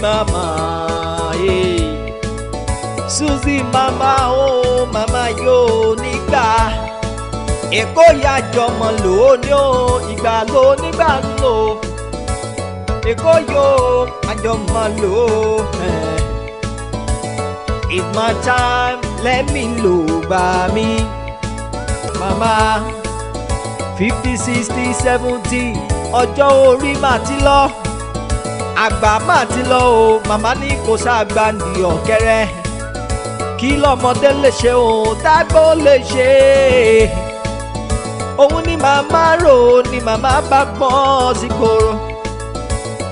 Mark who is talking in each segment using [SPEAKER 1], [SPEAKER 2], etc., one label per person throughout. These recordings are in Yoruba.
[SPEAKER 1] mama Suzi, mama o oh, mama yóò nígbà èkó yàjọmọ lóní o ìgbà ló nígbà ń lò èkó yóò àjọmọ lò it's my time let me lò gbà mí mama fifty sixty seventy ọjọ́ orí màá lọ àgbà má ti lọ o màmá ní kò sáàgbà ní ọ̀kẹ́rẹ́ kí lọ́mọdé lè ṣe o tágbó lè ṣe òun ni màmá rò ni màmá bá gbọ́n sí gbòòrò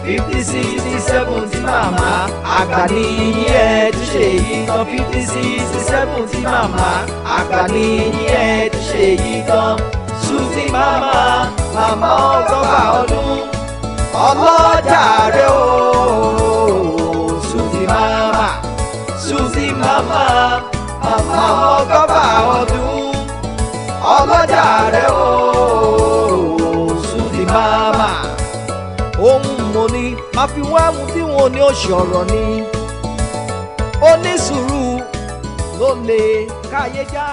[SPEAKER 1] fifty sixty seventy màmá àgbà ní yín ẹ ti ṣe yìí tán fifty sixty seventy màmá àgbà ní yín ẹ ti ṣe yìí tán sùn sí màmá màmá ọgọ́fà ọdún ọlọ́jà rẹ o suzi mama suzi mama mama ọgọ́fà ọdún ọlọ́jà rẹ o suzi mama. ohun mo ní máa fi wá mu tí wọn ò ní oṣù ọ̀rọ̀ ni ó ní sùúrù ló lè káyé já.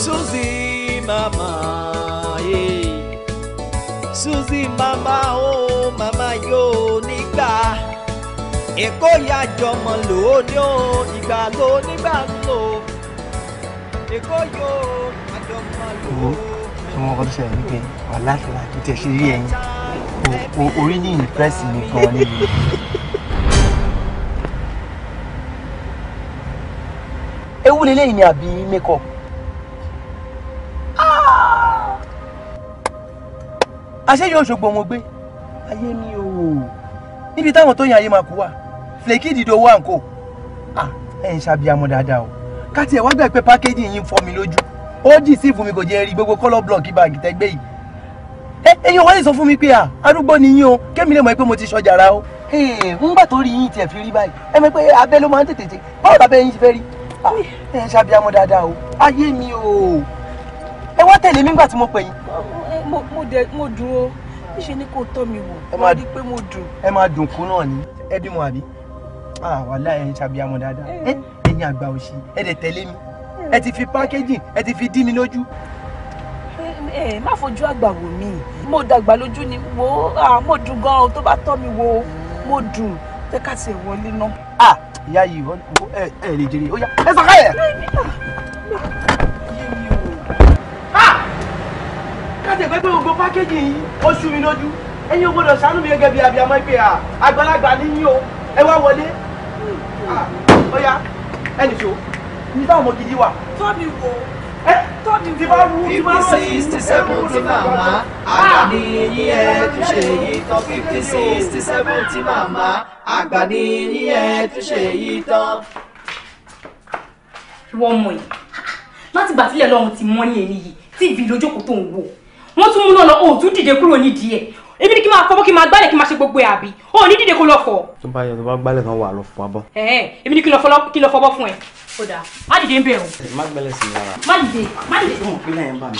[SPEAKER 1] Suzy mama, yeah. Suzy mama, oh mama yo nígbà. Eko ya jọmọ lóní o, ìgbà ló nígbà lò. Èkó yo àjọmọ
[SPEAKER 2] lò. Ọmọ ọkọ tó ṣẹlẹ̀ ní pé ọ̀la ìfọ̀lá tó tẹ̀ ṣe rí ẹyin.
[SPEAKER 3] Orí ní ìfẹ́sì mi gan ni.
[SPEAKER 2] Ewu lélẹ́yìn ni àbí makeup. àṣẹ yóò ṣògbọ́n mo gbé ayé mi o níbi táwọn tó yan ayé máa kú wà flaky dìde owó àǹkó à ẹ̀ ń ṣàbíamọ dáadáa o ká tiẹ̀ wá gbà pé pákéjì yìí ń mi lójú ó dì sí ìfún mi kò jẹ́ rí gbogbo kọ́lọ́ blọọ̀kì báàgì tẹ́gbẹ́ yìí ẹ̀yin wọ́n lè sọ fún mi pé à arúgbó ni yín o kémi lè mọ̀ pé mo ti ṣọjà ra o. ńgbà tó rí yín tiẹ̀ fi rí báyìí ẹ mọ̀ pé abẹ́ ló máa ń tètè tè báwo làbẹ́ yín ṣe fẹ́ rí ẹ̀ ń ṣàbíamọ dáadáa o ayé mi o ẹ wá tẹ̀lé mi ńgbà tí mo pè yín mo dẹ mo dùn o níṣẹ́ ni kò tọ́ mi wò wọ́n rí i pé mo dùn. ẹ máa dùn kú náà ni ẹ bímọ àbí ah, wàhálà ẹ ń ṣàbíyamọ
[SPEAKER 1] dáadáa eh. Eh, ẹ̀yin àgbà òṣì ẹ dẹ tẹ̀lé mi ẹ ti fi packaging ẹ ti fi dí mi lójú.
[SPEAKER 2] ẹ eh, má fojú àgbà wò mí mo dàgbà lójú ni wo ah, mo dùn gan-an tó bá tọ́ mi wo mo dùn jẹ́ ká ṣe wọlé náà. Ah, ìyá yìí ẹ ẹ lè jèrè ó yá ẹ sọ káyẹ. kájẹ̀ pé pé gbogbo pákéjì yìí ó sú mi lójú ẹ̀yin ò gbọ́dọ̀ ṣàánú mi gẹ́gẹ́ bí abiyamọ ìpè à àgbàlagbà ní o ẹ wá wọlé ọ̀ya ẹnì so ní táwọn ọmọ gidi wà. tọ́bi wo tọ́bi wo ti bá
[SPEAKER 1] wú ti bá wọ́n sí. fifty sixty seventy màmá àgbà ni yín ẹ tún ṣe yìí tán fifty sixty seventy màmá àgbà ni yín ẹ tún ṣe yìí tán.
[SPEAKER 2] wọ́n mọ̀ yìí láti gbà lọ́run ti mọ́ ní èyí tí ìbí lójókòó tó ń wò wọ́n tún mú náà lọ òun tún dìde kúrò nídìí ẹ̀ ebi ni kí máa fọwọ́ kí máa gbálẹ̀ kí máa ṣe gbogbo ẹ̀ àbí òun ní dìde kó lọ fọ̀. tó bá yẹ tó bá gbálẹ̀ kan wà lọ fọ abọ́. ẹ ẹ ebi ni kí lọ fọwọ́ fún ẹ ó dáa má dìde ń bẹ̀ o. má gbẹ́lẹ̀ sí yàrá. má dìde má dìde. tó ń pínlẹ̀ yẹn bá mi.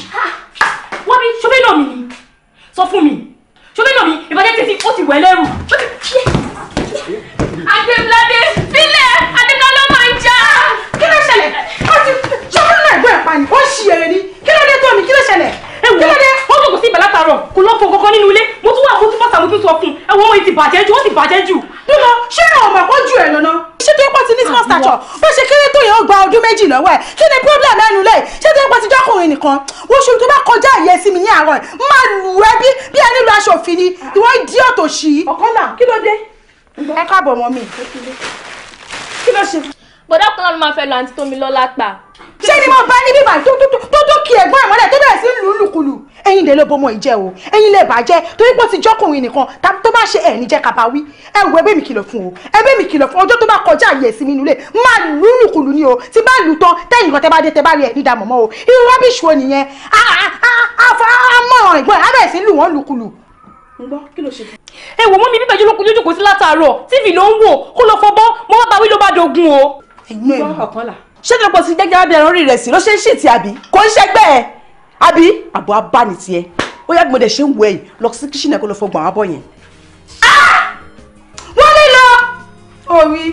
[SPEAKER 2] wọ́n mi ṣọ́bẹ́ náà mi sọ fún mi ṣọ́bẹ́ náà mi ìbàdàn tètè ó ti wẹ̀ lẹ́rù. adébíládé sílẹ̀ ṣẹlẹ̀ ó ti ṣọ́kọ́ náà ẹ̀gbọ́n ẹ̀ pa ni ó ṣì èrè ni kí ló dé tó mi kí ló ṣẹlẹ̀ kí ló dé ó gbogbo sí ìbẹ̀lẹ̀ àtàrọ̀ kò lọ́ fún kankan nínú ilé mo tún wà fún túbọ̀ sàmútú sọ
[SPEAKER 4] fún ẹ wọ́n wọ́n ti bàjẹ́ ju ó ti bàjẹ́ ju dúró ṣé ọmọ kó ju ẹ̀ lọ́nà. ṣé tó yẹ pọ́ ti ní small stature bó ṣe kéré tó yẹ ó gba ọdún méjì lọ́wọ́ ẹ̀ kí ni problem ẹnu lẹ̀ ṣé tó yẹ pọ́ ti jọ́kùnrin nìkan
[SPEAKER 2] oṣù tó bá kọjá ìyẹn sí mi ní àárọ̀ máa lù ẹ́ bí bí ẹni lu aṣọ òfin ni ìwọ ìdí ọ̀tọ̀ sí. ọ̀kọ́lá kí ló dé. ẹ káàbọ̀ mọ́ mi. kí ló ṣe
[SPEAKER 4] bọ̀dá kan náà ló máa fẹ́ lọ àǹtí tómi lọ́lá pa. ṣé ni mo bá ní
[SPEAKER 2] bíbà tó tó kí ẹ̀gbọ́n ìmọ́lẹ̀ tó bẹ̀rẹ̀ sí lùlùkulù ẹ̀yin dẹ̀ ló bọ́mọ ìjẹ́ o ẹ̀yin lè bàjẹ́ torí pé ó ti jọ́kùnrin nìkan tó bá ṣe ẹ̀ẹ́nì jẹ́ kaba wí ẹ wo ẹbẹ́ mi kìlọ̀ fún o ẹbẹ́ mi kìlọ̀ fún ọjọ́ tó bá kọjá àyè sí mi nulẹ̀ máa lùlùkulù ni o ti bá lù tán tẹ́yìn kan tẹ́ bá dé tẹ́ bá rí ẹ̀ nídàá mọ̀mọ́ o irú rọ́bìṣì wo nìyẹn àmọ̀ràn ìgbọ́n abẹ́ sí lù wọ́n lùkulù ẹ wò mọ́ mi bíbẹ̀ jókòó sí látàárọ̀ tíìvì ló ń wò kó lọ fọbọ́ mo wá bá wí ló bá dogun o ẹ̀gbọ́n ẹ̀ mọ̀ ọ̀kan là. ṣé ní ọ̀pọ̀ sí gẹ́gẹ́ bí ẹran rí rẹ̀ sí ló ṣe ń ṣì ti àbí kò ń ṣẹ́gbẹ́ ẹ̀ àbí àbọ̀ abáni tiẹ̀ ó yá gbọ́dọ̀ ṣe ń wọ ẹ̀yìn lọ sí kíṣìnà kó lọ fọ gbọ̀n abọ́ yẹn. Ah! wọ́n lè lọ orí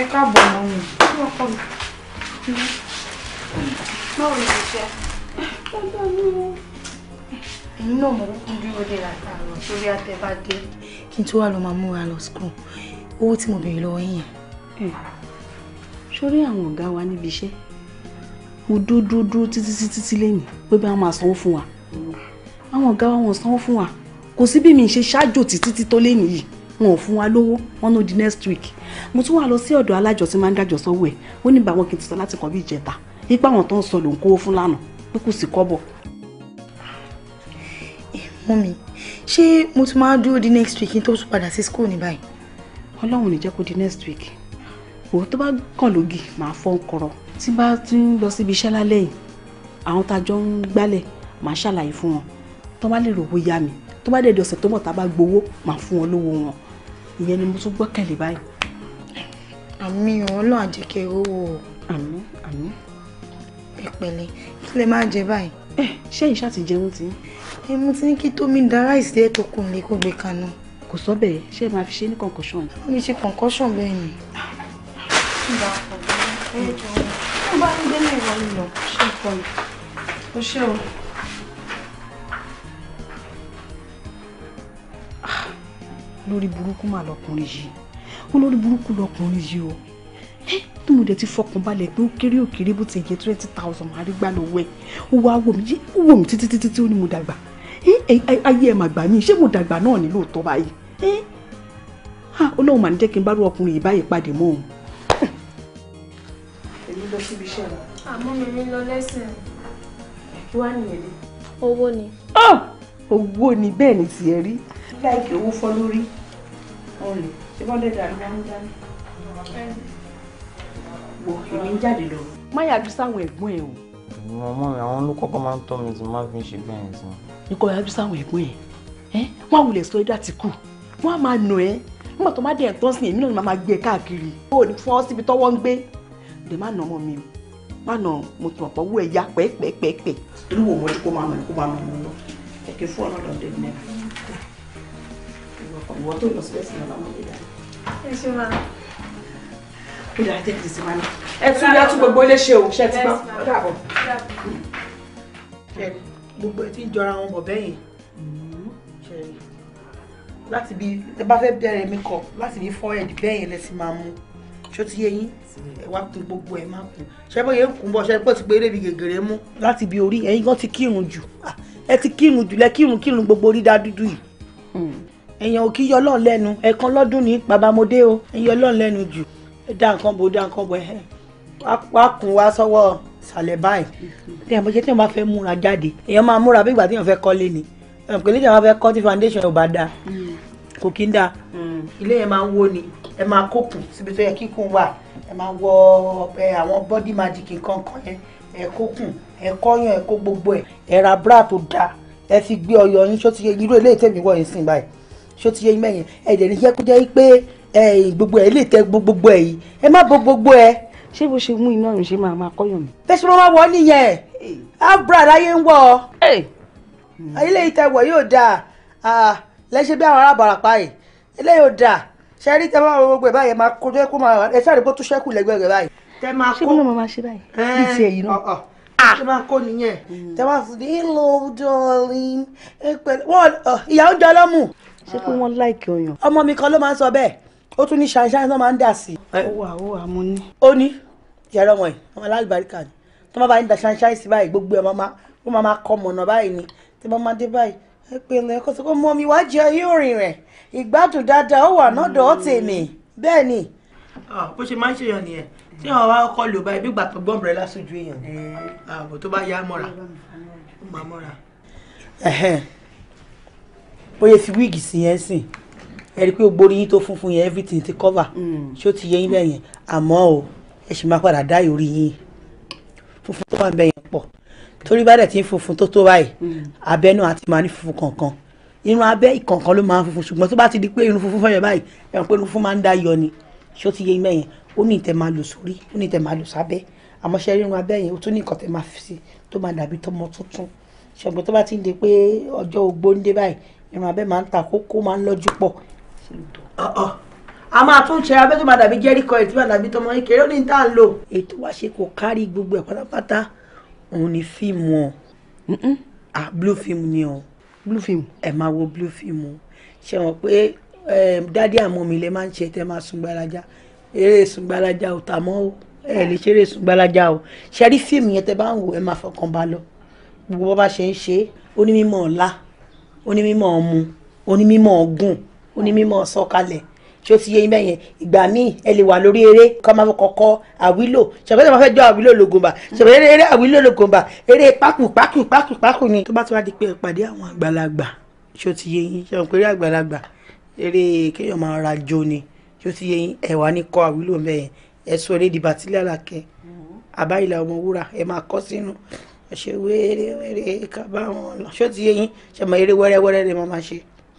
[SPEAKER 2] ẹ káàbọ̀ ọ̀nà mi.
[SPEAKER 5] báwo ló ṣe ẹ̀yin
[SPEAKER 2] náà mo kún dúró dé látàárọ̀ sórí àtẹ̀bá dé.
[SPEAKER 4] kí n tó wà ló máa múra lọ school
[SPEAKER 2] owó tí mo béèrè lọ́wọ́ yín yẹn. sórí àwọn ọ̀gá wa níbi iṣẹ́ mo dúró dúró dúró títí títí tí lẹ́yìn pé bá wọn máa sanwó fún wa àwọn ọ̀gá wa wọn sanwó fún wa kò sí bí mi ṣe ṣáájò títí tí lẹ́yìn yìí wọn ò fún wa lówó wọn ló di next week mo tún wà lọ sí ọ̀dọ̀ alájọ tí máa ń dájọ́ sọ́wọ́ ẹ̀ ó ní báwọn kì í ti sọ láti kàn bí ìjẹta ipa àwọn tó ń sọ ló ń kówó fún lánàá pé kò sí kọ́bọ̀. mọ́mi ṣé mo tún máa dúró di next week kí n tó tún padà sí school ní báyìí ọlọ́run ní jẹ́ kó di next week wò tó bá kàn lógì màá fọ́ ọkọ̀rọ̀ tí bá ti ń lọ síbi iṣẹ́ lálẹ́ yìí àwọn tájọ ń gbálẹ̀ màá ṣàlàyé fún wọn tó bá lè rówó yá mi tó bá dẹ̀dẹ̀ ọ̀sẹ̀ tó mọ̀ tá a bá gbowó màá fún wọn lówó wọn ìyẹn ni mo tún gbọ́kẹ̀lé báyìí. àmì ọlọ́run àjẹkẹ́ owó o. àmì àmì. pẹ̀pẹ̀lẹ̀ kí lè máa jẹ báyìí. ẹ eh, ṣé ìṣá ti ẹ mo ti ní kí tómi da ráìsì ẹ tó kùn lè kó gbé kaná kò sọ bẹ́ẹ̀ ṣé máa fi ṣe ní concussion. ó ní ṣe concussion bẹ́ẹ̀ ni.
[SPEAKER 5] nígbà kan ẹ jọ
[SPEAKER 2] wọn bá ń gbélé ìwọ ni lọ ṣe nǹkan yìí ó ṣe o. Ah, lórí burúkú mà lọkùnrin yìí ó lórí burúkú lọkùnrin yìí o tó mo dẹ̀ ti fọkàn balẹ̀ pé ó kéré òkèrè bó ti jẹ́ twenty thousand máa rí gbà lọ́wọ́ ẹ̀ ó wá wò mí ó wò mí títí títí tí ó ní mo dàgbà ayé ẹ̀ màgbà mi ṣé mo dàgbà náà ní lóòótọ́ báyìí ẹ eh? ha ọlọ́run mà ní jẹ́ kí n bá rú ọkùnrin yìí báyìí pàdé mọ́ òun.
[SPEAKER 4] èmi lọ síbi iṣẹ́ rẹ̀. àmọ́ mi mi lọ lẹ́sìn. kí wàá nìyẹn dé. owó ni. Ah!
[SPEAKER 2] owó ni bẹ́ẹ̀ ni tiẹ̀ rí.
[SPEAKER 4] láìkí owó fọ́ lórí ọ̀rẹ́ ṣé wọ́n dẹ̀
[SPEAKER 2] dàrú wọn dání. wo èmi ń jáde lọ. má yàgbé sáwọn ẹ̀gbọ́n ẹ̀ o. ìwọ ọmọ mi àwọn olùkọ́kọ́ máa ń tọ́ mi tí má fi ń ṣe bẹ́ẹ̀ sí. ikọ̀ yàgbé sáwọn ẹ̀gbọ́n ẹ̀ wọ́n á wulẹ̀ sọ ẹ́ dá ti kù wọ́n á máa nù ẹ́ nígbà tó má dẹ̀ tán sí èmi náà ni màá máa gbé káàkiri ó ní fọ́ síbi tọ́wọ́ ń gbé dè má nà ọmọ mi o má nà mo tàn pọ̀ wú ẹ̀ yá pẹ́ẹ́pẹ́ẹ́pẹ́. inú wo mo ní kó máa mọ̀ ní kó máa mọ̀ mọ́ lọ ẹ̀kẹ́ fún ọ̀nà ọ̀dọ̀ ní
[SPEAKER 4] náírà
[SPEAKER 2] ìwọ tó lọ síbẹ̀ sí ọ̀nà ọ̀dọ̀ ìdáná. ẹ ṣe máa. ó yàrá jẹ́ kìí sí máa ní.
[SPEAKER 4] ẹ tún bí a tún gbogbo ilé ṣe o ṣe ti gbọ́
[SPEAKER 2] gbogbo ẹ ti jọra wọn bọ̀ bẹ́yìn láti bí ẹ bá fẹ́ bẹ̀rẹ̀ makeup láti bí forehead bẹ́ẹ̀ yẹn lẹ ti máa mú ṣó ti yé yín ẹ wá kun gbogbo ẹ má kun ṣé bó yẹn kun bọ ṣe pé ó ti pé eré ibi gègèrè mú. láti bí orí ẹ̀yin gan ti kírun jù ah, ẹ ti kírun jù lẹ kírun kírun gbogbo orí dá dúdú yìí hmm. ẹ̀yàn ò kí yọ lọ́ọ̀ lẹ́nu ẹ̀kan lọ́dún ní babamode o ẹ̀yìn yọ lọ́ọ̀ lẹ́nu jù ẹ dá nǹkan bo dá nǹkan bo ẹ̀ wá kun wá sọ́wọ́ sàlẹ̀ báyìí. tí ẹ̀ mọ̀ ṣe tí wọ́n bá fẹ́ múra jáde èèyàn máa múra bí ìgbà tí wọ́n fẹ́ kọ́lé ni ẹ̀ pẹ̀lú ìjà wọn fẹ́ kọ́ tí foundation ò bá dáa hmm. kò kí ń dáa hmm. ilé yẹn máa ń wó ni ẹ máa kókùn síbi tó yẹ kíkùn wà ẹ máa wọ àwọn body magic nǹkan kan yẹn ẹ kókùn ẹ kọ́yàn ẹ kó gbogbo ẹ ẹ ra bra tó dáa ẹ fi gbé ọyọ yín ṣó ti yẹ irú eléyìí tẹ̀mí wọ̀ yín sìn báyìí ṣó ti yẹ yín mẹ́yìn ẹ dẹ̀ ní yẹ kó jẹ́ pé gbogbo ẹ lè tẹ gbogbo ẹ yìí ẹ má bọ gbogbo ẹ. ṣé bó ṣe mú iná rìn ṣe máa máa kọ́yàn mi. tẹ̀sán máa wọ nìyẹn abúlé aláyé ń wọ̀. Mm. ilé ìtẹ̀wọ̀ yóò dáa lẹ́sẹ̀ bí àwọn ará Ìbàràpá ilé yóò dáa ṣe rí tẹ́ máa gbogbo ẹ̀ báyìí máa kó jẹ́ kó máa ẹ sáré bó tún ṣẹ́kù lẹ́gbẹ̀ẹ́ rẹ̀ báyìí. tẹ́ máa kó ṣé bí wọn máa ṣe báyìí bíi ti ẹ̀yìn náà. ṣé máa kó nìyẹn. Mm. tẹ́ máa fún mi hello darling wọn ìyàwó jọ lọ́mù. ṣé pé wọ́n láìkì ọyàn. ọmọ mi kan ló máa ń sọ bẹ́ẹ̀ ó tún ní ṣàìṣàì náà máa ń dà sí. ó ní. ó ọmọ yìí ọmọ alábàríkà ni tó má bá ń da ṣàìṣàì sí báyìí gbogbo ẹ̀ máa máa kọ́ mọ̀nà báyìí ni tí bá máa dé báyìí ẹ pé ilẹ̀ kó sọ pé mọ mi wá jẹ ayé òrìn rẹ̀ ìgbádùn dáadáa ó wà náà dọ̀ọ́ hmm. tèmi bẹ́ẹ̀ ni. bó ṣe máa ń ṣèyàn nìyẹn tí wọn wá kọ lò báyìí bí ìgbà tó gbọ́n bẹ̀rẹ̀ lásìjú èèyàn ààbò tó bá yá mọ́ra ó máa mọ́ra. bóyá fi wíìgì sí yẹn sìn ẹ rí i pé gbogbo orí yín tó funfun yẹn everything ti cover hmm. ṣé ó ti yẹ yín bẹ́ẹ̀ yẹn àmọ́ o ẹ sì máa padà dá ìròrí yín funfun tó wà ń yẹn pọ̀ torí bá dẹ̀ ti ń funfun tó tó báyìí mm. abẹ́ náà àti máa ní funfun kankan irun abẹ́ ìkọ̀ọ̀kan ló máa ń funfun ṣùgbọ́n tó bá ti di pé irun funfun fẹ́yọ̀ báyìí ẹ̀rọ pé irun funfun máa ń dá yọ ni ṣó ti yé mẹ́yìn ó ní ìtẹ̀ máa lò sórí ó ní ìtẹ̀ máa lò sábẹ́ àmọ́ ṣe irun abẹ́ yẹn ó tún ní nǹkan tẹ̀ máa fi sí tó máa dàbí tọmọ tuntun ṣùgbọ́n tó bá ti ń di pé ọjọ́ ogbó ń dé báyìí irun abẹ́ máa ń ta kókó máa ń lọ́jú pọ̀. a máa tún ṣe abẹ́ tó máa dàbí jẹ́ríkọ òun ni fíìmù ọ ah blue film ni ọ blue film ẹ máa wo blue film o ṣe wọn pé dádì àmọ́ mi lè máa ń ṣe tẹ́ máa sùn gbalaja eré sùn gbalaja ò tà mọ́ o ẹ lè ṣeré sùn gbalaja o ṣe rí fíìmù yẹn tẹ́ bá ń wò ẹ máa fọkàn bá lọ gbogbo bá ṣe ń ṣe onímọ̀ ọ̀la onímọ̀ ọ̀mu onímọ̀ ọ̀gùn onímọ̀ sọ̀kalẹ̀ ṣó ti yé yín mẹ́yẹn ìgbà míì ẹ lè wà lórí eré kọ́ máa kọ́kọ́ àwílò ṣọ̀fẹ́ tó máa fẹ́ jọ àwílò lògùnbà ṣọ̀fẹ́ eré àwílò lògùnbà eré pákù pákù pákù pákù ni. tó bá ti wá di pé ìpàdé àwọn àgbàlagbà ṣó ti yé yín ṣọ̀n pé eré àgbàlagbà eré kéèyàn máa ra jo ni ṣó ti yé yín ẹ wà ní kọ́ àwílò mẹ́yẹn ẹ sọ eré dìbà sílẹ̀ àlàkẹ́ àbáyìlà ọmọ wúrà ẹ máa kọ́ sínú ṣe wéré wéré kábàámọ̀ ṣó ti yé yín ṣe mọ eré wẹ́rẹ́wẹ́rẹ́ ni mo máa ṣe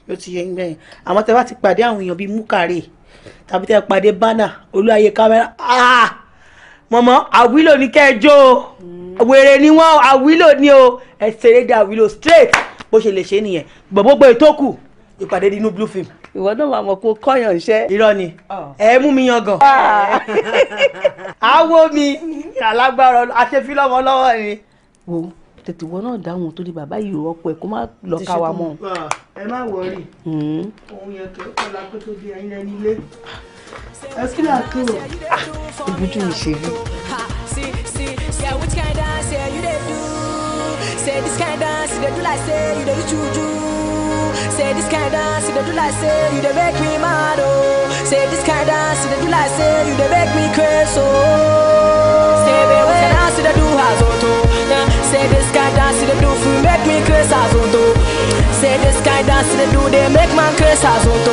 [SPEAKER 2] yóò ti yẹ ń gbẹ̀yìn àmọ́ tẹ́ bá ti pàdé àwọn èèyàn bíi múkàrè tàbí tẹ́ pàdé bánà olúwaye kámẹ́rà ah mọ̀mọ́ àwílò ní kẹjọ́ wèrè ni wọ́n àwílò ni o ẹ̀ ṣeré dé àwílò straight bó ṣe lè ṣe nìyẹn gbogbo ètò kù ìpàdé nínú blue film ìwọ náà wà mọ̀ kó kọ́yàn iṣẹ́. irọ́ ni oh. ẹ mú mi yan àwo ah. mi alágbára àṣefílọ́mọ lọ́wọ́ ni. wo tètè wọ náà dáhùn torí bàbá yìí rọpò ẹ kó má lọ ká wa mọ. Ah, ẹ má wọrí òun hmm. yẹn kẹ ọ la pé tó di ẹyin lẹni ilé ẹ kí ni àkúrò.
[SPEAKER 5] ìbújú ah, mi ṣe rí.
[SPEAKER 4] Say this kind dance, dance, you do like say you dey make me mad oh. Say this kind dance, you do like say you dey make me crazy oh. Say baby, what kind dance you do has oh. Say this guy dance to the do for make me curse as on Say this guy dance to the do they make man curse as on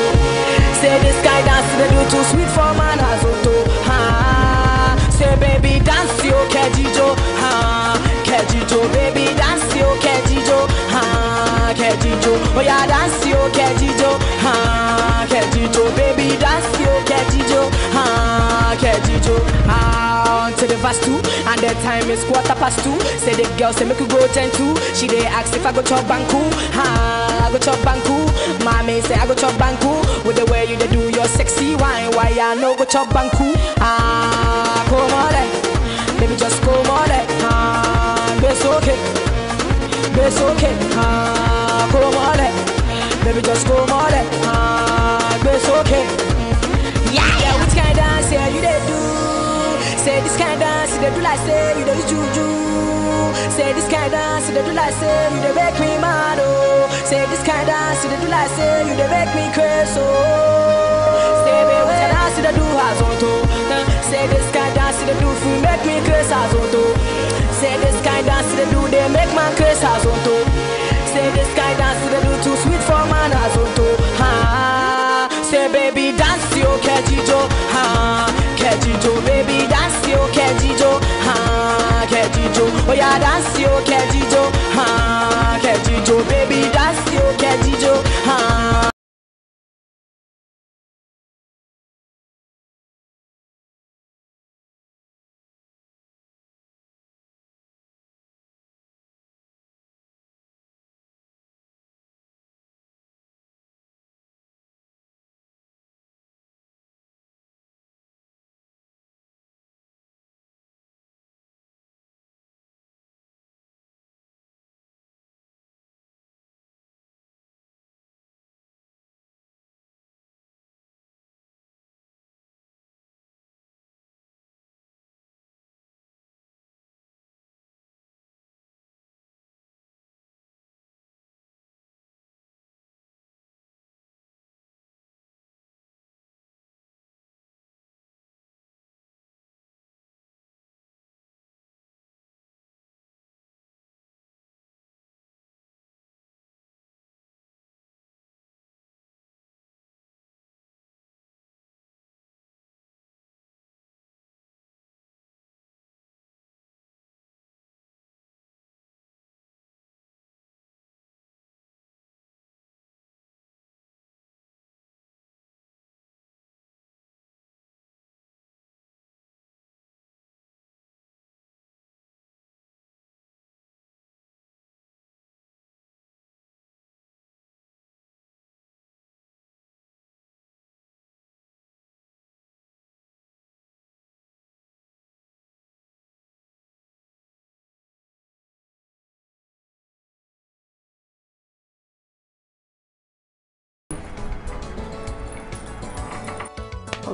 [SPEAKER 4] Say this guy dance to the do too sweet for man as on Ha. Say baby dance to your kejijo. Ha. Kejijo baby dance to your kejijo. Ha. Kejijo. Oh yeah dance to your kejijo. Ha. Kejijo baby dance to your kejijo. Ha. Kejijo. past two, and the time is quarter past two. Say the girl say make you go ten two. She dey ask if I go chop banku, ha, I go chop banku. Mommy say I go chop banku. With the way you dey do your sexy wine, why I no go chop banku? Ah, come on, eh. baby just come on, eh. ah, it's okay, it's okay, ah, come on, eh. baby just come on, eh. ah, it's okay. Yeah, yeah, which kind of dance yeah, you dey do? Say this kind of they do like say you they use juju. Say this kind dance, say they do like say you they make me mad oh. Say this kind dance, say they do like say you they make me crazy oh. Say baby, what kind dance you they do has on to? Say this kind dance say they do for make me crazy has on to. Say this kind dance say they do they make man crazy has on to. Say this kind dance say they do too sweet for man has on to. Ha. Say baby dance you catchy Joe. ha, catchy jo. Baby. kẹjíjó kẹjíjó ó dance yo, ó ha!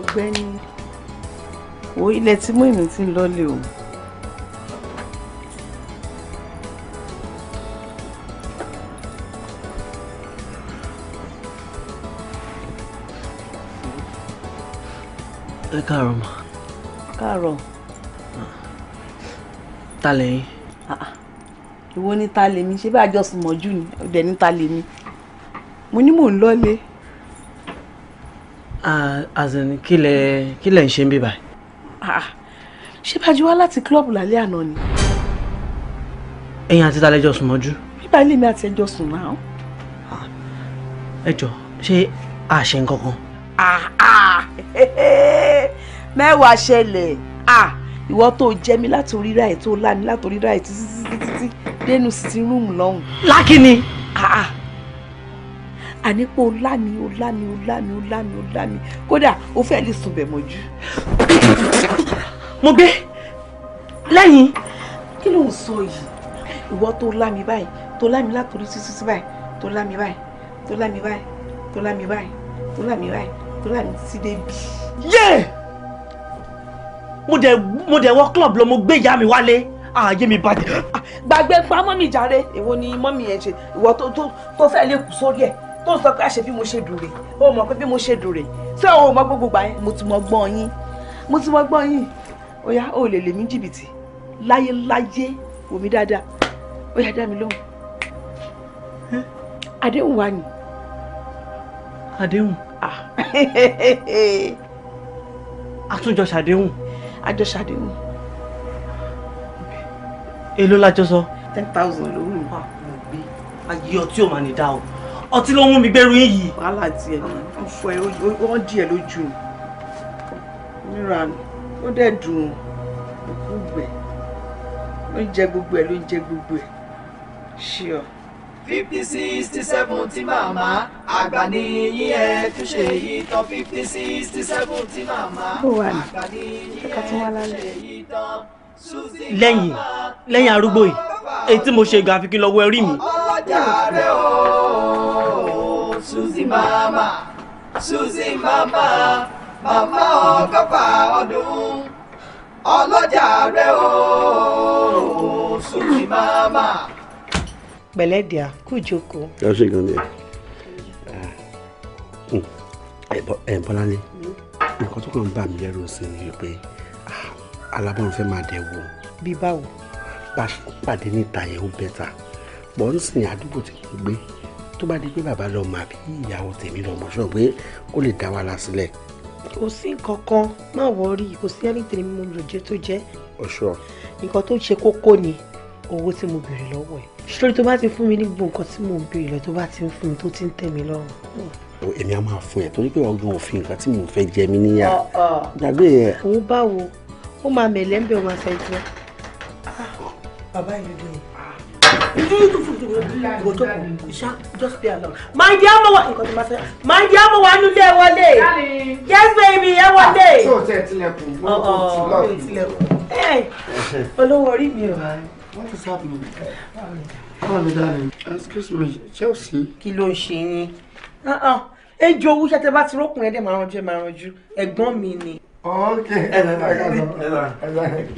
[SPEAKER 2] ọ̀gbẹ́ni wo ilẹ̀ tí mú èmi ti ń lọ́lẹ̀ o. ẹ káàárọ̀ mà. káàárọ̀. ta lẹ́yìn. Ah, ah. ìwọ ni ta lèmi ṣé bá a jọ sùn mọ́jú ni ọdẹ ni ta lèmi mo ní mò ń lọ́lẹ̀ azẹni kí lẹ kí lẹ ń ṣe ń bí ah, ah ṣé bàjẹ́ wá láti kílọ̀bù lálẹ́ àná ni. ẹ̀yin àti ta lẹjọ sùn mọ́jú. bíbá ilé mi àti ẹjọ sùn náà. Ah, ẹ jọ ṣé àṣẹ ah ah mẹ́wàá ṣẹlẹ̀ ah, ìwọ tó jẹ mí látòrí ra ẹ̀ tó lá mi látòrí ra ẹ̀ títí títí dénú sí ti rúùmù lọ́hùn. lákì ni. Ah, ah ànípò lámi ó lámi ó lámi ó lámi ó lámi kódà ó fẹ́ lè sùn bẹ̀ mọ́jú. mo gbé lẹ́yìn
[SPEAKER 4] kí ló ń sọ yìí ìwọ tó lámi báyìí tó lámi látòrí títí sí báyìí tó lámi báyìí tó lámi báyìí tó lámi báyìí tó lámi báyìí tó lámi sí débi.
[SPEAKER 2] yéè mo dẹ̀ wọ club lọ mo gbé ìyá mi wálé ààyè mi bàjẹ́. gbàgbé pa mi jàre èwo ni mọ́mì ẹ̀ ṣe ìwọ tó tó fẹ́ lè kú sórí ẹ̀ tó ń sọ pé àṣẹ bí mo ṣe dùn rè ó mọ̀ pé bí mo ṣe dùn rè ṣé òun ò mọ gbogbo gbà yẹn mo ti mọ gbọ́n yín mo ti mọ gbọ́n yín ó yá ó lè lè mí jìbìtì láyéláyé wò mí dáadáa ó yá dá mi lóhùn àdéhùn wa ni. àdéhùn. àtúnjọ ah. ṣàdéhùn. àjọ ṣàdéhùn.
[SPEAKER 1] èló la jọ sọ.
[SPEAKER 2] ten thousand ló a mí. Ah, ayé o ò máa ní dá o ọtí ló mú mi gbẹrù yìí. wàhálà tiẹ̀ ni ọfọ ẹ wọ́n di ẹ lójú níran ó dẹ̀ dùn òkú gbẹ ló ń jẹ gbogbo ẹ ló ń jẹ gbogbo ẹ ṣí ọ.
[SPEAKER 1] fifty sixty seventy màmá àgbà ní yín ẹ tún ṣe yìí tán fifty sixty seventy màmá àgbà ní yín ẹ tún ṣe yìí tán lẹ́yìn
[SPEAKER 2] lẹ́yìn arúgbó yìí èyí tí mo ṣe gan àfi kí ẹrí mi.
[SPEAKER 1] ọlọ́jà rẹ̀ o. Suzy mama Suzy mama Mama ọgọ́fà ọdún ọlọ́jà rẹ o Suzy mama.
[SPEAKER 2] pẹ̀lẹ́ díà kú jókòó. ẹ ṣe gan ni ẹ bọ́láńlé nǹkan tó kàn ń bà mí lẹ́rù sí ni pé ah, alábọ̀n fẹ́ máa dẹ̀ wò. bí báwo. pàdé níta yẹn ó bẹ́ta pọ̀ ń sìn àdúgbò tí kò gbé tó bá di pé bàbá lọ́mọ àbí ìyàwó tèmi lọ́mọ sọ pé kó lè dá wàhálà sílẹ̀. kò sí nǹkan kan má wọrí kò sí anything mo lò jẹ tó jẹ. ọ̀ṣọ́. nǹkan tó ṣe kókó ni owó tí mo béèrè lọ́wọ́ ẹ̀ ṣùgbọ́n tó bá ti fún mi ní gbogbo nǹkan tí mo ń béèrè lọ tó bá ti ń fún mi tó ti ń tẹ̀ mí lọ́rùn. èmi á máa fún ẹ torí pé ọgbọ́n òfin nǹkan tí mo fẹ́ jẹ mí níyà gbàgbé ẹ. Just be alone.
[SPEAKER 4] My dear Mowa,
[SPEAKER 2] nǹkan tí ma sọ. My dear day, one day. Yes baby, one day. Ṣé o tẹ̀
[SPEAKER 1] tilẹ̀kùn? Ọ̀ọ́ mi tilẹ̀kùn.
[SPEAKER 2] Ẹ̀ olówó orí mi What is happening? Hello, darling? Excuse me, Chelsea. Kí ló ń ṣe yín? Ah, ah. Ẹ jọ̀ọ́ owó ṣẹ́tẹ́ bá ti we ẹ̀dẹ̀ máa ranjú ẹ̀ máa ranjú. Ẹ̀gbọ́n ok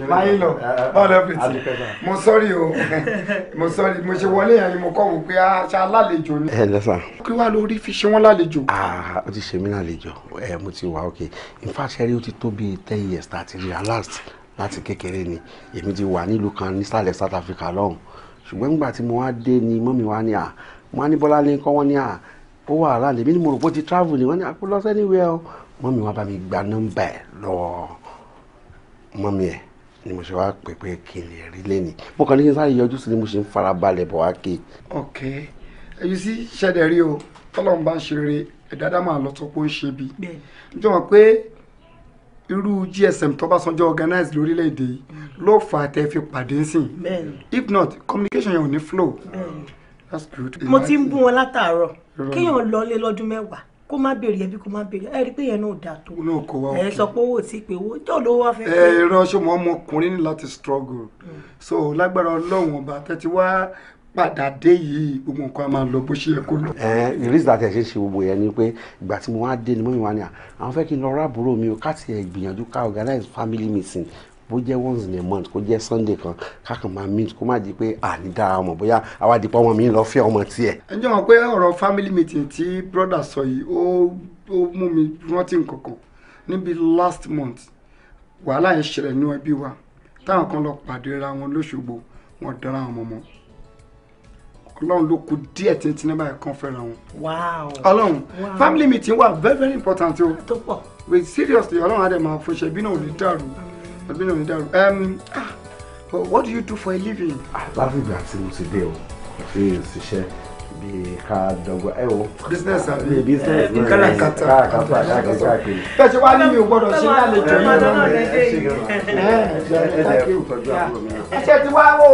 [SPEAKER 3] máyé lọ bọ́ọ̀lù ọ́fíìsì
[SPEAKER 2] mo sọ́rí o oh. mo sọ́rí mo ṣe wọlé yẹn ni mo kọ́ wò pé aṣa alálejò ni. ẹ lẹ́sà. kí wàá lórí fi ṣe wọ́n lálejò. aa o ti ṣe mí lálejò ẹ mo ti wà ok in fact ṣe rí o ti tó bíi ten years tá a ti rí a last láti kékeré ni èmi ti wà nílùú kan nísàlẹ̀ South Africa lọ́hùn ṣùgbọ́n nígbà tí mo wá dé ni mọ́mi wá ní à mo wá ní Bọ́lá lé kọ́ wọ́n ní à ó wà around èmi ni mo rò pé ó ti travel ni wọ́n ní àpò lọ anywhere o mọ́mí wọn bá mi gba nọ́mbà ẹ̀ lọ́wọ́ mọ́mí ẹ̀ ni mo ṣe wá pè pé kí n lè rí lẹ́nìí mo kàn ní kí n sáré yọjú sí ni mo ṣe ń fara bọ̀ wá ké. ok èyí sí ṣẹ̀dẹ̀ rí o tọ́lọ́run bá ń ṣe rere ẹ̀dá dá máa lọ tó ń ṣe bí. n jọ pé irú gsm tó bá sanjọ́ organize lórílẹ̀‐èdè yìí ló fà á tẹ́ fi pàdé sìn if not communication yẹn ò ní flow. that's good. mo ti ń bú wọn látàárọ̀ kéèyàn lọ lé lọ́dún kó má béèrè ẹbí kó má béèrè ẹ rí pé yẹn náà dà tó ẹ sọ pé owó tí pé owó tó ló wá fẹ́. ẹ
[SPEAKER 6] ránṣẹ́ mọ́ ọmọkùnrin ní láti struggle hmm. so
[SPEAKER 2] lágbára ọlọ́run ọba tẹ́tí wá padà dé yìí gbogbo nǹkan a máa lọ bó ṣe yẹ kó lọ. ẹ ìrísí àti ẹ̀ṣẹ̀ ṣe gbogbo yẹn ni pé ìgbà tí mo wá dé ni mọ́yìn wá ní à àwọn fẹ́ kí n lọ rábùrò mi o ká tiẹ̀ gbìyànjú ká organize family meeting bó jẹ́ once in a month kó jẹ́ sunday kan kákan máa meet kó má di pé àní dára mọ̀ bóyá àwa di pọ́ ọmọ mi lọ fẹ́ ọmọ tiẹ̀. ẹ jọ wọn pé ọ̀rọ̀ family meeting tí brother sọ yìí ó ó mú mi rántí nǹkankan níbi last month wàhálà yẹn ṣẹlẹ̀ ní ẹbí wa táwọn kan lọ pàdé ra wọn lóṣogbo wọn dára wọn mọ̀ mọ́ ọlọ́run ló kù díẹ̀ tí tí nígbà kan fẹ́ràn wọn. ọlọ́run family meeting wa very very important o. we seriously ọlọ́run á dẹ̀ máa fọṣẹ́ bí náà ò ní dàrú àbí náà mi dàrú what do you do for a living.
[SPEAKER 3] Ah, láfìgbà tí mo ti dé o kò sí ìṣiṣẹ́ bíi ká dọ̀gbọ́
[SPEAKER 6] ẹ o. business àbí business náà eh, káràkátà káràkátà káràkátà káàkiri.
[SPEAKER 2] bẹ́ẹ̀ ṣe wá ní mi ò gbọ́dọ̀ ṣe lálejò yìí náà ẹ ṣe eh, ẹ jẹ́
[SPEAKER 6] kí n tọ́jú àbúrò mi náà.
[SPEAKER 1] ẹ ṣe ti
[SPEAKER 2] wá o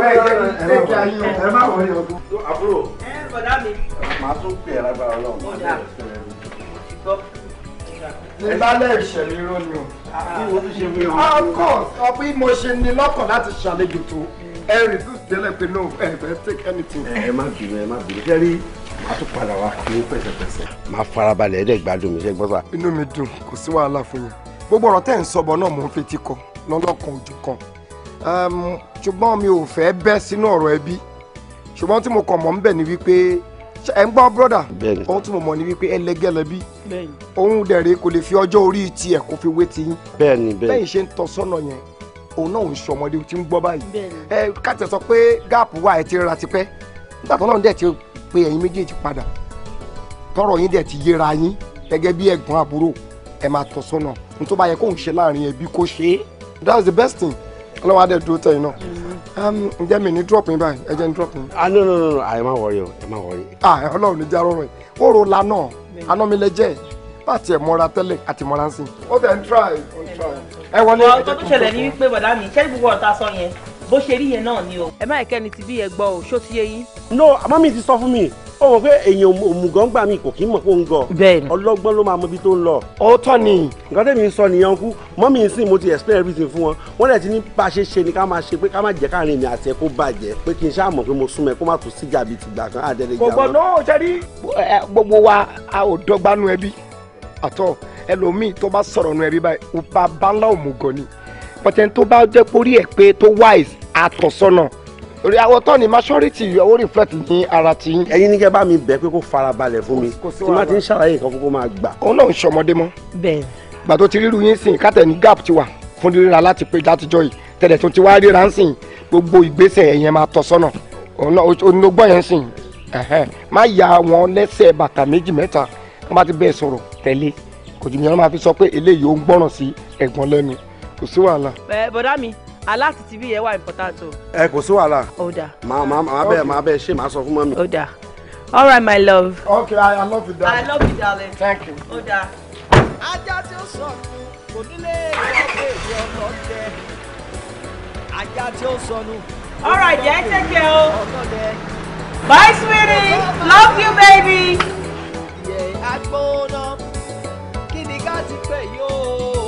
[SPEAKER 2] ẹ jẹ́ kí n tẹ́jú ayé o ẹ má wọlé ọdún. àbúrò ẹ eh, bọ̀dá mi.
[SPEAKER 3] màá tún pè é lágbára ọlọ́run.
[SPEAKER 4] ẹ bá
[SPEAKER 2] lẹ́ẹ̀ṣẹ̀ mi rọ́ ni o of course I'll be ṣe ní lọ́kàn láti ṣàlejò tó ẹ resist tẹ́lẹ̀ pé no ẹ take anything. ẹ má bínú ẹ má bínú ṣe rí
[SPEAKER 6] màá tún padà wá ní pẹ̀sẹ̀pẹ̀sẹ̀.
[SPEAKER 2] máa farabalẹ̀ ẹ̀ẹ́dẹ̀ gbádùn mi ṣe gbọ́ sà.
[SPEAKER 6] inú mi dùn kò sí wàhálà fún yín gbogbo ọ̀rọ̀ tẹ́ ń sọ̀bọ̀ náà mò ń fetí kọ lọ́lọ́kan òjò kan ṣùgbọ́n mi ò fẹ́ bẹ́ sínú ọ̀rọ̀ ẹbí ṣùgbọ́n ẹ
[SPEAKER 2] ń gbọ́ broda ohun tí mo mọ̀ ni wípé ẹlẹgẹ́lẹ bí òun dẹ̀rẹ̀ kò lè fi ọjọ́ orí tiẹ̀ kó fi wé ti yín
[SPEAKER 3] bẹ́ẹ̀
[SPEAKER 2] ṣe ń tọ́ sọ́nà yẹn òun náà ń ṣọmọdé tí ń gbọ́ báyìí ẹ káàtẹ̀ sọ pé gáàpù wà ẹ ti rà tipẹ́ nígbà náà dẹ̀ ti pé ẹ̀yin méjèèjì padà tọrọ yín dẹ̀ ti yéra yín gẹ́gẹ́ bí ẹ̀gbọ́n àbúrò ẹ máa tọ́ sọ́nà ohun tó bá yẹ kóun ṣe láàrin ẹbí kó ṣe that's the best thing ọlọ́wọ́n adé you tẹ̀yìn Um, ǹjẹ́ mi ní drop me by. I jẹ́ drop me. ah no no no no. I'm wọrí o I'm má wọrí. ah hello,
[SPEAKER 6] ní jẹ́ arọ́rùn yìí ó ro la náà aná mi lẹ jẹ́ bá tiẹ̀ mọ́ra tẹ́lẹ̀ àti mọ́ra ń sìn.
[SPEAKER 2] ó fẹ́ ń try ó ń try. ẹ wọlé to jẹ́ kó tó. ọ̀tọ́ tó ṣẹlẹ̀ ní wípé bọ̀dá mi ṣẹ́ni gbogbo ọ̀tá sọ yẹn bó ni o. ẹ má ẹ̀kẹ́ni ti bí yẹn o ṣó ti yé
[SPEAKER 3] no mami ti sọ fún mi ó mọ̀ pé èèyàn òmùgọ̀ gbà mí kò kí mọ̀ kó ń gọ̀ ọlọ́gbọ́n ló máa mọ ibi tó ń lọ. ó tọ́ ni. nǹkan tẹ́mi sọ nìyẹn kú mọ́mí sí mo ti explain everything fún wọn wọ́n dẹ̀ ti ní bá a ṣe ṣe ni ká máa ṣe pé ká má jẹ́ káàrin mi àti ẹ̀ kó bàjẹ́ pé kí n ṣáà mọ̀ pé mo súnmọ́ ẹ kó má tún síjà bíi tìgbà kan àdẹ́lẹ̀ ìjà wọn. gbogbo náà ṣe
[SPEAKER 2] rí gbogbo wa a ò dọ́gbánu ẹbí àtọ ẹlòmíì rí àwọn tán ni majority owó reflect ní ara ti. ẹ̀yin ní kẹ́ bá mi bẹ̀ pé kó farabalẹ̀ fún mi tí má ti ń ṣàlàyé nǹkan kókó máa gbà. òun náà ń ṣọmọdé mọ́. bẹ́ẹ̀. gbà tó ti ríru yín sìn kátẹ ní gap ti wà fún rírà láti pé látijọ́ yìí tẹ̀lẹ̀ tó ti wá ríra ń sìn gbogbo ìgbésẹ̀ ẹ̀yẹn máa tọ́ sọ́nà òun náà onígbọ́n yẹn sìn má ya
[SPEAKER 6] wọn lẹ́sẹ̀ bàtà méjì mẹ́ta wọ́n bá ti bẹ́ẹ̀ sọ̀rọ̀ tẹ̀lé kò jù mí wọn máa fi sọ pé eléyìí ó ń gbọ́ràn sí ẹ̀gbọ́n lẹ́nu kò sí wàhálà.
[SPEAKER 2] bẹ́ẹ̀ bọ̀dá mi aláàtì tv yẹn wà important o. ẹ kò sí wàhálà. ó dà. màá màá bẹ màá bẹ ṣé màá sọ fún mọ́mí. ó dà all right my love. okay i, I love you darling. i love you darling. thank you. ó dà.
[SPEAKER 1] ajá tí ó sọnù kò nílé ìwọ́pẹ̀ ọlọ́dẹ ajá tí ó sọnù. all right jẹ́ take care o. Oh. bye sweetie love you baby. ìyẹn agbóná kí ni ká ti pè yóò.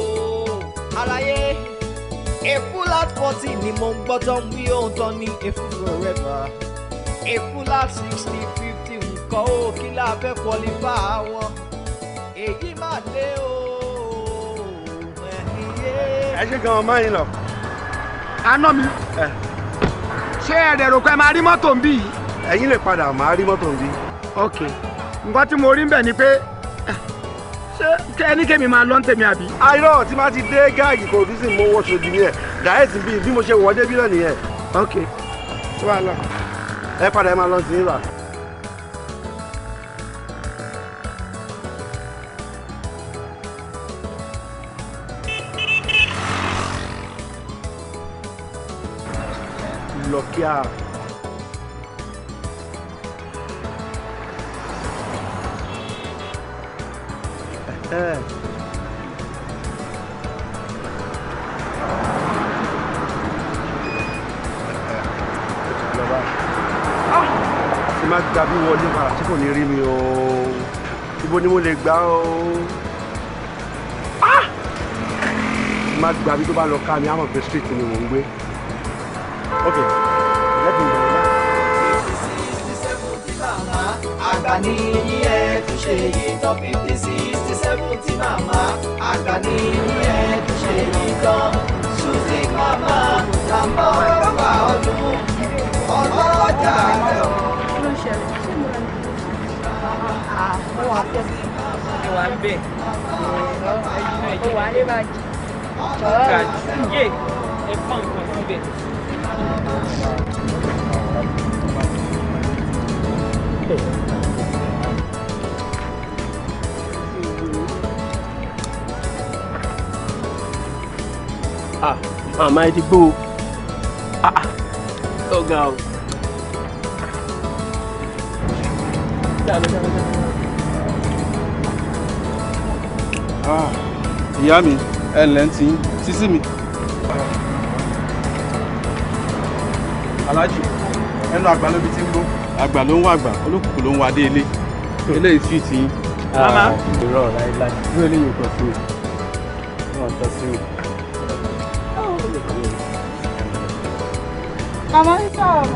[SPEAKER 1] Efulat forty ni mo ń gbọ́ tán wí ohun tán ní efuro rẹ̀fà. Efulat sixty fifty nǹkan ó kí la fẹ́ kọlífà wọn. Èyí máa lé o ẹ̀yẹ.
[SPEAKER 2] Ẹ ṣe gan-an mọ́ yín lọ. Aná mi. Ṣé ẹ dẹ̀ rò pé máa rí mọ́tò ń bí yìí? lè padà máa rí mọ́tò ń bí. Ok, nǹkan tí mo rí ń bẹ̀ ni pé ṣé ẹni kẹ́mi máa lọ ń tẹ̀mí àbí. irọ́ tí máa ti dé gáàgì kò tún sì mú owó ṣòdì ní ẹ̀ dàẹ́sì bíi bí mo ṣe wọ́ débí náà nìyẹn. ok ṣé wàá lọ ẹ padà ẹ máa lọ sí ibà.
[SPEAKER 3] bloquear เตอร์ tí má gba bí wọlé padà tí kò ní rí mi o ibo ni mo lè gbà o tí ah! má gba bí tó bá lọ ká mi àmọ̀ pé street ni mò ń gbé
[SPEAKER 1] ok let me go àgbà lẹ́kùn tí màmá àgbà ní ilé ṣe nìkan ṣùtì màmá làmọ́ ọ̀rọ̀mà ọdún ọlọ́jà rẹ̀. mo wà tó mo wà bẹ́ẹ̀ mo wà lé bàjẹ́ ọ̀ọ́ ẹ fọ́n nǹkan síbẹ̀. Thank
[SPEAKER 2] ah ìdìgbò ah, ọ̀gá o.
[SPEAKER 3] Ah, ah, ìyá ah ẹ ǹlẹ́ ti ń sísí mi. alájì ẹnu àgbà ló bí ti ń gbó. àgbà ló ń wá àgbà olókùnkù ló ń wá dé ilé eléyìí sì ti. mama.
[SPEAKER 2] ìrọ̀ láéláé ló eléyìí kọ sí mi.
[SPEAKER 4] wọ́n tọ́ sí mi.
[SPEAKER 5] Màmá ń sọ̀rọ̀. ṣé nǹkan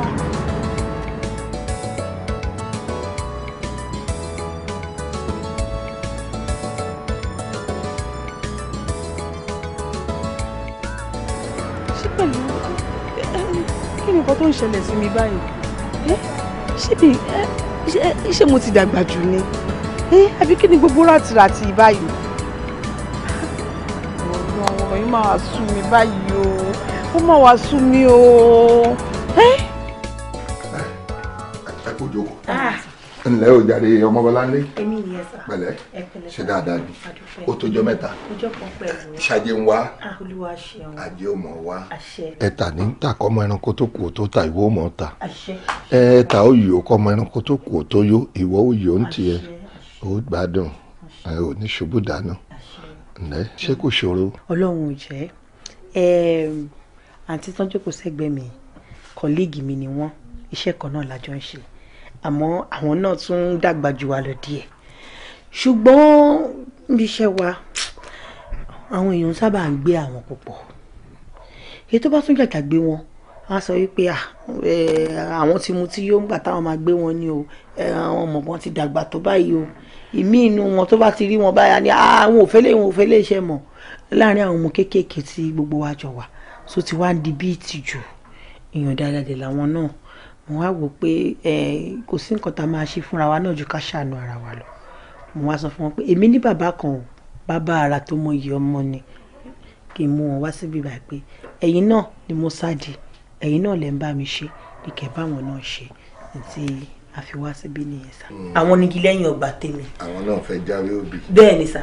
[SPEAKER 2] tó ń ṣẹlẹ̀ sí mi báyìí eh, ṣébi eh, ṣé mo ti dàgbà jù ni eh, àbí kí ni gbogbo ràtìràtì báyìí
[SPEAKER 1] ah, ọ̀rọ̀ yìí máa sú mi báyìí o ó máa wá sú mi o.
[SPEAKER 6] ǹlẹ́ o jàre ọmọ Bọ́láńlé pẹ̀lẹ́ ṣe dáadáa bí o tójọ́ mẹ́ta ṣàjẹ́ ń wá àjẹ́ ah, ò mọ̀ wá ẹ̀ta ní ta kọ́mọ ẹranko tó kù tó ta ìwọ mọ̀ ta ẹ̀ta ó yìí ó kọ́mọ ẹranko tó kù tó yó ìwọ ó yìí ó ń tiẹ̀ ó gbádùn ẹ ò ní ṣubú dáná ǹlẹ́ ṣé kò ṣòro.
[SPEAKER 2] Ọlọ́run ò jẹ́ àǹtí tọ́jú kò sẹ́gbẹ̀ẹ́ mi kọ́líìgì mi ni wọ́n iṣẹ́ kan náà la jọ ń ṣe àmọ́ àwọn náà tún ń dàgbà jù wá lọ díẹ̀ ṣùgbọ́n níṣẹ́ wa àwọn èèyàn sábà ń gbé àwọn púpọ̀ èyí tó bá tún jàjà gbé wọn wọ́n sọ wípé ah, àwọn ti mu tí yóò ń gbà táwọn máa gbé wọn ni o àwọn ọmọ wọn ti dàgbà tó báyìí o ìmí inú wọn tó bá ti rí wọn báyà ni àwọn ah, ò fẹ́lẹ́ ìwọ̀n ò fẹ́lẹ́ iṣẹ́ mọ̀ láàrin àwọn ọmọ kéékèèké tí gbogbo wa jọ wà so ti wá ń di bí ìtìjú èèyàn dáadáa làwọn náà mo wá wò pé kò sí nǹkan tá a máa ṣe fúnra wa náà ju ká ṣàánú ara wa lọ mo wá sọ fún wọn pé èmi ní bàbá kan o bàbá ara tó mọ iye ọmọ ni kí n mú wọn wá síbi báyìí pé ẹ̀yin náà ni mo sáàdì ẹ̀yin náà lẹ ń bá mi ṣe ni kẹ́ báwọn náà ṣe àti àfiwá síbi nìyẹn sá. Mm. àwọn nígi lẹ́yìn ọgbà tèmi. àwọn náà fẹ́ jáwé òbí. bẹ́ẹ̀ ni sá.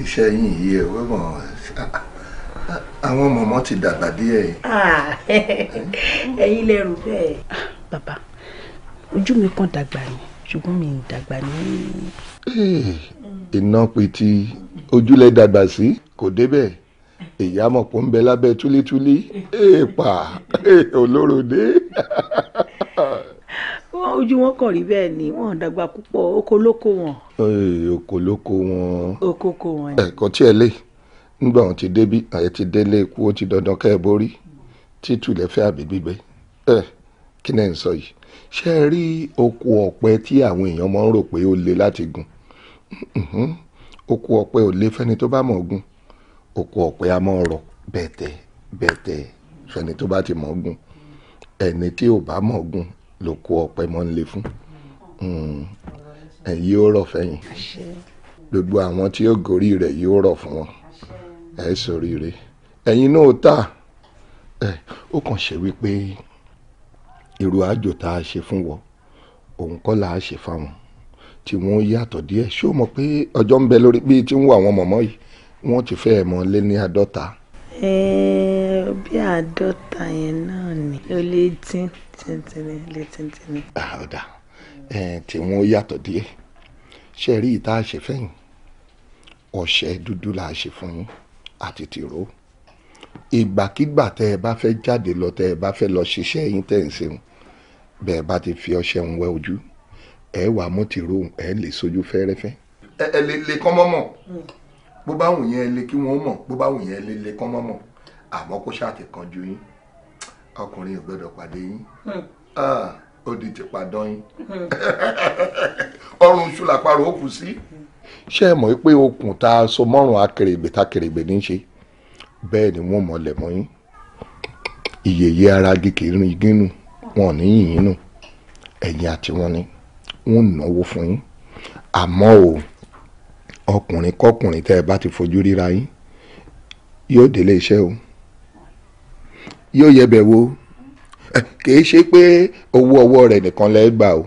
[SPEAKER 6] iṣẹ́ yìí yẹ wẹ́mọ̀ àwọn mọ̀mọ́ ti dàgbà díẹ̀.
[SPEAKER 4] Ah, ẹ̀yin lè rò bẹ́ẹ̀. Ah, bàbá
[SPEAKER 2] ojú mi kàn dàgbà ni ṣùgbọ́n mi ò dàgbà ní. Eh,
[SPEAKER 6] iná pitì ojúlẹ̀ dàgbà sí kò débẹ̀ ìyá mọ̀pọ̀ ń bẹ lábẹ́ túlítúlí èèpà eh, olóròdé.
[SPEAKER 2] wọn ojú wọn kàn rí bẹ́ẹ̀ ni wọn dàgbà púpọ̀ okoloko wọn.
[SPEAKER 6] okoloko eh, wọn.
[SPEAKER 2] okoko wọn.
[SPEAKER 6] ẹ̀kọ́ tí ẹ lé nígbà wọn ti débí àyè ti délé ikú ó ti dandan kẹ́ ẹ borí títù lẹ́fẹ́ àbí gbígbé ẹ kí náà ń sọ yìí ṣé ẹ rí oko ọ̀pẹ tí àwọn èèyàn máa ń rò pé ó le láti gùn oko ọ̀pẹ ò le fẹ́ni tó bá mọ̀ gùn oko ọ̀pẹ a máa rọ̀ bẹ̀tẹ̀ bẹ̀tẹ̀ fẹ́ni tó bá ti mọ̀ gùn ẹni tí ò bá mọ̀ gùn lóko ọ̀pẹ máa ń le fún ẹ̀yìn yóò rọ̀ fẹ́yìn gbogbo àwọn tí ó gorí rẹ̀ yóò rọ̀ fún wọn ẹ ṣoríire ẹ̀yin náà ta ẹ ó kàn ṣe wípé irú àjò tá a ṣe fún wọn òun kọ́ là á ṣe fáwọn tí wọ́n yàtọ̀ díẹ̀ ṣé o mọ̀ pé ọjọ́ ń bẹ lórí bíi tí ń wọ àwọn mọ̀mọ́ yìí wọ́n ti fẹ́ mọ lé ní àádọ́ta.
[SPEAKER 2] ẹ ẹ bí àádọ́ta yẹn náà ni ó lé dín tíntìnì lé tíntìnì.
[SPEAKER 6] àdá ẹ tí wọ́n yàtọ̀ díẹ̀ ṣe rí ìta àṣefẹ́yìn ọṣẹ dúdú là á ṣe fún yín àti tìró ìgbàkígbà tẹ́ ẹ bá fẹ́ jáde lọ tẹ́ ẹ bá fẹ́ lọ ṣiṣẹ́ yín tẹ́ ẹ ń ṣeun bẹ́ẹ̀ bá ti fi ọṣẹ ń wẹ ojú ẹ wà mú tìró ẹ lè sojú fẹ́rẹ́fẹ́. ẹ lè lè kán mọ́mọ́ bó bá wù yẹn lè kí wọ́n mọ̀ bó bá wù yẹn lè lè kán mọ́mọ́ àmọ́ kó ṣáàtì kan ju yín ọkùnrin ò gbọ́dọ̀ pàdé yín hmm. ó di tìpadán yín ọrùn ṣùlàpàrọ̀ ó kù sí. Mm ṣé ẹ mọ̀ pé okùn tá a so mọ́rùn akèrègbè tá akèrègbè ní í ṣe bẹ́ẹ̀ ni wọ́n mọ̀lẹ̀ mọ́ yín ìyèyè ara gèkèrè igínú wọn ní yìnyín nù ẹ̀yìn àti wọn ni wọ́n náwó fún yín àmọ́ o ọkùnrin kọkùnrin tẹ́ ẹ bá ti fojú ríra yín yóò délé iṣẹ́ o yóò yẹ bẹ̀ wo kìí ṣe pé owó ọwọ́ rẹ̀ nìkan lẹ́ẹ̀ gbà o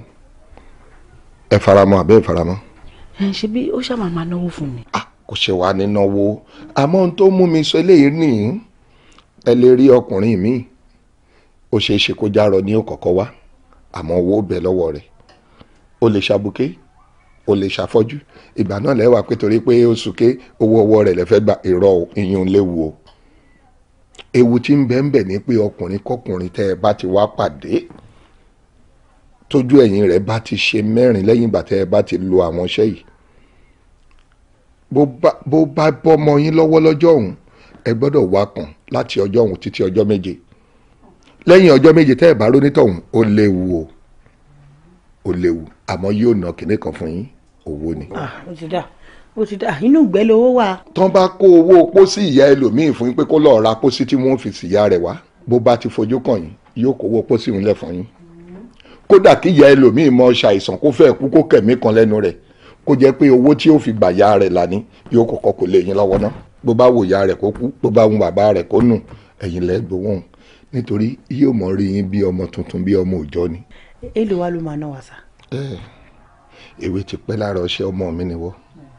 [SPEAKER 6] ẹ faramọ́ àbẹ́ ìfaramọ́. E
[SPEAKER 4] ẹ ṣe bí ó ṣàmà máa náwó fún mi. Ah,
[SPEAKER 6] kò ṣe wàá ní náwó àmọ́ ohun tó mú mi sọ eléyìí nìyí ẹ lè rí ọkùnrin mi ó ṣeé ṣe kó járọ ní òkọ̀kọ̀ wá àmọ́ owó bẹ̀ lọ́wọ́ rẹ̀ ó lè ṣàbùké ó lè ṣàfọ́jú ìgbà náà lẹ́wà pé torí pé ó sùké owó ọwọ́ rẹ̀ lẹ́fẹ́ gba ìrọ̀ ìyún léwu o ewu tí ń bẹ ń bẹ ni pé ọkùnrin kọkùnrin tẹ́ ẹ bá ti wá pàdé tójú ẹ̀yìn rẹ̀ bá ti ṣe mẹ́rin lẹ́yìn ìgbà tẹ́ ẹ bá ti lo àwọn iṣẹ́ yìí bó bá bọ́mọ yín lọ́wọ́ lọ́jọ́ ọ̀hún ẹ gbọ́dọ̀ wá kàn láti ọjọ́ ọ̀hún títí ọjọ́ méje lẹ́yìn ọjọ́ méje tẹ́ ẹ bá rónítọ̀ ọ̀hún ó léwu o ó léwu àmọ́ yóò ná kinní kan fún yín owó ni.
[SPEAKER 2] Ah, ó ti dà ó ti
[SPEAKER 6] dà inú ìgbẹ́ lowó wà. tán bá kó owó pósí ìyá ẹlòmíín fún yín pé kó lọ́ọ́ ra pósí tí wọ́n fi síyá rẹ̀ wá bó bá ti fojú kàn yín yóò kówó pósí òun fún yín kódà kí ìyá ẹlòmíì mọ ṣàìsàn kó fẹ́ kú kó kẹ̀mí kan lẹ́nu rẹ̀ kó jẹ́ pé owó tí ó fi gbà ya rẹ̀ lání yóò kọ́kọ́ kò lè yín lọ́wọ́ náà bó bá wò ya rẹ̀ kó kú bó bá wù bàbá rẹ̀ kó nù ẹ̀yìn lẹ́gbọ̀wọ́n nítorí yóò mọ̀ rí yín bí ọmọ tuntun bí ọmọ òòjọ́ ni.
[SPEAKER 2] èlò wa ló máa ná wa sá.
[SPEAKER 6] èwe ti pẹ́ lára ọṣẹ ọmọ mi ni wọ́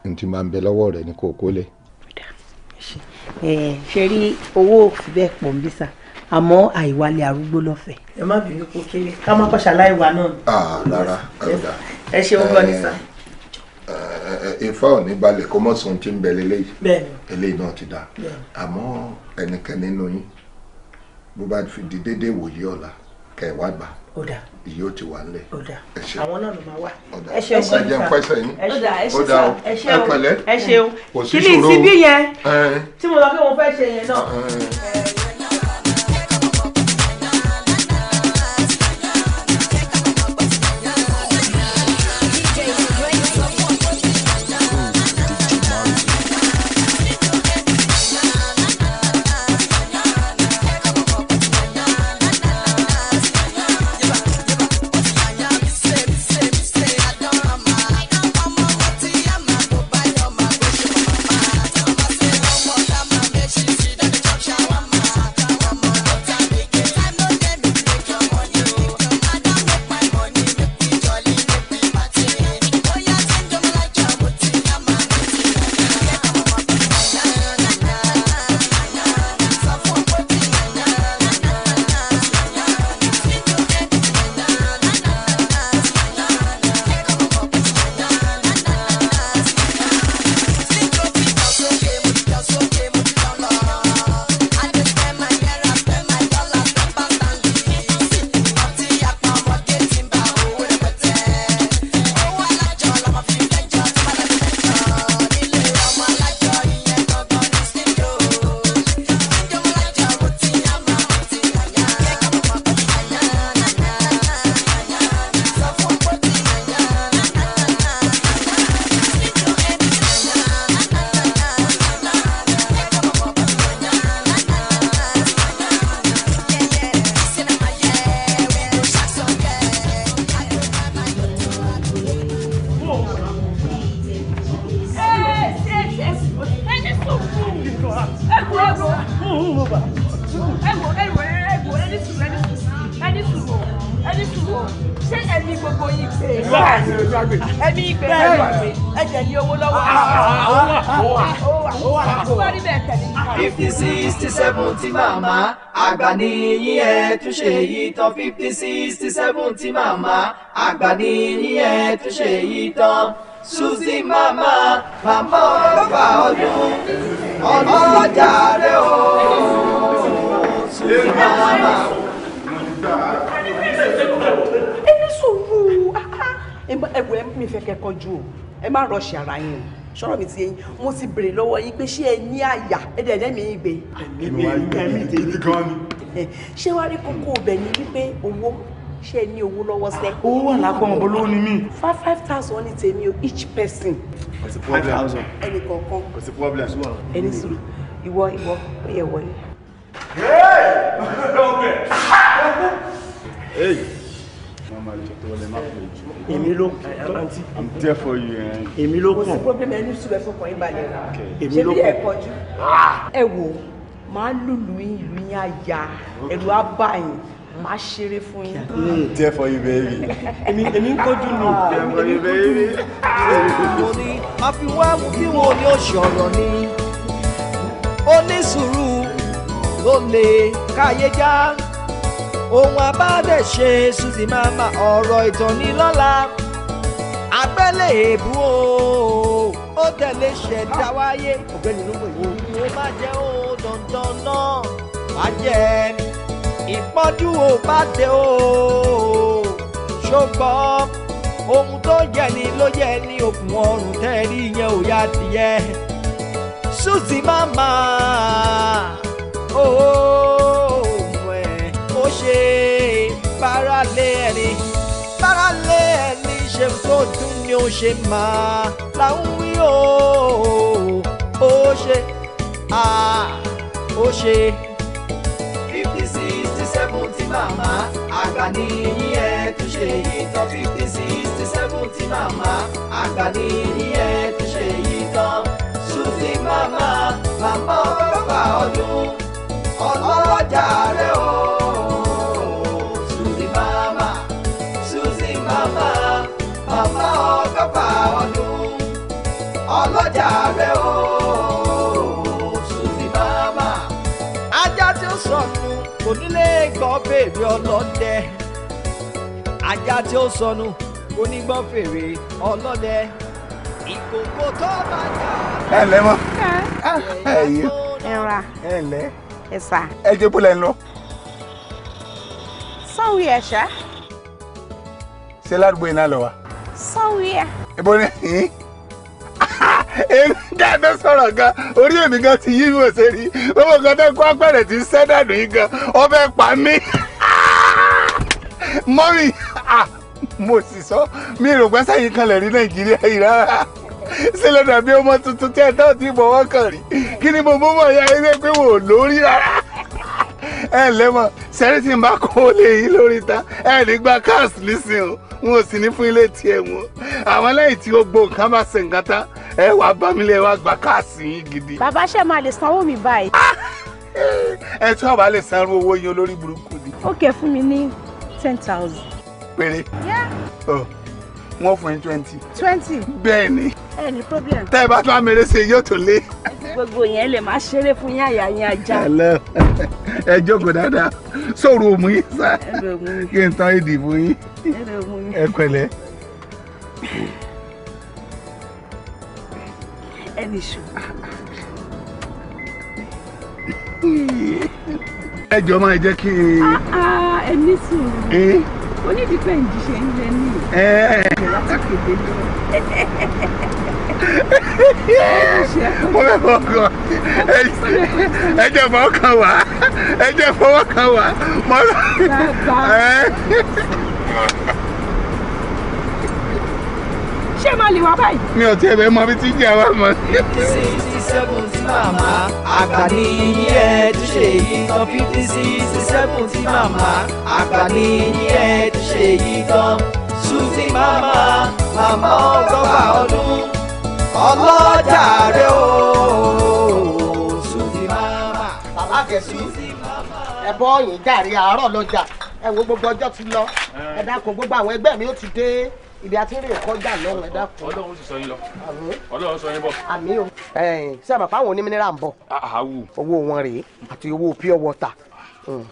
[SPEAKER 6] n ti máa ń bẹ lọ́wọ́ rẹ̀ ní kò kólẹ̀.
[SPEAKER 2] ṣe rí owó bẹ́ẹ̀ pọ̀ ń bí sá àmọ́ àìwálé arúgbó lọ́fẹ̀ẹ́. ẹ má bínú kó kéré ká má kọ́ ṣàlàyé wa náà. ah lára àyọ̀dá
[SPEAKER 6] ẹ ṣeun gan ni sà. ifá ò ní balẹ̀ kó mọ̀ sóhun tí ń bẹ lélẹ́yìí eléyìí náà ti dá àmọ́ ẹnikẹ́ni nínú yín bó bá fi di déédéé wòye ọ̀la kẹ̀ wá gbà ọ̀dà èyí ó ti wà nílẹ̀ ọ̀dà àwọn náà ló máa wà ẹ ṣeun ọ̀dà ẹ̀jẹ̀ ń pẹ́sẹ̀ yín ọ̀dà ẹ ṣeun ẹ pẹ̀lẹ́
[SPEAKER 2] ẹ ṣeun kí ni ìsibí yẹn tí mo lọ pé mo fẹ́ ṣe yẹn náà.
[SPEAKER 4] fifty sixty seventy màmá àgbà ni yín ẹ tún ṣe yìí tán fifty sixty seventy màmá
[SPEAKER 1] àgbà ni yín ẹ tún ṣe yìí tán suzy màmá màmá ọlọ́fà ọdún ọlọ́jà rẹ o suzy màmá. ẹni sùúrù
[SPEAKER 2] ah, ah. ẹ̀wẹ̀ mi fẹ́ kẹ́kọ̀ọ́ ju o ẹ má rọ̀ṣì ara yín o sọ̀rọ̀ mi ti yẹ yín mo ti béèrè lọ́wọ́ yín pé ṣé ẹ ní àyà ẹ̀dẹ̀ẹ̀dẹ̀ mi yín gbé.
[SPEAKER 3] ẹ̀mí tèmi gan
[SPEAKER 2] ni. ṣé wàá rí kókó ọbẹ̀ ni wípé owó ṣé ẹ ní owó lọ́wọ́ sẹ́. Ah, owó wà lápò ọmọ olówó ni mí. five five thousand ní tèmi o each person. kò kọ̀ọ̀kan ẹni sùn ìwọ ìwọ ó yẹ wọlé
[SPEAKER 3] èmi ló àǹtí. i'm there for you. Eh? èmi ló kàn. kò sí
[SPEAKER 2] problem ẹni sùn ẹfọ kan yín balẹ̀ rà. èmi ló kàn ṣé bí ẹ kọjú. Ah! Ah! ẹ wò máa lùlù yín ìlú yín àyà ẹ̀rù á bà ṣeré fún yín. i'm there for you baby. èmi èmi ń kọjú nù. there for you
[SPEAKER 5] baby. mo
[SPEAKER 2] ní
[SPEAKER 1] àfiwá bí wo ni ó ṣọ̀rọ̀ ni ó ní sùúrù ló lè káyé já ohun abádẹ́ṣe ṣùtì màmá ọ̀rọ̀ ìtàn ní lọ́la abẹ́lé èébú o ó tẹ̀lé ṣẹ̀dá wáyé òun ó má jẹ́ ó dandan náà má jẹ́ ìpọ́njú ò bá dé o ṣùgbọ́n ohun tó yẹ ni ló yẹ ní òkun ọrùn tẹ́rí yẹn ò yá tiẹ̀ ṣùtì màmá o. Oh, oh ṣe gbáralé ẹni gbáralé ẹni ṣe tó dùn ni ó ṣe máa láwọn wí o ó ṣe a ó ṣe. fifty sixty seventy màmá àgbà ní yín ẹ tún ṣe yìí tán fifty sixty seventy màmá àgbà ní yín ẹ tún ṣe yìí tán ṣùtì màmá màmá ọlọ́pàá ọdún ọlọ́jà rẹ̀. fèrè ọlọ́dẹ ajá tí ó sọnù kò ní gbọ́ fèrè ọlọ́dẹ ìkòkò tó bá jà. ẹ ǹlẹ́ mọ́
[SPEAKER 4] ẹ yé ẹ̀ra ẹ ǹlẹ́ ẹ̀sà
[SPEAKER 2] ẹ jẹ́ bó lẹ́ ń
[SPEAKER 3] lọ.
[SPEAKER 4] sọ́wọ́ yẹ ṣá.
[SPEAKER 3] ṣé ládùúgbò yìí náà lọ wa. sọ́wọ́ yẹ. ibo ni èmi dáadọ́ sọ̀rọ̀ gan orí èmi gan ti yí mi ò gbogbo nǹkan tó kó apẹ̀rẹ̀ ti sẹ́dàdùn yìí gan ọ fẹ́ pa mí mọ́mì mo sì sọ mi rò pé sẹ́yìn kan lè rí nàìjíríà yìí rárá sílẹ̀ dàbí ọmọ tuntun tí ẹ náà ti bọ̀wọ́ kàn rí kí ni mo mọ̀ ya eré pé wò lórí rárá ẹ lẹ́mọ̀ sẹ́rí tí n bá kó o lè yí lórí ta ẹ ní gba cast nísìn o n ò sì ní fún ilé tiẹ̀ wọn àwọn lẹ́yìn tí ó gbó nǹkan bá ṣe nǹkan tán ẹ wàá bá mi lé wàá gba cast yín gidi. bàbá
[SPEAKER 4] ṣe máa lè sanwó mi báyìí. Ah!
[SPEAKER 3] ẹ tí wọn lè sanwó owó yín olórí burúkú
[SPEAKER 4] ni. ó kẹ fún mi ní ten thousand.
[SPEAKER 3] péré. Oh, wọ́n fún yín twenty.
[SPEAKER 4] twenty. bẹ́ẹ̀ ni. ẹ ní problem.
[SPEAKER 3] tẹ́ ẹ bá tún amèrè ṣe yóò tó lé.
[SPEAKER 2] gbogbo yẹn lè máa ṣeré fún yín àyà yín ajá.
[SPEAKER 3] ẹ jókòó dáadáa sọ̀rọ̀ òmù yín sá kí n tán ìdìbò yín ẹ pẹ̀lẹ́.
[SPEAKER 5] ẹnì
[SPEAKER 6] ṣù ẹ jọ máa jẹ́ kí n. Ah,
[SPEAKER 2] ah, ẹ ní sùúrù onídìpẹ́ ìjíṣẹ́ ń lẹ ní ìlú látàkì délé mo
[SPEAKER 5] fẹ́ fọwọ́ kan ẹ jẹ́ fọwọ́ kan wá ẹ jẹ́
[SPEAKER 2] fọwọ́ kan wá mo fẹ́ ṣé máa lè wá báyìí. mi ò tiẹ̀ bẹ́ẹ̀
[SPEAKER 3] mọ ibi tí ìjà wa mọ.
[SPEAKER 1] sixty seven tí màmá àgbà ní yín ẹ ti ṣe yìí gan fifty sixty seven tí màmá àgbà ní yín ẹ ti ṣe yìí gan ṣùtì màmá màmá ọgọ́fà ọdún ọlọ́jà rẹ o ṣùtì màmá. bàbá kẹsì
[SPEAKER 2] ẹ bọ́ ọ̀yìn jàre àárọ̀ lọ́jà ẹ wo gbogbo ọjọ́ ti lọ ẹ dákun gbogbo àwọn ẹgbẹ́ mi ó ti dé ibi àtúndì kọjá lọ́hùn ẹ̀dá kan.
[SPEAKER 3] ọlọ́run sì sọ yín lọ. ọlọ́run sọ yín bọ̀.
[SPEAKER 2] àmì o. ẹyin ṣé àmọ́ fáwọn onímínírà ń bọ̀. àwù. owó wọn rèé àti owó pure water. Hmm.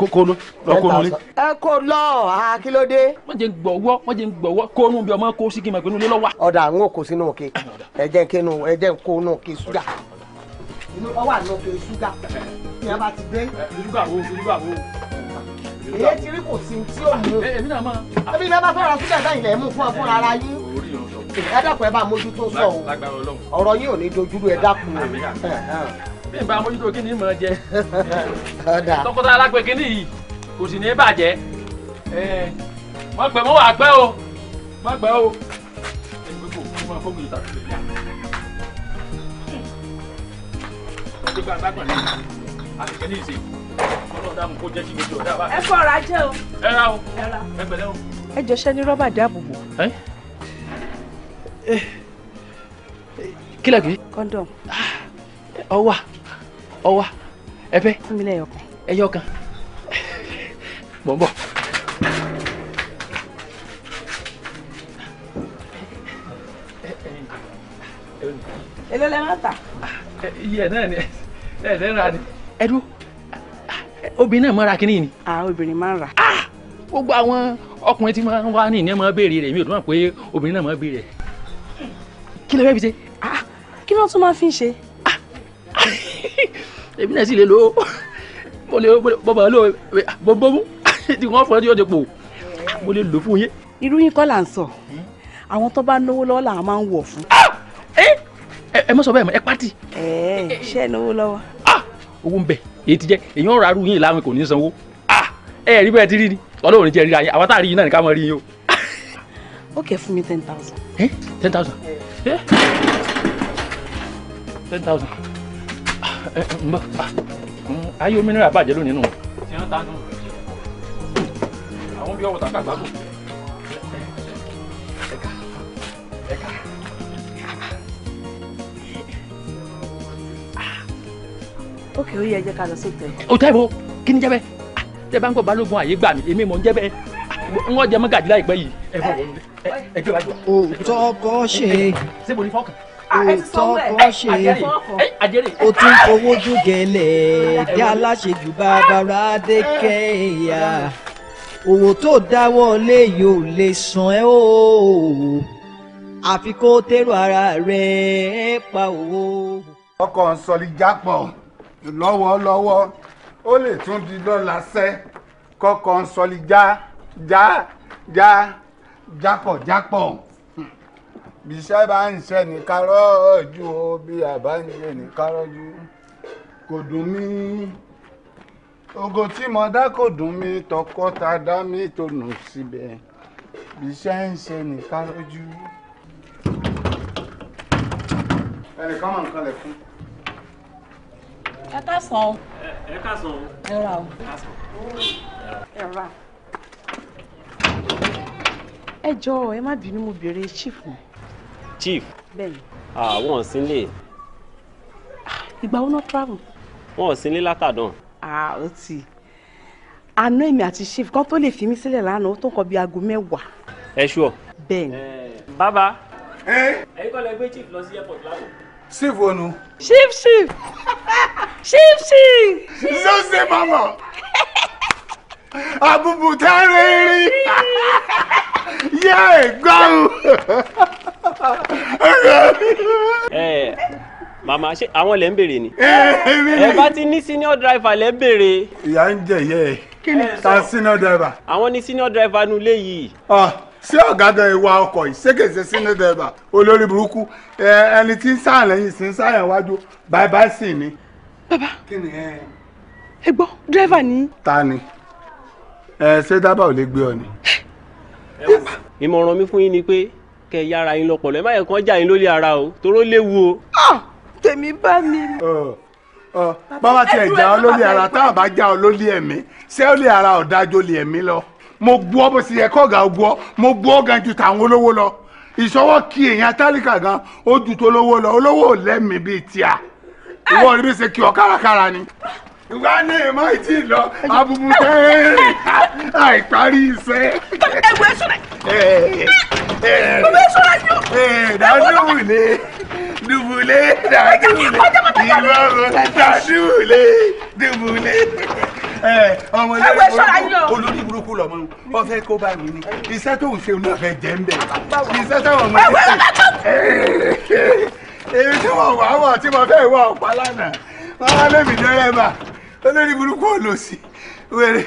[SPEAKER 3] kókónú lọ kónú ní.
[SPEAKER 2] ẹ kó lọ àkílódé. wọ́n jẹ́ ń gbọ̀wọ́ wọ́n jẹ́ ń gbọ̀wọ́ kónú bí ọmọ kó sí kí n mọ̀ pé inú ilé lọ́wọ́. ọ̀dà ń kó sínú òkè ẹ jẹ́ kínú ẹ jẹ́ kónú kí ṣúgà ọwọ́ àná kí ṣúgà bí wọ́n bá ti dé. ṣúgà wo ṣúgà wo èyí ti rí kò sí tí ò ní o èmi náà máa. ẹbí náà bá fẹ́ ra sílẹ̀ báyìí lẹ̀ mú fún ọ fúnra ara yín ẹ dákun ẹ bá mójútó sọ o ọ̀rọ̀ yín ò ní dojúrú ẹ dákun o bí n bá mójútó kí ni jẹ tọkọtaya alágbè kí yìí kò sì ní bàjẹ́
[SPEAKER 3] mọ̀ wà pẹ́ o mọ̀ o
[SPEAKER 2] ẹgbẹ́ ọlọ́dàmù kó jẹ́ kí méjì ọ̀dà bá. ẹ fọ ọ̀rá jẹ́ o. ẹ ra o ẹ pẹ̀lẹ́ o.
[SPEAKER 4] ẹ jọ ṣẹ́ ní rọ́bà dáàbòbò.
[SPEAKER 2] kílẹ̀ kì í. kọ́ńdọ̀m. ọwà ọwà ẹ fẹ́. fún mi lẹ́yọ̀ kan. ẹyọ kan.
[SPEAKER 3] bọ̀ bọ̀.
[SPEAKER 4] èlò lẹ́ máa ta. iye
[SPEAKER 2] náà ni ẹ̀ ẹ̀ lẹ́ra ni. ẹ dúró obìnrin náà máa kínní ni. ah obìnrin máa ń rà. ah gbogbo àwọn ọkùnrin tí máa ń wá ní ìní máa béèrè rẹ̀ mi ò tó mọ̀ pé obìnrin náà máa béèrè. kí ló fẹ́ fi ṣe. ah kí ló tún máa fi ń ṣe. ah èmi náà sì lè lo mo lè bọ́bọ̀ lo bọ́bọ́mú tí wọ́n fọ́ ẹ́ tí yóò ti pò ah! mo lè lò fún yín. irú yín kọ́ là ń sọ àwọn tó bá náwó lọ́wọ́ làwọn máa ń wọ̀ fún. Ah! Eh! ẹ ẹ mọ sọ bẹ́ẹ̀ mọ ẹ pátì. ẹ ṣe náwó lọ́wọ́ owó ń bẹ èyí ti jẹ́ èyàn ọ̀rọ̀ arú yín ìlànà kò ní sanwó ah ẹ rí bẹ́ẹ̀ ti rí ni ọlọ́run ní jẹ́ ríra yín àwọn tá rí yín náà ní ká mọ̀ rí yín o. ó kẹ́ fún mi ten thousand. ten thousand ten thousand ah, ẹ mbọ ah, ayé omi náírà bàjẹ́ lónìí nù.
[SPEAKER 1] ti hàn tánú
[SPEAKER 3] àwọn bí ọwọ́ ta kàgbá kù.
[SPEAKER 4] ókè ó yẹ ẹ jẹ́ ká lọ sí ìtẹ́.
[SPEAKER 2] òtẹ́ ìbò kí ni jẹ́ bẹ́ẹ̀ ah, tẹ bá ń gbọ́ balógun àyè gbà mí èmi mò ń jẹ́ bẹ́ẹ̀ n ah, wọ́n jẹ mọ́ gàdí láìpẹ́ yìí ẹ bọ̀ wọ́n ẹ gbé wájú.
[SPEAKER 1] òótọ́ kọ́ ṣe síbo ni fọ́ọ̀kàn. Ah, òótọ́ kọ́ ṣe ó tún fowó ju gẹ̀lẹ́ dé aláṣejù bàbára dékẹ́ ìyá owó tó dáwọ́ lé yóò lè san ẹ́ o àfi kó tẹ́rù ara rẹ̀ pa owó. ọkọ̀
[SPEAKER 2] ń
[SPEAKER 6] jápọ̀ lọ́wọ́lọ́wọ́ ó lè tún di lọ́la sẹ́ kọ́kọ́ ń sọlí já já já jápọ̀ jápọ̀ bí iṣẹ́ bá ń ṣe ní kárọ́ọ̀jú o bí àbá ń ṣe ní kárọ́ọ̀jú kò dùn mí ogo tí mo dá kò dùn mí tọkọtaya mi tó nù síbẹ̀ bí ń ṣe ní kárọ́ọ̀jú.
[SPEAKER 3] ẹnìkan mọ̀ nǹkan lẹ̀ fún.
[SPEAKER 4] É ká É o. ẹ ká sàn o. ẹ ra o. ẹ ra.
[SPEAKER 2] ẹ jọ̀ọ́ ẹ má bínú mo béèrè chief mi. chief. bẹ́ẹ̀ni. àwọn ò sí nílé. ìgbà wo náà travel. wọn ò sí nílé látàdán. Ah, ó ti àná èmi àti chief kan tó lè fi mí sílẹ̀ lánàá ó tó nǹkan bíi aago mẹ́wàá. ẹ ṣú ọ. bẹ́ẹ̀ni. bàbá. ẹ̀yin kọ́ lẹ gbé chief lọ sí airport lánàá. Chief Onu. Chief Chief. Chief Chief. So say mama.
[SPEAKER 5] Abubu tariri. Yeah, go.
[SPEAKER 2] Eh. Màmá ṣé àwọn lè ń béèrè ni?
[SPEAKER 3] Ẹ bá ti ní senior driver lè béèrè. Ìyá ń jẹ ìyẹ́ ẹ̀. Kí ni? Ta senior driver. Àwọn ní senior driver nulẹ̀ yìí. Ah sí ọ̀gá dẹ ìwà ọkọ̀ yìí ṣékèṣe sínú dẹ́bà olórí burúkú ẹni tí ń sáà lẹ́yìn sí ń sáà wájú bàbá sì ni.
[SPEAKER 2] bàbá ẹ gbọ́ dírẹ́fà ni.
[SPEAKER 3] ta ni ẹ ṣé dábàá ò lè gbé ọ ni. ìmọ̀ràn mi fún yín ni pé kẹ́ ẹ
[SPEAKER 2] yára yín lọ́pọ̀lọ́ ẹ má yẹ kán jà yín lórí ara o toró léwu o. tèmi bá mi.
[SPEAKER 3] bàbá tiẹ̀ já ọ lórí ara tá a bá já ọ lórí ẹ̀mí ṣé ó lè ara ọ̀dájú lè ẹ̀mí lọ mo gbọ́ bó sì yẹ kọ́ ọ̀gá gbọ́ mo gbọ́ gan ju tàwọn olówó lọ ìṣọwọ́ kí èèyàn tálíkà gan ó ju tó lówó lọ olówó ò lẹ́mìí bíi tíà ìwọ
[SPEAKER 2] rí bí ṣe kí ọ kárakára ni.
[SPEAKER 3] ìwà ni èèmọ ìtì lọ abubu tẹ́ẹ̀rì
[SPEAKER 2] àìparí iṣẹ́. ẹgbẹ́ sọ̀rọ̀ yìí. ẹgbẹ́ sọ̀rọ̀ yìí. dàdúwìlé dùbùlé dàdúwìlé ìwọ
[SPEAKER 5] dàdúwìlé
[SPEAKER 3] dùbùlé ọmọ ilé ìwé olórí burúkú lọmọ ọ fẹ́ kó bá mi ni iṣẹ́ tó ń ṣe náà fẹ́ jẹ ń bẹ iṣẹ́ táwọn ọmọ ilé ìwé èyí tí wọn wà wọ tí wọn fẹ́ wọ ọ̀pá lánàá
[SPEAKER 2] wọn lé mi dẹ́rẹ́bà olórí burúkú olòṣì wèrè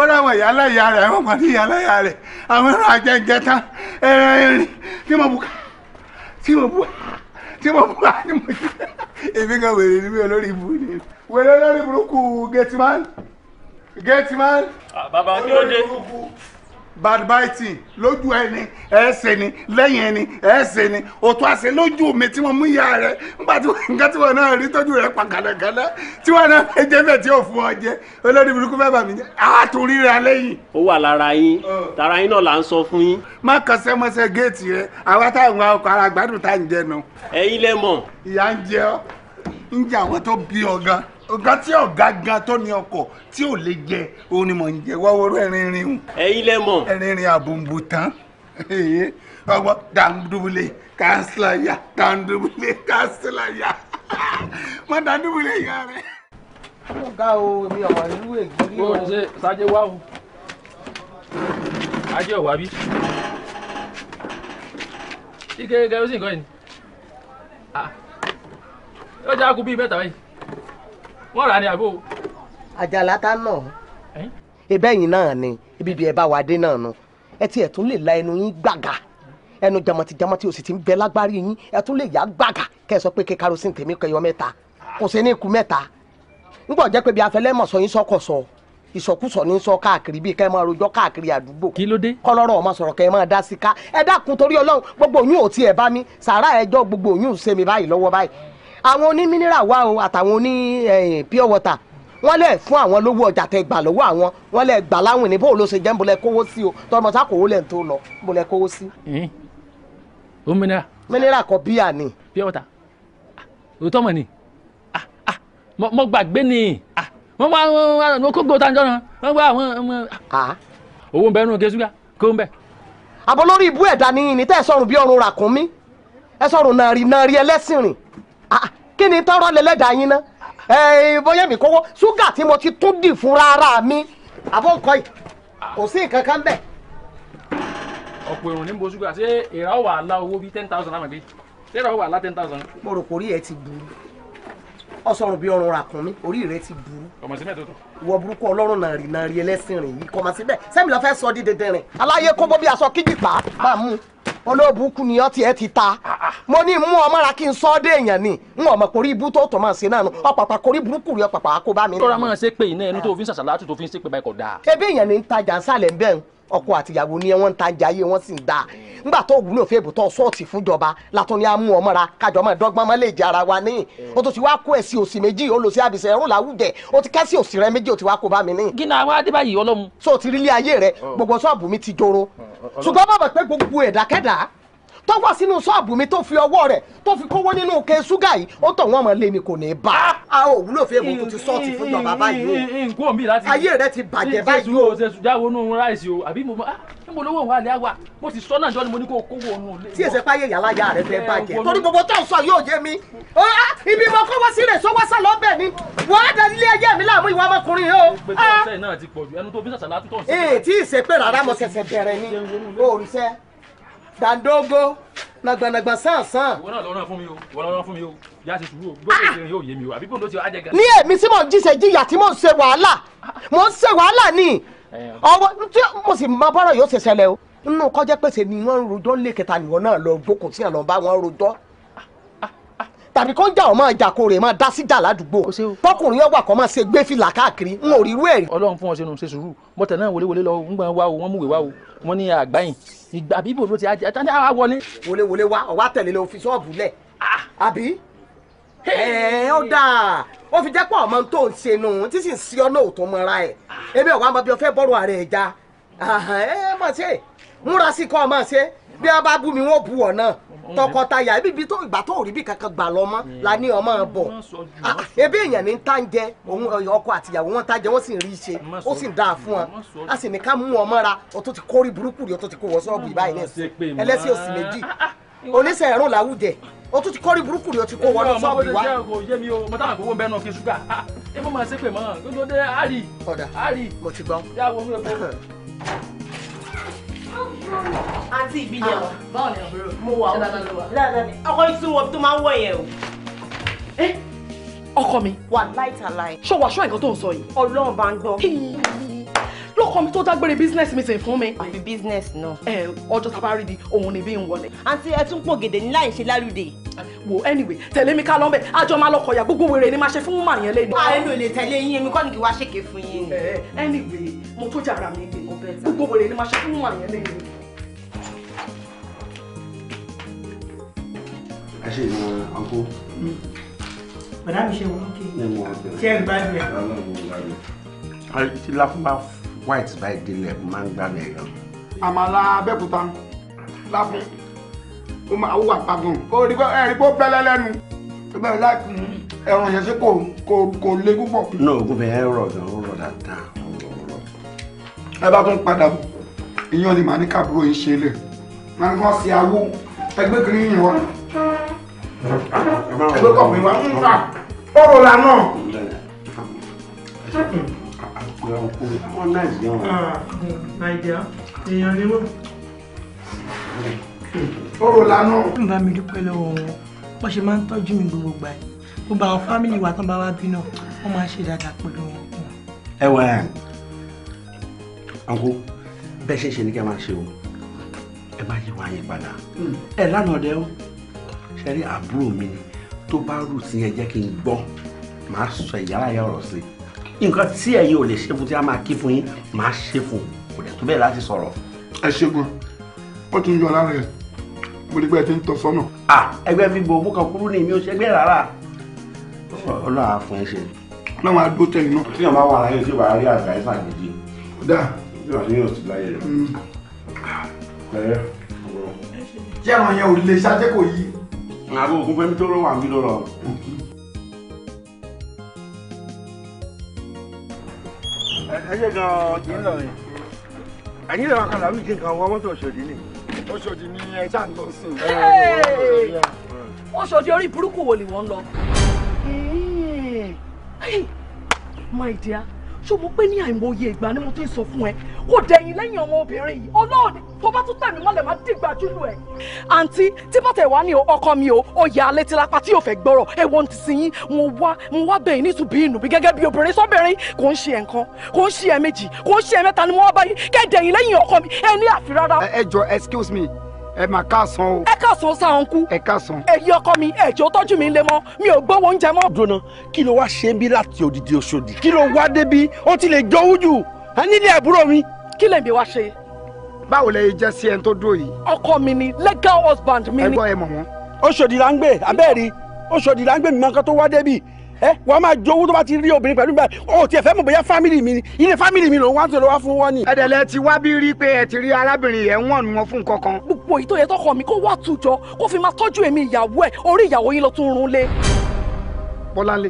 [SPEAKER 2] ó láwọn
[SPEAKER 3] ìyá aláìyá rẹ̀ àwọn ọmọdé ìyá aláìyá rẹ̀ àwọn ẹran ajẹjẹ tán ẹran erin tí mo bùkà tí mo bùkà tí mo bùkà tí mo jẹ èmi kan wèrè ni olórí burúkú wèrè get man.
[SPEAKER 5] Ah, bàbá kí ló dé.
[SPEAKER 3] bad biting lójú ẹni ẹsẹ ni lẹ́yìn lójú mi tí wọ́n mú ìyá rẹ nígbà tí nǹkan tí wọ́n náà rí tọ́jú rẹ pa gàdàgàdà tí wọ́n náà fẹẹ tí ò fún ọ olórí burúkú bà
[SPEAKER 2] tara yín náà là ń sọ fún yín. má géètì rẹ àwa
[SPEAKER 3] táwọn tá à ń nù. nǹkan tí ọ̀gá gan tó ní ọkọ̀ tí ò lè jẹ òun ni mò ń jẹ wá wọ́rọ́ ẹ̀rin rin o. ẹ̀yin lẹ mọ̀. ẹ̀rin rin àbùnbù tán ọgbọ́n dàndúbulẹ̀ kánsíláyà dàndúbulẹ̀ kánsíláyà mọ dàndúbulẹ̀ ìyá rẹ̀.
[SPEAKER 2] ọ̀gá o èmi ọ̀wà ìlú ègìrì
[SPEAKER 3] o. o ṣe ṣáájú wá o ajé ọ̀wá bí.
[SPEAKER 2] ike gẹrẹsì nǹkan yìí ah. ó jẹ́ àkú bíi mẹ́ta báyìí wọ́n rà ní àbò. àjàlá tá náà ìbẹ́yìn náà ni ibi ibi ẹ̀ bá wa dé náà nu ẹ tiẹ̀ tún lè la ẹnu yín gbàgà ẹnu jamatijamati o sì ti ń bẹ lágbárí yín ẹ tún lè yá gbàgà kẹ ẹ sọ pé kí kerosene tèmi kẹyọ mẹ́ta kò sí ní ikú mẹ́ta nígbà jẹ́ pé bí afẹ́lẹ́mọ̀ sọ yín sọ́kọ̀ sọ ìsọkúsọ ní sọ káàkiri bíi kẹ́ ẹ máa rojọ́ káàkiri àdúgbò kí ló dé kọ́lọ́rọ̀ ọmọ sọ̀rọ̀ kẹ́ ẹ máa dá sí ká ẹ dákun torí ọlọ́run gbogbo oyún ò tiẹ̀ bá mi sàrà ẹjọ́ gbogbo oyún ṣe mi báyìí lọ́wọ́ báyìí àwọn oní mineral wà o àtàwọn oní pure water wọ́n lè fún àwọn lówó ọjà tẹ gbà lọ́wọ́ àwọn wọ́n lè gbà láwìn ní bóòlù ṣe jẹ́ nbọ̀lẹ̀ kówó sí o tọmọ kòwó lẹ̀ tó lọ nbọ̀lẹ̀ kówó sí. o mineral. mineral kọ bíà ni. pure water ah, òótọ́ mọ̀ ni ah, ah, mo gbàgbé ni wọ́n wá wọ́n kó gbòòtà njọ́ náà wọ́n wá wọ́n. owó ń bẹ nínú kesuga kó ń bẹ. àbọ̀ lórí ibú ẹ̀dá ni ìní tẹ́ ẹ sọ̀rùn bí ọrùn ràkúnmí ẹ sọ̀rùn nàrí nàrí ẹlẹ́sìn rìn Ah, kí ni tọrọ lẹlẹdà yín ná eh, bóyá mi kọ́kọ́ ṣúgà tí mo ti tún dì fún rárá mi àbọ̀ nǹkan yìí kò sí nǹkan kan bẹ́ẹ̀.
[SPEAKER 3] ọ̀pọ̀ èrò ní bo ṣúgà ṣé èrà wà
[SPEAKER 2] owó bíi ten thousand láwọn ẹgbẹ́ ṣé èrà wà á ten thousand. mo rò pé orí ẹ ti burú ọsọrun bíi ọrùn ràkùn mi orí rẹ ti burú. kọmọ síbẹ̀ tó tọ̀. ìwọ burúkú ọlọ́run náà rí náà rí ẹlẹ́sìn rìn yìí kọmọ síbẹ̀ sẹ́mi lọ fẹ́ sọ dídẹ̀dẹ̀ rìn aláyé kóbó bí aṣọ kíjì pa mú olóòbùkún ni ọtí ẹ ti ta ah, ah. mo ní mú ọmọ ra kí n sọ ọ́ dé èèyàn ni n ò mọ̀ kórí ibú tó tọ̀ máa ṣe náà nu ọ̀pàpà kórí burúkú rí ọ̀pàpà kó bá mi. tọ́ra máa ṣe pé iná ẹni tó fi ń ṣàṣàlátù tó fi ń ṣe pé báyìí kò dáa. ebi èèyàn ni ń tajà ń sàlẹ̀ ń bẹ́ẹ̀ ọkọ àtìyàwó ni wọ́n ta jẹ ayé wọ́n sì ń da nígbà tó wúlò fún èbùtọ sọọtì fúnjọba látọ ni a mú ọmọ ra kájọ máa dọ́gbọ́n máa lè jẹ ara wa ní mm. o tó ti wá kó ẹsìn òsì méjì o àbìsẹ ẹrù làwùjẹ o ti kẹsì òsì rẹ méjì o ti wá kó bá mi ní. gíná àwọn adébáyé ọlọ́mu. so ti rí ilé ayé rẹ oh. gbogbo sọ́ọ̀bù mi ti joro oh, oh, ṣùgbọ́n bàbá pé gbogbo ẹ̀dákẹ́dàá tó wá sínú ṣọ́ọ̀bù mi tó fi ọwọ́ rẹ̀ tó fi kówó nínú ke ṣúgà yìí ó tọ̀ wọ́n mọ̀ lé mi kò ní bá. a ò wúlò fún èmi tó ti sọ́ọ̀tì fún ìjọba báyìí o ayé rẹ ti bàjẹ́ báyìí o. ṣe sùn jáwé onú ráìsì o àbí mo ah mo lówó wa lẹ́yà wa mo ti sọ náà jọ ni mo ní kó kówó onú lé. tí èsè páyé yàrá ya rẹ fẹ́ bàjẹ́ torí gbogbo tó ń sọ yóò yé mi. ibi mo kọ́ wá sí rẹ̀ sọ́wọ́ sá lọ bẹ̀ ni wàá da ilé ẹyẹ mi láàmú ìwà ọmọkùnrin o. ìpèsè ọ̀sẹ̀ náà ti pọ̀ ju ẹnu tó fi ṣàṣàlá tó tọ̀ sí. èyí tí ìṣèpè rárá mo ṣẹ̀ṣẹ̀ bẹ̀rẹ̀ ni òrìṣẹ́ dàdógó nàgbànàgbà sàǹsàn. ìwọ náà lọ́rọ̀ fún mi o ìwọ lọ́rọ̀ fún mi o yá ti sùúrù o gbọ́dọ̀ ṣe yóò yé mi o àbí gbọ́dọ̀ ṣe ajẹ́ gan. ní èmi tí mò ń jíṣẹ́ jìyà tí mò ń ṣe wàhálà mò ń ṣe wàhálà ni ọwọ́ tí mo sì máa bọ́rọ̀ yóò ṣe ṣẹlẹ̀ o nínú kọjá pèsè ni wọ́n ń rojọ́ lé kẹta nìwọ náà lọ jókòó sí àlọ́ bá wọn rojọ́ tàbí kó ń jà ọ máa jà kó rè máa dá síjà ládùúgbò tọkùnrin ọwà kan máa ṣe gbé fìlà káàkiri n ò rí irú ẹ̀ rí. Ọlọ́run fún ọ ṣe nù ṣe sùúrù mọtẹ náà wọléwọlé lọ ń gbọn wa o wọn mú ìwé o wọn ní àgbáyìn ìgbà bíbò ló ti ajá tán á wọlé. wọléwọlé wa ọwọ àtẹlẹ lọ fi ṣọọbù lẹ ah! àbí ẹ ó dáa ó fi jẹ́ pọ̀ ọmọ tó ń ṣe nù tí sì ń sí ọ́nà òtún mọ́ra ẹ̀ ebi ah! ọ̀wá máa bí ọ fẹ́ bọ́rọ̀ ààrẹ ẹ̀já ẹ múra sí kọ́ ọ máa ṣe bí wọ́n bá bú mi wọ́n bú ọ náà tọkọtaya ibi tó ìgbà tó rí bí kankan gbà lọ mọ́ mm. la ní ọmọ bọ̀ ah, ebi èèyàn ní tá ń jẹ mm. òun eh, ọkọ àtìyàwó wọn tá jẹ wọn sì ń rí ṣe ó sì ń dáa fún wọn a sì ní ká mú wọn mọ́ra o tó ti kórìí burúkú rí o tó ti kó wọ sọ́ọ̀bù ìbáyìí mm. náà ẹlẹ́sìn òsì méjì oníṣẹ́ ẹ̀rùn làwùjẹ o tún ti kọ́rí burúkú rẹ̀ o ti kó wọnú sọ́ọ̀bù wa. ọmọ bó ṣe o yé mi o mo táwọn àgbọ̀wọ́ bẹ́ẹ̀
[SPEAKER 4] náà fi àǹtí ìbílẹ̀ ah, wa. báwo ni àbúrò mo wà ó dáadáa ni ọkọ yìí tún wọ tó máa ń wọ yẹn o. ọkọ
[SPEAKER 2] mi. wà láìtàláì. ṣọ wàá ṣọ nǹkan tó ń sọ yìí. ọlọ́run bá ń gbọ́ lọ́kọ mi tó dágbére business meeting fún mi. àbí business náà. ẹ ọjọ́ sábàárì di òun ni bí n wọlé. àǹtí ẹ tún pò gèdè ní láì ṣe lálùdè. wo anyway tẹ̀lé mi ká lọ́nbẹ̀ àjọ máa lọkọ̀ ya gbogbo wèrè ni máa ṣe fún wúmà yẹn lẹ́nu. a ẹnu lè tẹ̀lé
[SPEAKER 4] yín èmi kọ́ ni kí wá ṣèké fún yín. anyway mo tó jàrà mi
[SPEAKER 2] gbé gbogbo wèrè ni máa ṣe fún wúmà yẹn lẹ́nu.
[SPEAKER 3] ẹ ṣe ìwọn ọkọ.
[SPEAKER 5] bàdá mi ṣe wọn kí ṣe ẹ
[SPEAKER 3] gbádùn ẹ. tí láfúnbá white báyìí délẹ̀ máa ń gbádùn ẹ̀ gan. àmàlà abẹ́kúta láfún ó máa wà pàgàn ó rí pé ẹ̀rí pé ó pẹ́lẹ́ lẹ́nu tó bẹ́ẹ̀ láì ẹran yẹn sí kò kò lé púpọ̀. náà ogun bẹ̀ ẹ́ rọ̀ gan ó rọ̀ dáadáa. ẹ
[SPEAKER 6] bá tún padà ìyọ́n ni màá ní kàbúrò yìí ṣe lẹ̀
[SPEAKER 3] màá ní kàn sí awó
[SPEAKER 2] ẹgbẹ́ kiri yìí wọ́n
[SPEAKER 6] ẹgbẹ́ kọ̀ pín wa ń fà
[SPEAKER 2] ọ̀rọ̀ la náà.
[SPEAKER 3] àgbẹ̀ ọkọ àwọn nàìjíríà wọn. nàìjíríà èèyàn ni wọn. ọ̀rọ̀ la
[SPEAKER 2] náà. ń bá mi dúpẹ́ lọ́wọ́ wọn wọ́n ṣe máa ń tọ́jú mi gbogbo gbà yìí gbogbo àwọn fámìlì wa wá ń ṣe dáadáa pẹ̀lú wọn. ẹ wà á àǹkó bẹ́ẹ̀ ṣe ṣe ní kí a máa ṣe o ẹ má yí wáyé padà ẹ lánàá ṣẹ́rí àbúrò mi ni tó bá rù sí ẹ jẹ́ kí n gbọ́ màá sọ ìyára ya ọ̀rọ̀ sí i nǹkan tí ẹ̀yin ò lè ṣe fún tí a máa kí fún yín màá ṣe fún
[SPEAKER 3] kò dẹ̀ tó bẹ́ẹ̀ láti sọ̀rọ̀. ẹ ṣègùn ó ti ń yọ lára ẹ mo rí pé ẹ ti ń tọ́ sọ́nà. à ẹgbẹ́ mi bò mú kan kúrú ni mi ò ṣẹgbẹ́ rárá ọlọ́run á fún ẹ ṣe. ọlọ́run á dó tẹ̀yìn náà. tí yàn bá wà láyé tí wàá rí àgbà ẹ̀ sàgbèjì. dáa. bí wàá ní yóò ti láyé rẹ̀. Mm. ṣé àwọn yẹn ò Mm. àbò òkun fẹ́mi tó rọ̀ wà mí lọ́rọ̀. ẹ ṣe gan-an ti ń lọ yìí ẹ̀yin lè wá kan làwọn ìdí nǹkan wọ́n mọ́tò Ọ̀ṣọ́dì ni.
[SPEAKER 2] Ọ̀ṣọ́dì ni ẹ
[SPEAKER 3] ṣáà ń lọ sùn.
[SPEAKER 1] Ọ̀ṣọ́dì
[SPEAKER 2] orí wo ni wọ́n ń hmm. my dear ṣó mo pé ní àìmọye ìgbà ni mo ti ń sọ fún ẹ kò dẹ̀yìn lẹ́yìn ọmọ obìnrin yìí ọlọ́run tó bá tún tẹ̀mí mọ́lẹ̀ má dìgbà júlù ẹ̀. àǹtí tí bàtà ìwà ni ọkọ mi o ó yà á létí lápá tí yóò fẹ́ gbọ́rọ̀ ẹ̀wọ̀n ti sin yín mo wá mo wá bẹ̀yìn nítubí ìnùbí gẹ́gẹ́ bí obìnrin sọ́bìnrin kò ń ṣe ẹ̀ǹkan kò ń ṣe ẹ̀mejì kò ń ṣe ẹ̀mẹ́ta ni mo wá báyìí kẹ́ dẹ̀yìn lẹ́yìn ọkọ mi ẹ ní àfi rárá. ẹ jọ excuse me ẹ mà káàsán o. ẹ káàsán sáà ń kú. ẹ káàsán. èyí ọkọ mi ẹjọ tọ́jú mi lé mọ́ mi ò gbọ́ oúnjẹ mọ́. dùnà kí ló wá ṣe ń bí láti
[SPEAKER 3] òdìdí Òṣòdì
[SPEAKER 2] kí ló wá débi ó ti lè jọ wújù ẹ nílé àbúrò mi. kí lè mi wá ṣe. báwo lẹ jẹ́ sí ẹni tó dúró yìí. ọkọ mi ni legal husband mi ni. ẹ gbọ́ ẹ mọ̀ wọ́n. Òṣòdì là ń gbé abẹ́ẹ̀rí Òṣòdì là ń gbé mi mọ́ nǹkan tó wá débi ẹ wọ́n máa jowú tó bá ti rí obìnrin pẹ̀lú báyìí o tiẹ̀ fẹ́ mọ̀ bóyá fámìlì mi ni ilé fámìlì mi lòun wá ń tòló wá fún wọn ni. ẹ̀dẹ̀lẹ̀ ti wá bí rí pé ẹ ti rí arábìnrin yẹn wọ̀n nu wọn fún nǹkan kan. gbogbo èyí tó yẹ tọkọ mi kó wà tùjọ kó fi máa tọ́jú èmi ìyàwó ẹ̀ orí ìyàwó yín lọ tún run lé. bọ́láńlé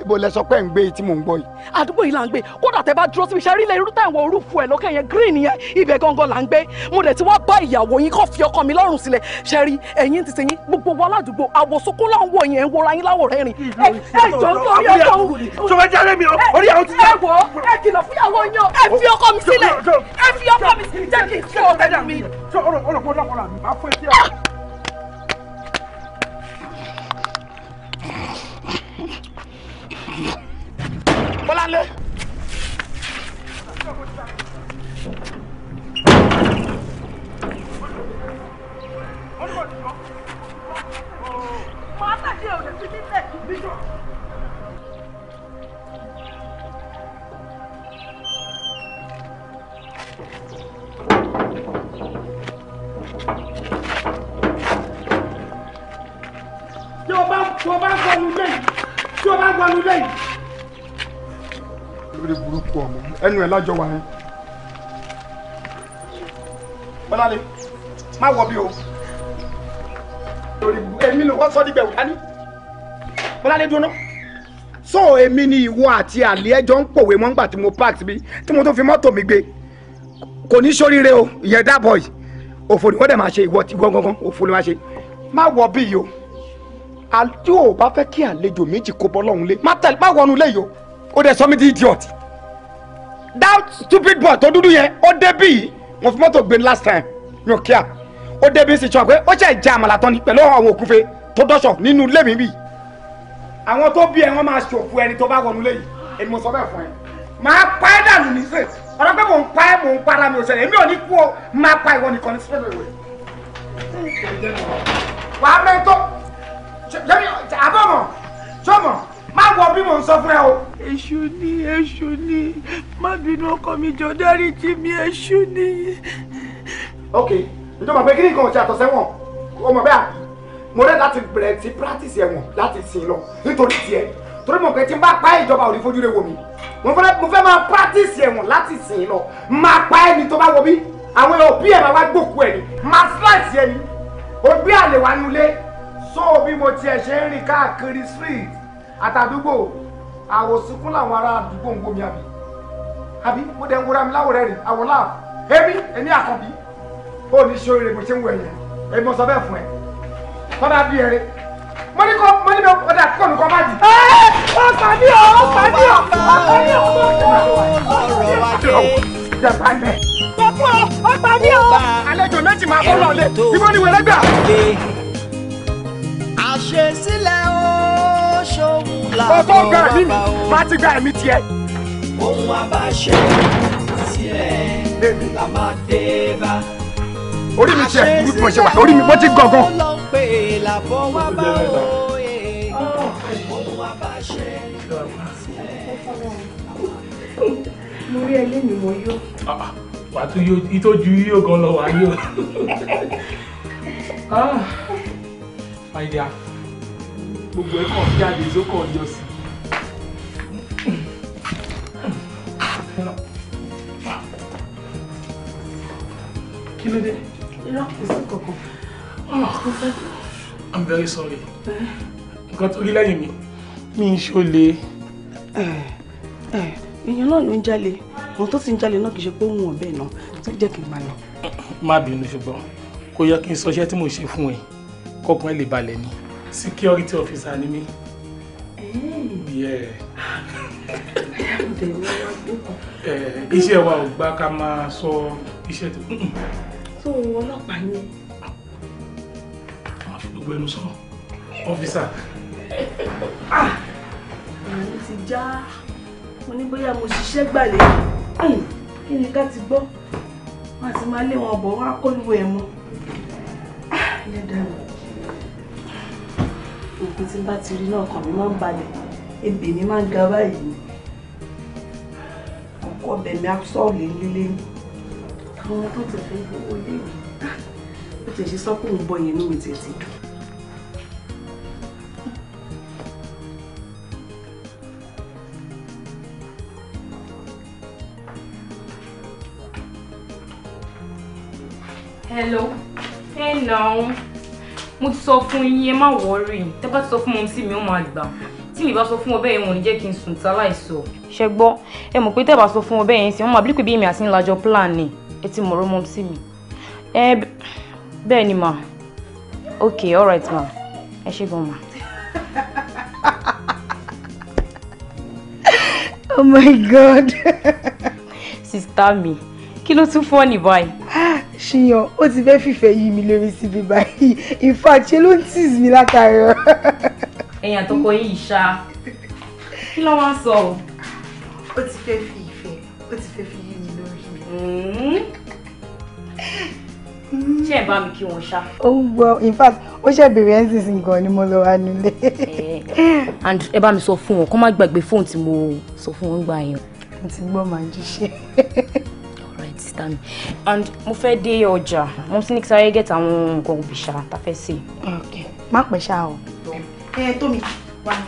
[SPEAKER 2] ibo lẹ sọ pé ń gbé tí mò ń gbọ́ yìí. àdúgbò yìí là ń gbé kódà tẹ bá dúró síbi iṣẹ́ rílẹ̀ irú táwọn orúfọ ẹ̀ lókè yẹn green yẹn ibẹ̀ gangan là ń gbé mo dẹ̀ ti wá bá ìyàwó yín kọ́ fi ọkọ mi lọ́rùn sílẹ̀ ṣẹ́rí ẹ̀yìn ti sẹ́yìn gbogbo wa ládùúgbò àwòsókó là ń wò yẹn ń wora yín láwò rẹ̀ rìn. ẹ jọ sórí ọkọ ṣọba jálẹ̀ mi orí àwọn ti yá. ẹ wọ ẹ kìlọ̀ fúyàwó yan ẹ fi ọkọ mi sílẹ̀ ẹ fi ọkọ mi sílẹ̀ jẹ́ kí n
[SPEAKER 3] sọ ọ̀rẹ́ mi. Bọ́láńlé.
[SPEAKER 2] Tí o bá ń fọnú bẹ́ẹ̀ o bá wọnú lẹ́yìn. lórí burúkú ọmọ ẹnu ẹ lájọ wa yẹn. bọ́láde má wọ bí o lórí burúkú èmi ló wọ́n sọ níbẹ̀ wò dání. bọ́láde dúró náà so èmi ni ìwọ àti àlẹ́ ẹjọ́ ń pòwe mọ́ nígbà tí mo park bí tí mo tún fi mọ́tò mi gbé kò ní sóríire o ìyẹn dábọ̀ yìí òfò ni wọ́n dẹ̀ máa ṣe ìwọ ti gbọ́ngàn òfò ni wọ́n máa ṣe má wọ bí yìí o tí o bá fẹ́ kí àlejò méjì kó bọ́ lọ́hùn lé má tẹ̀lé má wọnú lé yìí o ó dẹ̀ sọ mí di idiot that stupid boy tó dúdú yẹn ó débí yìí mo fi mọ́tò gbé last time mi ò kíá ó débí sí sọ pé ó ṣe ìjà àmàlà tán ni pẹ̀lú àwọn òkúfe tó dọ́ṣọ̀ nínú ilé mi bì àwọn tó bí ẹ wọn máa ṣòfò ẹni tó bá wọnú lé yìí èmi mo sọ bẹ́ẹ̀ fún ẹ máa pa ẹ́ dànù ní sè ọ̀rọ̀ pé mò ń pa ẹ́ mò ń para mi ò ṣẹlẹ̀ èmi ò ní kú o máa pa ìwọ nìkan ní sípẹ́ẹ̀lì wẹ̀ wàá mẹ́tọ́ jẹ́mi àbọ̀mọ̀ sọ́mọ̀ má wọ bí mò ń sọ fún ẹ o. èṣù ni èṣù ni má bínú ọkọ mi jọ dáríjì mi èṣù ni. ok ǹjọ́ mọ̀ pé kí nìkan ò ṣe àtọ̀sẹ́wọ̀n ọmọ bẹ́ẹ̀ mo rẹ́ láti bẹ̀rẹ̀ ti practice ẹ̀wọ̀n láti sìn lọ nítorí tiẹ̀ torí mo kẹ́ tí n bá pa ìjọba ò ní fojú rẹ̀ wò mí mo fẹ́ mo fẹ́ máa practice ẹ̀wọ̀n láti sìn lọ máa pa ẹni tó bá wọ bí àwọn òbí ẹ̀ máa wá gbòkú ẹ̀ ni máa slice ẹ̀ ni òbí àlè wà nulẹ̀ so bí mo tiẹ̀ ṣe ń rìn káàkiri street àtàdúgbò àwòsíkún làwọn ará àdúgbò ń gbomi àbí àbí mo dẹ̀ ń wúra mi láwòrán rìn àwọn láàbù èmi èmi àkànbí ó ní ṣe oore mo ṣe ń wọ ẹ̀yẹ èmi mo sọ bẹ́ẹ̀ fún ẹ kọ́dà bí ẹrẹ mo ní kọ́ mo ní bẹ́ẹ̀ ọ̀dà kọ́ nìkan má
[SPEAKER 1] jì. ọ̀sán-ní ọ̀ ọ̀sán-ní ọ̀ ọ̀sán-ní ọ̀ ọ̀sán-ní ọ̀ ọ̀sán-ní ọ̀ àlejò méjì máa bọ́ lọ́lé ìbọn ìwé lẹ́gbàá ṣe sílẹ̀ ó ṣòwò làwọn ọba o. ọgbọ́n gba ẹ̀mí mi máa ti gba ẹ̀mí tiẹ̀. ohun abáṣe sílẹ̀ la máa dé bá. orí mi tiẹ̀ burú tí mo ṣe orí mi mo ti gangan. mo rí ẹ lẹ́nu mo yó.
[SPEAKER 3] pàtó ìtọ́jú yóò gan lọ wá yóò.
[SPEAKER 2] Ah,
[SPEAKER 3] my dear gbogbo ẹ̀ kàn jáde
[SPEAKER 2] tó kàn sí. kí ló dé. irọ́ kò sí
[SPEAKER 3] kankan. Ah, I'm very sorry. nǹkan tó rí lẹ́yìn mi mi ń ṣọlẹ.
[SPEAKER 4] èèyàn náà ló ń jalè àwọn tó
[SPEAKER 2] ti ń jalè náà kì í ṣe pé òun ọ̀bẹ náà tó jẹ́ kí n máa lọ.
[SPEAKER 3] má bínú ṣùgbọ́n kò yẹ kí n sọ iṣẹ́ tí mo ṣe fún ẹ kọ́kàn ẹ lè balẹ̀ ni security officer ni mí. Eh, iṣẹ́ wa ò gbà ká máa sọ iṣẹ́ tó.
[SPEAKER 4] so ọlọ́pàá ni.
[SPEAKER 3] àwọn fi gbogbo ẹnu sọ ọfíìsà.
[SPEAKER 4] àwọn ti já mo ní bóyá mo ṣiṣẹ́ gbàlejò hmm.
[SPEAKER 2] kí ni ká ti gbọ́ wọn àti máa lé wọn bọ̀ wọn á kọlu ẹ̀ mọ́. Ah, ẹlẹ́dàá mi oògùn tí bá ti rí náà kàn mí máa ń balẹ̀ ebè mi máa ń ga báyìí ọkọ ọbẹ̀ mi asọ́ọ̀lì lílé àwọn tó ti fẹ́ owó lé mi ó ti ṣe sọ́kùnrin bọ yẹn ní tètè dùn. Hello. Hey,
[SPEAKER 4] no mo ti sọ fún yín ẹ má wọrí tẹ́ bá ti sọ fún mọ́ sí mi ó máa gbà tí mi bá sọ fún ọ bẹ́ẹ̀ wọn ò ní jẹ́ kí n sùn tá láìsọ. ṣe gbọ́ ẹ mọ̀ pé tẹ́ bá sọ fún ọ bẹ́ẹ̀ yẹn sí wọn máa bí bí èmi àti ńlájọ plan ẹ ti mọ̀rọ̀ mọ́ mi. ẹ bẹ́ẹ̀ ni mà ok alright ma ẹ ṣe gan ma. oh my god. Sister mi kí ló tún fọ́ ní báyìí.
[SPEAKER 5] Ah, ṣìyàn ó ti fẹ́ fìfẹ́ yí mi lórí
[SPEAKER 2] síbi báyìí ìfà ṣe ló ń tíìsì mi látàárọ̀.
[SPEAKER 4] èèyàn tó kọ yìí ṣá kí ló máa sọ o. ó ti fẹ́ fi ìfẹ́ ó ti fẹ́ fi yí mi lórí mm-hmm. ṣé ẹ bá mi kí wọn ṣá.
[SPEAKER 2] ó ń gbọ́ in fact ó ṣe bèrè ẹ́ńsìs nǹkan ni mo lọ wá nílé. Eh, and ẹ bá mi sọ fún wọn kó má gbàgbé fóònù tí mo sọ fún wọn gbà yẹn. mo ti gbọ́ màá jíṣẹ́
[SPEAKER 4] understand and mo fẹ́ dé ọjà mo ti ní kí sáré get àwọn nǹkan òbíṣà tá a fẹ́ sè. ok má pẹ́ ṣá o. ẹ
[SPEAKER 2] ẹ tómi wà ní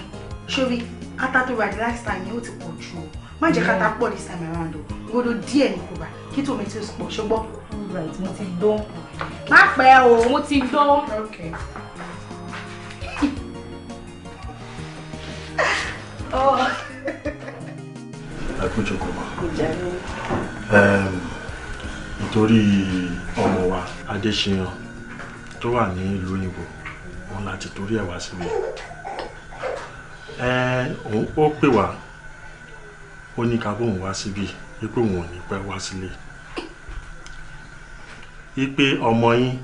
[SPEAKER 2] sórí ata tó rà last time yẹn ó ti pọ̀ jù o má jẹ́ ká pọ̀ this time around o gbọ́dọ̀ díẹ̀ ní kò bá kí tòmí ti pọ̀ ṣùgbọ́n. right mo ti dán. má pẹ́ o mo ti dán. okay. oh. Akujokoma. um, torí ọmọ wa adéṣeyan
[SPEAKER 3] tó wà ní ìlú òyìnbó òun láti torí ẹ̀ wá síbi ẹ òun ó pè wá ó ní ká bóun wá síbi wípé òun ò ní pẹ́ wá sílé wípé ọmọ yín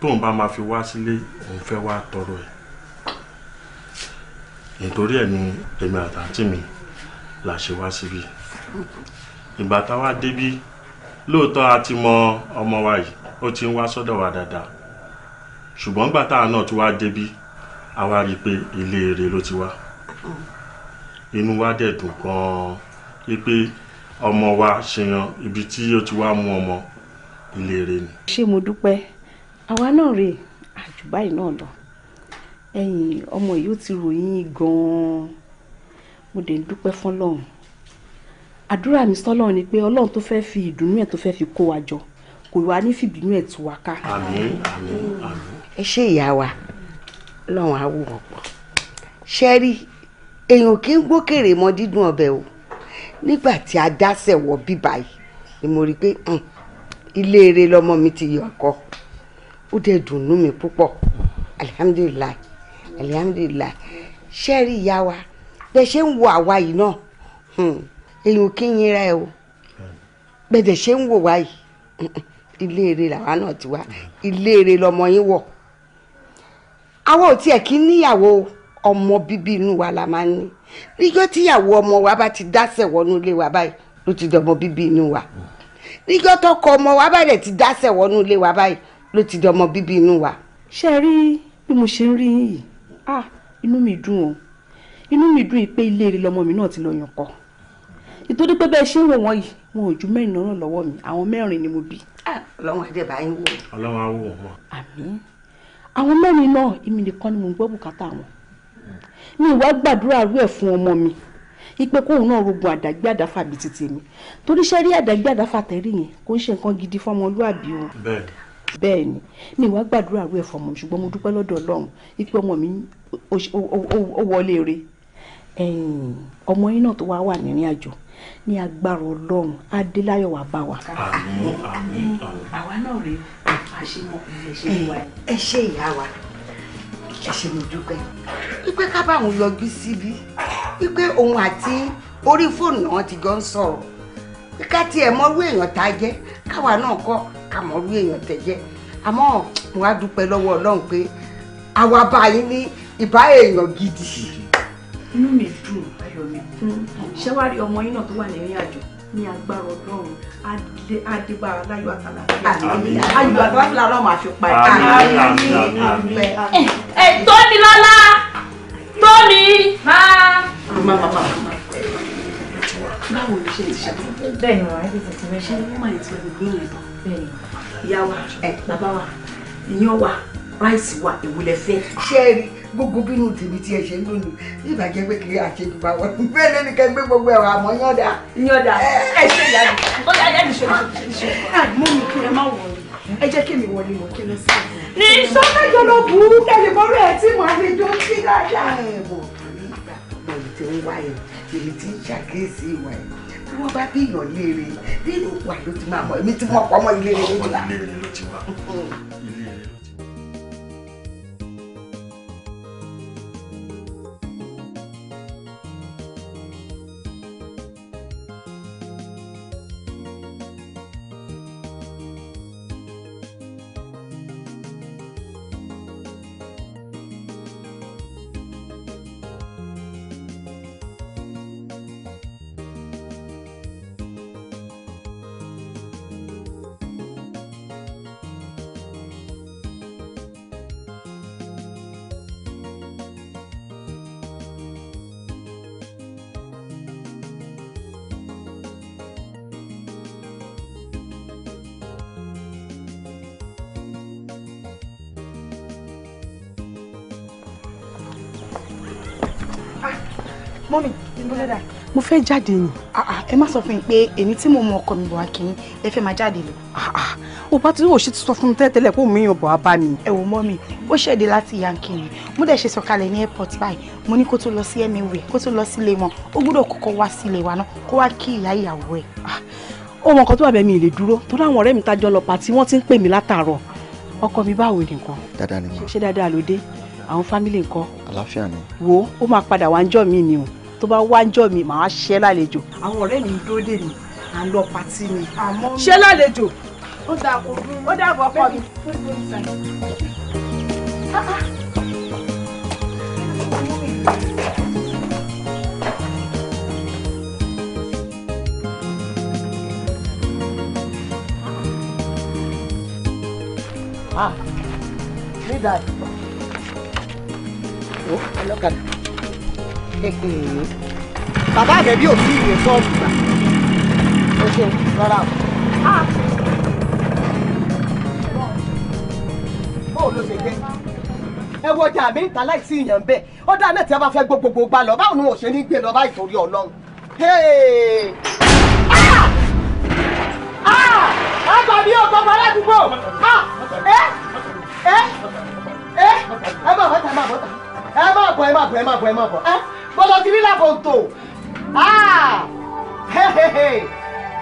[SPEAKER 3] tóun bá máa fi wá sílé òun fẹ́ wá tọrọ ẹ̀ nítorí ẹ̀ ni èmi àtàntì mi là ṣe wá síbi ìgbà táwa débí lóòótọ́ a ti mọ ọmọ wa yìí ó ti ń wá sọ́dọ̀ wa dáadáa ṣùgbọ́n gbà táwa náà ti wá débí a wá rí i pé ilé rere ló ti wá inú wa dẹ̀ dùn gan-an wípé ọmọ wa ṣèyàn ibi tí ó ti wá mú ọmọ ilé rere ni.
[SPEAKER 2] ṣé mo dúpẹ́ àwa náà rèé àjùbá yìí náà lọ ẹ̀yìn ọmọ yìí ó ti ròyìn gan-an mo dẹ̀ ń dúpẹ́ fọlọ́run àdúrà mi sọ́lọ́run ni pé ọlọ́run tó fẹ́ fi ìdùnnú ẹ̀ tó fẹ́ fi kó wa jọ kò wá ní fìbínú ẹ̀ tú wa ká. àmín àmín mm. àmín. ẹ ṣe ìyá wa ọlọ́run á wò wọ́n pọ̀ ṣẹ́rí èèyàn kì í gbókèrè mọ dídùn ọbẹ̀ o nígbà tí a dáṣẹ̀ wọ bíbá yìí ni mo rí i pé ilé eré lọmọ mi ti yọ ọkọ ó dẹ̀ dùnnú mi púpọ̀ alihamudulilayi alihamudulilayi ṣẹ́rí ìyá wa bẹ́ẹ̀ ṣe ń wo àwa yìí náà èèyàn kì í yinra ẹ o gbẹ̀dẹ̀ ṣe ń wò wáyìí ilé làwa náà ti wá ilé lọmọ yín wọ̀ àwa ò tiẹ̀ kí níyàwó ọmọ bíbí inú wa la máa ń ní níjọ́ tíyàwó ọmọ wa bá ti dásẹ̀ wọnú ilé wa báyìí ló ti dọmọ bíbí inú wa níjọ́ tọkọ ọmọ wa bá dẹ̀ ti dásẹ̀ wọnú ilé wa báyìí ló ti dọmọ bíbí inú wa. ṣe rí bí mo ṣe ń rí yìí ah inú mi dùn o inú mi dùn pé ilé eré mi náà ti lọ yàn kọ́ nítorí pé bẹ́ẹ̀ ṣe ń wò wọ́n yìí wọn ò ju mẹ́rin náà lọ́wọ́ mi àwọn mẹ́rin ni mo bí. ọlọ́run àdébà yín wò. ọlọ́run á wò wọ́n. àmín àwọn mẹ́rin náà èmi nìkan ni mo ń gbọ́ bùkátà wọn mi ìwà gbàdúrà rú ẹ̀ fún ọmọ mi ipe kóun náà rogun àdágbé àdáfà bíi ti tèmi torí ṣe rí àdágbé àdáfà tẹ́rì yẹn kò ń ṣe nǹkan gidi fọmọlúàbí o. bẹ́ẹ̀ ni mi ìwà gbàdúrà rú ẹ̀ fọmọ ṣùgbọ́n mo dúpẹ́ lọ́dọ̀ ọlọ́run ipe ọmọ mi ó wọlé re ọmọ yín náà tó wá wà nírìn àjò ní agbára ọlọ́run adéláyọ̀ wà bá wa. àmín àmín àmín. àwa náà rèé àṣemọkùnrin ẹṣẹ wa ẹṣẹ ìyá wa ẹṣẹ mi dúpẹ́ wípé ká báwọn yọjú síbi wípé òun àti orí fóònù náà ti jọ ń sọ̀rọ̀ ká tiẹ̀ mọ́rú èèyàn tá a jẹ́ káwa náà kọ́ ká mọ́rú èèyàn tẹ̀ jẹ́ àmọ́ mo wá dúpẹ́ lọ́wọ́ ọlọ́run pé àwa báyìí ní ìbá èèyàn gidi
[SPEAKER 4] inú mi dùn ayọ̀ mi kún mm-hmm. ṣé wàá rí ọmọ yín náà tó wà nírìn àjò ní agbára ọlọ́run adébá aláyọ̀ àtàlàfíà ayọ̀ àtàlàfíà lọ́rọ̀ máa fi pa ẹ̀. ẹ tómi lọ́lá
[SPEAKER 2] tómi máa.
[SPEAKER 4] báwo ni ṣe ìṣẹ́ bẹ́ẹ̀ ni wàá rí tètè mẹ́ṣẹ́. wọ́n máa ń tẹ̀lé gbóòórùn tán. ìyá wa bàbá wa
[SPEAKER 2] ìyán wa ráìsì wa ìwúlẹ̀ fẹ́. ṣẹ́ẹ̀rì gbogbo bínú tèmi tí ẹ ṣe lónìí ní ìbàjẹ́ pé kì í àṣejù bá wọn bẹ́ẹ̀ lónìí kẹ́ gbé gbogbo ẹ̀rọ àmọ́ yọ̀dà. yọ̀dà ẹ
[SPEAKER 4] ṣe ìyá mi ó yà á ṣe ìṣe. mú mi kí ẹ má wọ ẹ jẹ́ kí mi wọlé lọ kí lọ sí. ní sọ́kẹ́jọ́ ló bu ẹ̀lẹ́mọ́rọ́ ẹ̀ tí màá fi jó sí dáadáa. ẹ mọ̀ nígbà
[SPEAKER 2] mọ̀ ní ti ń wáyé èmi ti ń ṣàkíyèsí ìwà ẹ̀ tí wọ́n bá bí èèyàn léèrè bí ìlú wà ló ti máa mọ̀ èmi tí wọ́n pọ̀ mọ́ ilé rẹ̀ ló ti ilé rẹ̀ ló ti wà ilé fẹ́ jáde ni ah, ah, ẹ má sọ fún mi pé èmi tí mo mọ ọkọ mi bọ̀ wá kí ẹ fẹ́ máa jáde lọ. Ah, o bá tún òṣì sọ fún mi tẹ́lẹ̀tẹ́lẹ̀ kó mi yàn bọ̀ wá bá mi. ẹ wò mọ́ mi ó ṣẹ̀dẹ̀ láti yankí ni mo dẹ̀ ṣe sọ̀kalẹ̀ ní airport báyìí mo ní kó tó lọ sí ẹ̀mẹ̀wẹ̀ kó tó lọ sílé wọn ó gbọ́dọ̀ kọ́kọ́ wá sílé wa náà kó wá kí ìyá ìyàwó ẹ̀. ó mọ nǹkan tó wà bẹ́ẹ̀ mi ì lè dúró torí àwọn ọ̀rẹ́ mi tájọ lọ pàtí wọ́n ti ń pè mí látàárọ̀ ọkọ mi báwo ni nǹkan. dáadáa ni mo. ṣé dáadáa ló dé àwọn fámìlì nǹkan. àlàáfíà ni. wo ó máa padà wá ń jọ mí ni o tó bá wá mi màá ṣe lálejò. àwọn ọ̀rẹ́ mi dúró dè à ń lọ patí ni. ṣé lálejò. ó dà kó ó dà bọ̀ ọkọ mi. Ah, me that. Oh, I look at jẹ́ kí n yìn bàbá àbẹ̀bí ò sí ìwé sọ́ọ̀bù gbà o ṣeun rárá o. Ah. báwo ló ṣe jẹ́ ẹ wo ọjà mi ta láìsí ìyàn bẹ́ẹ̀ ọ̀dà náà tí a bá fẹ́ gbogbogbò gbà lọ báwo ni mo ṣe ní gbé lọ báyìí torí ọlọ́run. àgbàbí ọkọ̀ bàrà àdúgbò ẹ ẹ ẹ ẹ má bọ́ta ẹ bọ́lọ̀ ti rí làkòtò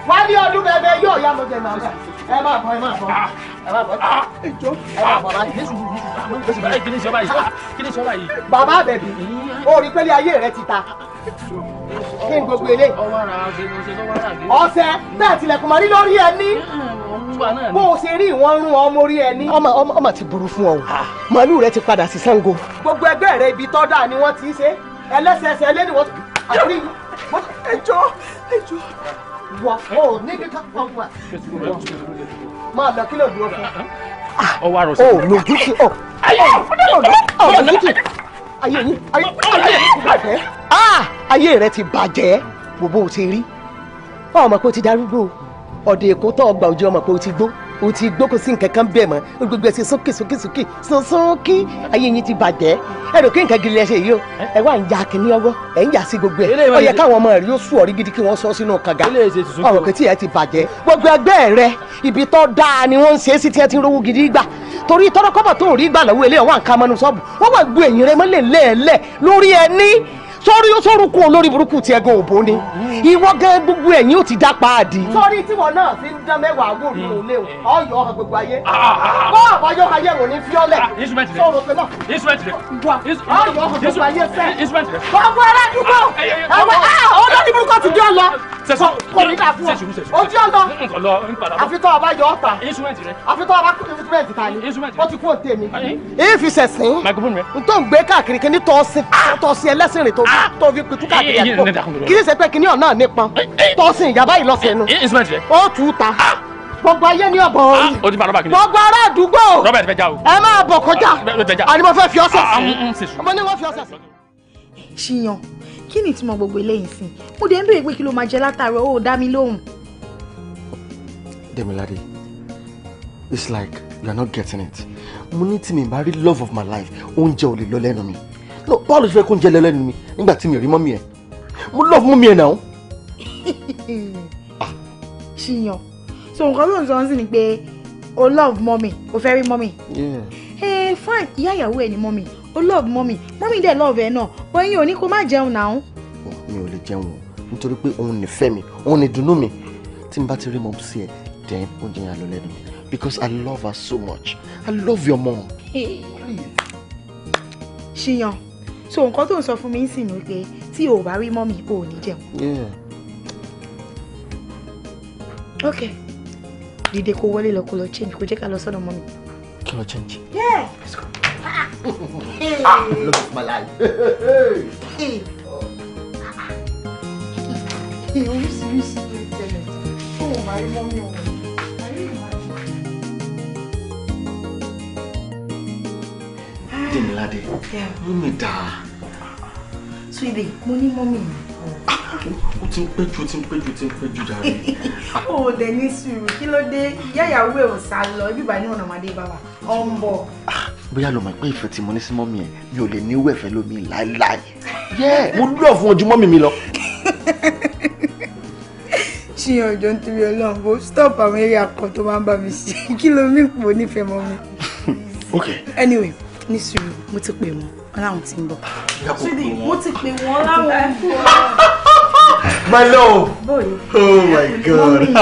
[SPEAKER 2] wá ní ọdún bẹ́ẹ̀ yóò yá lóde náà ẹ máa bọ̀ ẹ máa bọ̀ ẹ máa bọ̀ ẹ jọ ẹ máa bọ̀ báyìí jésù jésù báyìí kí ni sọ báyìí kí ni sọ báyìí. bàbá àbẹ̀bí ó rí pẹ́lú ayé rẹ ti ta
[SPEAKER 1] kí n gbogbo èlé ọ̀sẹ̀
[SPEAKER 2] bẹ́ẹ̀ tilẹ̀kùn máa rí lórí ẹni bó o ṣe rí ìwọ̀n rún ọmọ orí ẹni. ọmọ ọmọ ti burú fún ọ màálù rẹ ti padà sí Ṣàngó. gbogbo ẹgbẹ́ rẹ ibi tọ́ dáa ni wọ́n ti ń ṣe é ẹlẹ́sẹẹsẹ ẹlẹ́ni wọ́n àti ẹjọ́ ẹjọ́ wà ó ní kíkà pọ̀ wà máa lọ kílò dúró fún. ọwọ́ àròsọ. ọ lògìtì ọ ọ lògìtì ayé yín ayé ah! Ah, ayé rẹ ti bàjẹ́ ayé rẹ ti bàjẹ́ gbogbo ò ti rí ọmọ pé o ti darúgbó ọ̀dẹ̀ èkó tó ọgbà ojú ọmọ pé o ti gbó o ti gbókò sí nǹkan kan bẹ́ẹ̀ mọ́ gbogbo ẹsẹ̀ sókè sókè sókè sọ́sọ́kí ayé yín ti bàjẹ́ ẹ rò kí nǹkan gidi ẹsẹ̀ yìí o ẹ wá ń ya kínní ọwọ́ ẹ ń yà sí gbogbo ẹ ó yẹ káwọn ọmọ rẹ yóò sùn ọ̀rí gidi kí wọ́n sọ sínú kànga ọ̀rọ̀ kẹtì ẹ ti bàjẹ́ gbogbo ẹgbẹ́ rẹ ibi tó dáa ni wọ́n ń ṣe é sí tí ẹ ti ń rówó gidi gbà torí tọ́rọ́kọ́bọ̀ tó rí gbà lọ́wọ́ eléyàwó à sórí ó sórúkú olórí burúkú ti ẹgbẹ́ òbó ni ìwọ gan gbogbo ẹ̀ ni ó ti dá paadi. sórí tiwọn náà ti ń dán mẹ́wàá wò nínú ilé o ọyọ ọkọ gbogbo ayé bọ́ àbáyọ ayé wò ní fíọ́lẹ̀ sọ̀rọ̀ pé náà ọyọ ọkọ gbogbo ayé sẹ́ gbogbo ẹ̀rọ àdúgbò ẹ̀wọ̀n olórí burúkú ti dán lọ kò ní dà fún ọ ojú ọlọ àfitọ́ ọba yọ ọta àfitọ́ ọba instrument ta ni ó ti kú òtẹ́ mi. ìfisẹ̀sìn n tó ń gbé káàkiri kí ni tọ́sí ah! ẹlẹ́sìn rìn tó ń tó fi pitú káàkiri àdúgbò kí ló ṣe pé kinní ọ̀nà nípọn tó sì ìyá báyìí lọ́sẹ̀ nu ó tù ú ta gbogbo ayé ní ọ̀bọ̀ orí gbogbo ará àdúgbò ẹ máa bọ̀ kọjá àní fẹ́ fi ọ́ sẹ̀sẹ̀ ọmọ
[SPEAKER 4] ṣìyàn kí ni ìtumọ̀ gbogbo eléyìí sìn mo dé ń béèrè pé kí ló máa jẹ látàárọ̀ ó dá mi lóhùn.
[SPEAKER 2] Demilade it's like you are not getting it mo ní tí mi bá rí love of my life oúnjẹ ò lè lọ lẹ́nu mi no báwo ló ṣe fẹ́ kó ń jẹ lẹ́lẹ́nu mi nígbà tí mi ò rí mọ́mí ẹ̀ mo love mọ́mí ẹ̀ náà. Ah. ṣìyàn so nǹkan tó ń sọ sí ni pé o love mommy," o fẹ́ rí mọ́mí.
[SPEAKER 4] ẹ fine ìyá ìyàwó ẹ ni mommy. o love mommy. Mommy, dẹ̀ love ẹ náà bọ́ ẹ̀yin ò ní kó má jẹun náà.
[SPEAKER 2] mi ò lè jẹun o nítorí pé òun nífẹ̀ẹ́ mi òun ní dùnnú mi tí n bá ti rí mọ́ sí ẹ dẹ́n oúnjẹ yẹn lọ lẹ́nu mi because I love her so much I love your mom. ṣìyàn. Hey so nǹkan tó ń sọ fún mi ń sìn ní pé tí o bá rí mọ́mì o ní
[SPEAKER 4] jẹun. ok dìde kó wọlé lọ kó lọ change kó jẹ́ ká lọ sọ́dọ̀ mọ́mì. kí lọ change. yeah. let's go. ah
[SPEAKER 5] look at my life. oríṣiríṣi ló tẹ̀lé
[SPEAKER 2] fún òun bá rí mọ́mì òun. Dèmíládé mú mi dà á.
[SPEAKER 1] Túndé mo ní mọ́mì mi.
[SPEAKER 3] Ah, ó ti ń péjú ó ti ń péjú ó ti ń péjú
[SPEAKER 2] jàre. o ò dẹ̀ ní sùúrù kí ló dé yáyàwó ẹ̀ ò sá lọ ibi ìbàdí ọ̀nà màdé bàbá ọ̀ ń bọ̀. Ah, bóyá lo mọ̀ pé ìfẹ́ tí mo ní sí mọ́mì ẹ̀ mi ò lè ní irú ẹ̀fẹ́ lómi láéláé yẹ́ mo lọ fún ojú mọ́mì mi lọ.
[SPEAKER 5] ṣíyan òjò
[SPEAKER 2] ń torí ọlọ́run bó stop àwọn eré akọ tó máa ń bá mi ṣe kí ló mí pò nífẹ̀ẹ́ mọ́ mi.
[SPEAKER 4] okay. anyway ní sùúrù mo ti pè wọ́n láwọn tí ń bọ̀. mo ti pè wọ́n láwọn ń bọ̀. my love oh my
[SPEAKER 2] god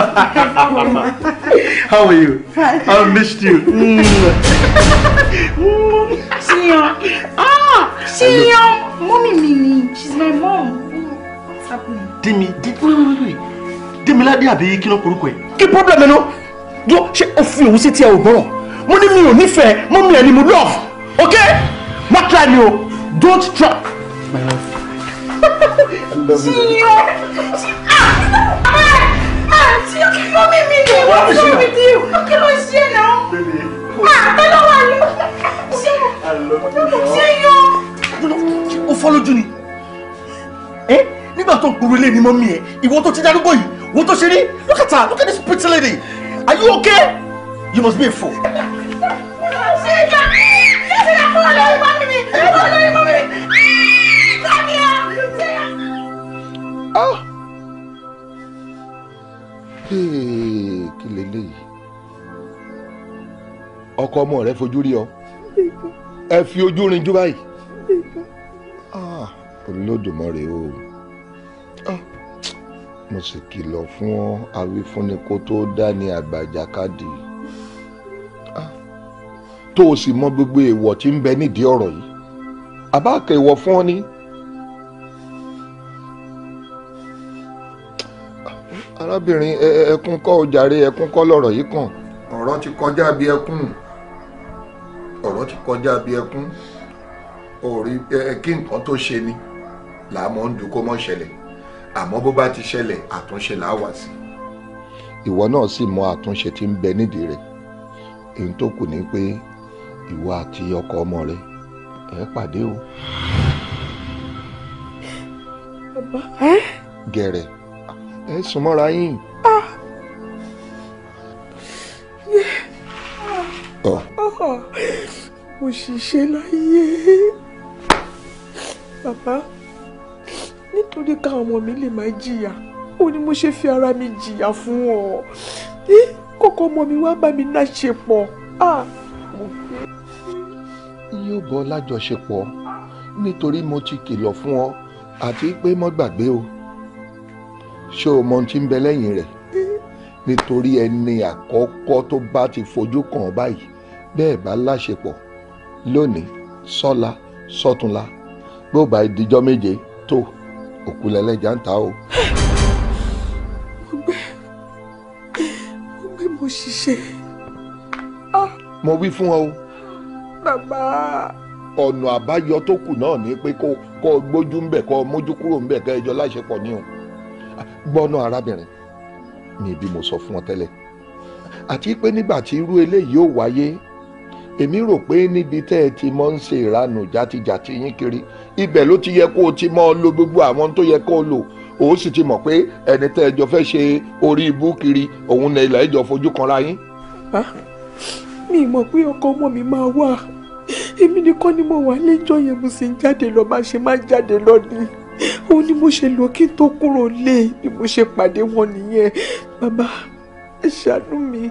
[SPEAKER 2] how are you i missed you. ah, ṣíyan mọ́mì mi ni she's my mom. dimi dimi wait wait demilade àbí kí ló korúkọ ẹ. kí problem ẹ náà ṣé òfin òun sí tiẹ̀ ò gbọ́ràn mo ní mi ò nífẹ̀ẹ́ mọ́mì ẹ̀ ni mo love. Okay? Not try me, oh. Don't try. My love.
[SPEAKER 4] I love you. Ah, see, okay, me, What's wrong with you? Okay, no, it's here now. Baby. hello,
[SPEAKER 2] are you? See, I love you. See you. O follow Juni. Eh? Nígbà don't ń gbòòrò ilé ni mọ́mí ẹ̀, ìwọ tó ti darúgbó yìí, wo tó ṣe rí, look at her, look at this pretty lady. Are you okay? You must be a fool
[SPEAKER 4] sílẹ̀ kúrò lórí mọ́mí mi kúrò lórí mọ́mí mi sọ́mi ọ́
[SPEAKER 6] sílẹ̀. kí leléyìí ọkọ ọmọ rẹ fojú rí ọ ẹ fi ojú rinjú báyìí ah, olódùmarè o ah, mo sì kìlọ̀ fún ọ awífúnni kó tó dá ní àgbàjàkadì tó o sì mọ gbogbo èèwọ̀ tí ń bẹ nídìí ọ̀rọ̀ yìí àbá kẹwọ fún ọ ní. arábìnrin ẹkún kọ́ o jàre ẹkún kọ́ lọ́rọ̀ yìí kàn ọ̀rọ̀ ti kọjá bí ẹkún ọ̀rọ̀ ti kọjá bí ẹkún orí kí nǹkan tó ṣe ni làá mọ̀ ń dùn kó mọ̀ ṣẹlẹ̀ àmọ́ bó bá ti ṣẹlẹ̀ àtúnṣe làá wà sí. ìwọ náà sì mọ àtúnṣe tí ń bẹ nídìí rẹ̀ èyí tó kù ni pé ìwọ àti ọkọ ọmọ rẹ ẹ pàdé o. bàbá ẹ. gẹ̀rẹ̀ ẹ sùn mọ́ra yín. Ah. Ah.
[SPEAKER 5] mo ṣiṣẹ́ láyé bàbá nítorí káwọn ọmọ mi lè máa jìyà ó ní mo ṣe fi ara mi jìyà
[SPEAKER 2] fún ọ kókó ọmọ mi wá bá mi náà ṣe pọ̀. Ah
[SPEAKER 6] yóò bọ́ lájọṣepọ̀ nítorí mo ti kìlọ̀ fún ọ àti pé mọ́ gbàgbé o ṣé o mọ ohun tí ń bẹ lẹ́yìn rẹ̀ nítorí ẹni àkọ́kọ́ tó bá ti fojú kàn ọ́ báyìí bẹ́ẹ̀ bá láṣepọ̀ lónìí sọ́la sọ́túnla bó bá ìdíjọ́ méje tó òkú lẹ́lẹ́jà ń ta o. mo gbé mo gbé mo ṣiṣẹ́. mo wí fún ọ o bàbá. ọ̀nà àbáyọ tó kù náà ni pé kó kó gbójú ń bẹ̀ kó mójú kúrò ń bẹ̀ kẹ́ ẹjọ́ láṣepọ̀ ni o gbọ́nà arábìnrin ni bí mo sọ fún ọ tẹ́lẹ̀ àti pé nígbà tí irú eléyìí ò wáyé èmi rò pé níbi tẹ́ ẹ ti mọ́ ń ṣe ìranù játijàti yín kiri ibẹ̀ ló ti yẹ kó o ti mọ́ lo gbogbo àwọn tó yẹ kó o lò o sì ti mọ̀ pé ẹni tẹ́ ẹ jọ fẹ́ ṣe orí ibú kiri òun ni ilẹ̀ ẹ jọ fojú kanra yín
[SPEAKER 2] mi mọ̀ pé ọkọ ọmọ mi máa wà èmi nìkan ni mo wà lẹ́jọ́ yẹn mo sì ń jáde lọ máa ṣe máa jáde lọ ni òun ni mo ṣe lọ kí n tó kúrò lé bí mo ṣe pàdé wọn nìyẹn
[SPEAKER 6] bàbá ẹ ṣàánú mi.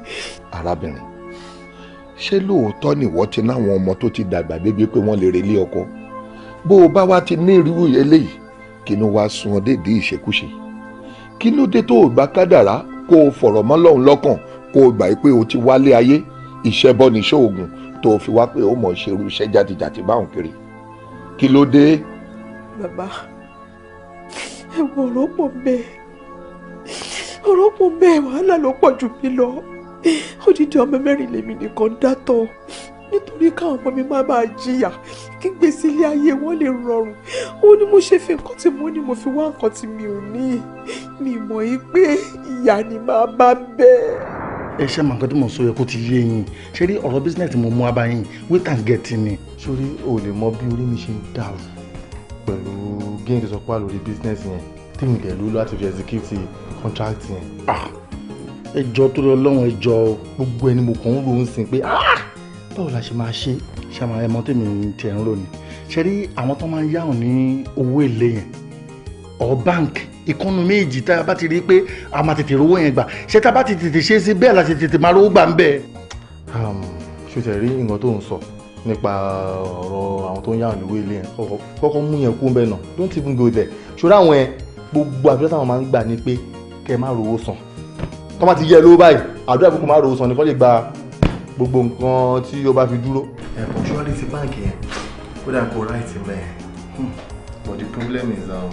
[SPEAKER 6] arábìnrin ṣé lóòótọ́ nìwọ ti láwọn ọmọ tó ti dàgbà débi pé wọ́n lè relé ọkọ bó o bá wá ti ní irú eléyìí kí ló wá sun ọdẹ ìdí ìṣekúṣe kí ló dé tó o gbà kádàrá kó o fọ̀rọ̀ mọ́ lọ́hùn lọ́kàn kó o gbà pé o ti wálé ayé iṣẹ́ bọ́ ní iṣẹ́ oògùn tó o fi wá pé ó mọ̀ ṣe irú iṣẹ́ jàtijàti báwọn kiri kí ló dé.
[SPEAKER 2] bàbá ẹ wọ ọ̀rọ̀ pọ̀ bẹ́ẹ̀ ọ̀rọ̀ pọ̀ bẹ́ẹ̀ wàhálà ló pọ̀ jù mí lọ odidi ọmọ mẹ́rin lèmi nìkan dátọ̀ nítorí káwọn ọmọ mi máa máa jìyà kí gbèsè ilé ayé wọn lè rọrùn ó ní mo ṣe fi nǹkan tí mo ní mo fi wá nǹkan tí mi ò ní mi mọ̀ yí pé ìyá ni màá bá bẹ́ẹ̀ ẹ ṣe màá nǹkan tí mò ń sọ yẹ kó ti yé yín ṣé rí ọ̀rọ̀ business mo mú abayín wait and get ni. sórí o lè mọ bí orí mi ṣe ń dàrú pẹ̀lú géńdé sọpá lórí business yẹn tí mi dẹ̀ ló láti fi execute contract yẹn. Ah! ẹjọ́ tó lọ lọ́wọ́ ẹjọ́ gbogbo ẹni mo kàn ń ro ń sìn pé ah! báwo la ṣe máa ṣe ṣe máa ẹmọ tèmi tiẹ̀ ń rò ni ṣe rí àwọn tó máa ń yáwọ̀ ní
[SPEAKER 3] bank ìkúnnu méjì tá a bá ti rí i pé a máa tètè rówó yẹn gbà ṣé tá a bá ti tètè ṣe é sí bẹ́ẹ̀ la ti tètè máa rówó gbà ń bẹ́ẹ̀.
[SPEAKER 6] Um, ṣùtẹ̀ rí nǹkan tó ń sọ nípa ọ̀rọ̀ àwọn tó ń yáwó lówó ilé yẹn kọ́kọ́ mú yẹn kú bẹ́ẹ̀ náà don't even go there ṣòro àwọn yẹn gbogbo àdúrà táwọn máa ń gbà ni pé kẹ́ ẹ má rówó san tó bá ti yẹ lówó báyìí àdúrà pé kò má rówó san ni kọ́ lè gba gbogbo nǹkan tí ó bá fi dúró. ẹ̀ punctuality báńkì
[SPEAKER 2] yẹn kódà kò ráìtì hmm. but the problem is. Um,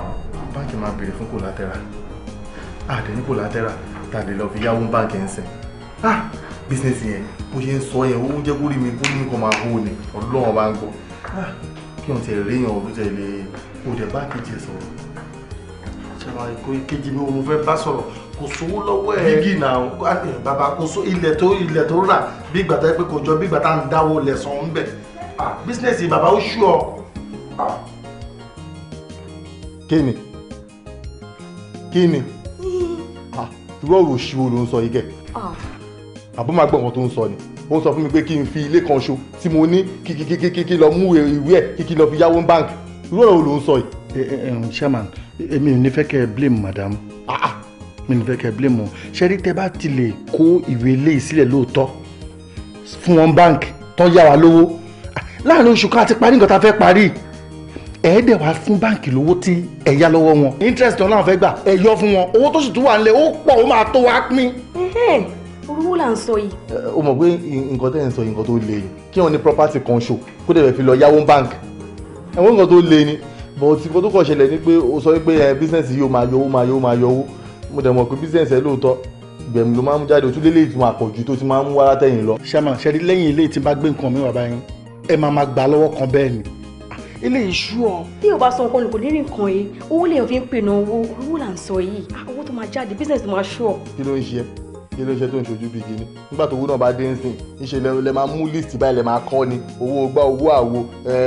[SPEAKER 2] báńkì máa béèrè fún kòlátẹ́rà àdé ní kòlátẹ́rà tàbí lọ fi yáwó báńkì ń sìn ah bísíǹsì yẹn bó ṣe ń sọ yẹn ó jẹ́ kó rí mi kó ní nǹkan
[SPEAKER 6] máa hó ni ọlọ́run bá ń gbọ́ ah kí wọ́n ti ríyàn ọdún tẹ̀lé òde bá kejì sọ̀rọ̀
[SPEAKER 3] ṣẹlẹ̀ àìkú kejì ni mo fẹ́ bá sọ̀rọ̀ kò sówó lọ́wọ́ ẹ̀ bígì náà ah, eh, bàbá kò só ilẹ̀ tó ilẹ̀ tó rà bí ìgbà tó yẹ pé kò jọ bí ìgbà ń dáwó lẹ̀sán ń bẹ̀ ah bísíǹsì bàbá ó ṣú ọ ah.
[SPEAKER 6] kí ni kí ni ah, irú ọ̀rọ̀ òṣìwò ló ń sọ yìí kẹ̀ ah. àbọ̀ máa gbọ́ nǹkan tó ń sọ ni ó ń sọ fún mi pé kí n fi ilé kan ṣo tí mo ní kí kí kí kí kí lọ mú ìwé ẹ̀ kí kí lọ fi yáwó báńkì irú ọ̀rọ̀ ló ń sọ yìí. Eh,
[SPEAKER 2] eh, eh, chairman èmi ò ní fẹ́ kẹ́ ẹ blame madam ah, mi ò ní fẹ́ kẹ́ ẹ blame o ṣé rí
[SPEAKER 3] tẹ́ bá ti lè kó ìwé ilé ìsílẹ̀ lóòótọ́ fún wọn báńkì tó yá wa lówó láàrin oṣù kan àti parí nǹkan tá fẹ́ parí ẹ dẹ̀ wá fún báǹkì lówó tí ẹ yá lọ́wọ́ wọn interest tó náà fẹ́ gbà ẹ yọ fún wọn owó tó sì tún wà nílẹ̀ ó pọ̀ ó máa tó wá
[SPEAKER 2] pín.
[SPEAKER 4] orúkọ là ń sọ yìí.
[SPEAKER 2] o mọ̀ pé nǹkan tẹ́ ẹ̀ ń sọ nǹkan tó le ni kí wọ́n ní
[SPEAKER 6] property kan ṣò kó dẹ̀ fi lọ yáwó báǹkì ẹ̀wọ̀n nǹkan tó le ni but nǹkan tó kọ̀ ṣẹlẹ̀ ni pé o sọ pé business yìí ó máa yọwó máa yọwó máa yọwó mo dẹ̀ mọ̀ pé business ẹ lóòótọ́
[SPEAKER 3] gbẹ̀mí ló máa ń jáde ojú lélẹ́yìí tí mo àpọ̀jù tó ti máa ń wá látẹ̀yìn lọ. ṣé àmọ́ ṣe rí lẹ́yìn ilé tí bá gbé nǹkan mi wà
[SPEAKER 6] báyìí ẹ máa máa gbà lọ́wọ́ kan bẹ́ẹ̀ ni
[SPEAKER 3] ilé ìṣú ọ.
[SPEAKER 2] tí o bá sọ nǹkan olùkọ́ lérí nǹkan
[SPEAKER 4] yìí owó lèèyàn fi ń pè náà owó owó là ń sọ yìí ah, owó tó máa jáde business máa ṣú ọ.
[SPEAKER 6] kí ló ń ṣe kí ló ń ṣe tó ń ṣojú bíi gini nígbà tó owó náà bá dé ń sìn ńṣe lẹ máa mú list báyìí lẹ máa kọ́ ni owó gbá owó àwo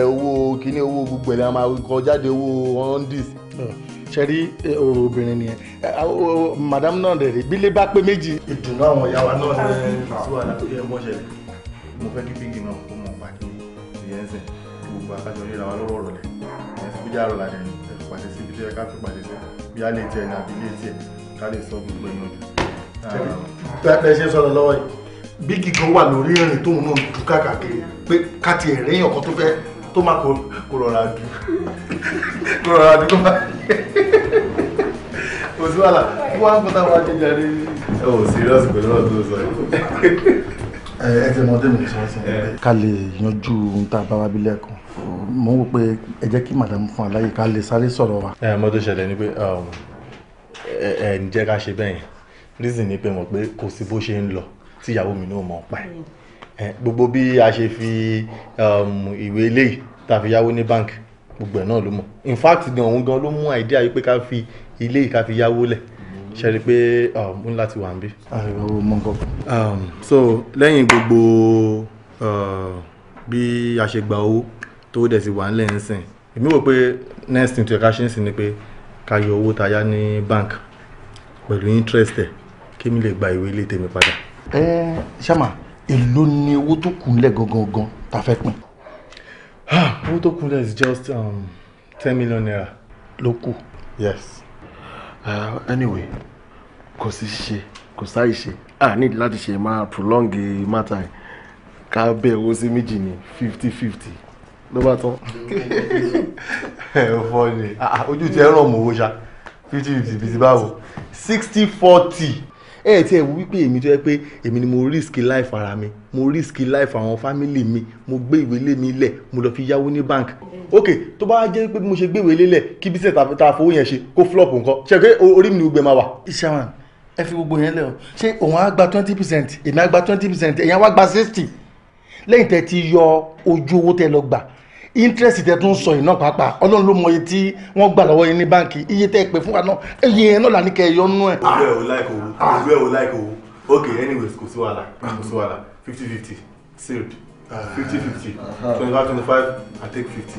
[SPEAKER 6] owó kíní owó gbogbo ẹ̀ lẹ máa kọ jáde owó hundis ṣẹ́rí ọ̀rọ̀ obìnrin nìyẹn madam náà rẹ̀ rí bílé bá pé
[SPEAKER 3] méjì. ìdùnnú àwọn ìyá wa náà ní ìṣúwà láti ẹ̀ mọ́ṣẹ́ mo fẹ́ kí bígì náà kó mọ̀ pàdé ìyẹn sẹ́yìn yorùbá kájọ ríra wa lọ́rọ̀ rọ̀lẹ́ ẹ̀ fi bíjà rọ̀ làdẹ̀ ẹ̀ fi pàṣẹ sí ibi tó yẹ ká fi pàṣẹ sí bí a lè tiẹ̀ ní àbí ilé tiẹ̀ ká lè sọ gbogbo ẹ̀yàn jù. bẹ́ẹ̀ ṣe sọ̀rọ̀ lọ́wọ́ yìí bí gígan wà lórí ìrìn tóun náà dùn káàkiri pé ká tiẹ̀ réyàn kan tó fẹ́ tó má kó rọra dùn kó rọra tó má kò sí wàhálà fún wa ń kọta jẹjẹ rí. ẹ ò serious pẹ̀lú ọ̀dọ́ sọ ẹ ẹ ti mọ tẹ́mi sọ sí
[SPEAKER 2] ká lè yanjú ohun tá a bá wá mo ń wò pé ẹ jẹ́ kí madam fún aláyè ká lè sáré sọ̀rọ̀
[SPEAKER 3] wa. ẹ mọ ṣẹlẹ̀ ni pé um, ẹ ń jẹ́ ká ṣe bẹ́yẹn reason ni pé mo pé kò sí bó ṣe ń lọ tí ìyàwó mi náà mọ̀ pa ẹ̀ gbogbo bí a ṣe fi um, ìwé eléyìí tá a fi yáwó ní báńkì gbogbo ẹ̀ náà ló mọ̀ in fact ni òun gan ló mú àìdíà yìí pé ká fi ilé yìí ká fi yáwó lẹ̀ ṣe pé um, ó ń láti wà ń bí.
[SPEAKER 2] so lẹ́yìn gbogbo uh, bí a ṣe gba owó tó dẹ̀ sì wà ńlẹ̀ ńsìn èmi wò pé next thing to ẹ̀ka ṣe ń sìn ni pé ká yọ owó tá a yá ní bank pẹ̀lú interest ẹ̀ kí mi lè
[SPEAKER 3] gba ìwé ilé tèmi padà.
[SPEAKER 2] ẹ ṣáma èló ni owó tó kúnlẹ̀ gangan gan
[SPEAKER 3] ta fẹ́ pín. owó tó kúnlẹ̀ is just um, ten million naira. ló kù. yes. Uh, anyway kò sí ṣe kò sáì ṣe a ní láti ṣe máa prolong matter ká bẹ owó sí méjì ní
[SPEAKER 6] fifty fifty ló bá tán. ẹ ò fọ ni ah, ah, ojú ti ẹ ràn mọ́ owó ṣá fifty fifty fifty báwo sixty forty ẹ
[SPEAKER 2] tí ẹ wú wípé èmi tó yẹ pé èmi ni mo risk life ara mi mo risk life àwọn family mi mo gbé ìwé lé mi lẹ̀ mo lọ fi yáwó ní bank ok tó bá jẹ́ pé mo ṣe gbé ìwé lé lẹ̀ kí bí sẹ́ẹ̀ ta fowó yẹn ṣe kó flop nǹkan ṣe pé orí mi ni gbogbo ẹ̀ máa wà. isaman ẹ fi gbogbo yẹn lẹ o ṣé òun á gba twenty percent èmi á gba twenty percent èyàn wá gba sixty lẹ́yìn tẹ́ ti yọ ojú owó tẹ́ lọ gbà interest tẹ tún sọ iná pàápàá ọlọ́run ló mọ iye tí wọ́n gbà lọ́wọ́ yín ní báǹkì iye tẹ́ pè fún wa náà iye yẹn náà là ní kẹ́ ẹ yọ nú ẹ̀. òwúrọ̀
[SPEAKER 3] ò láìkò owó òwúrọ̀ ah. ò láìkò owó ok anyways kò sí wàhálà kò sí wàhálà fifty fifty sealed ah. fifty fifty twenty five twenty five i take fifty.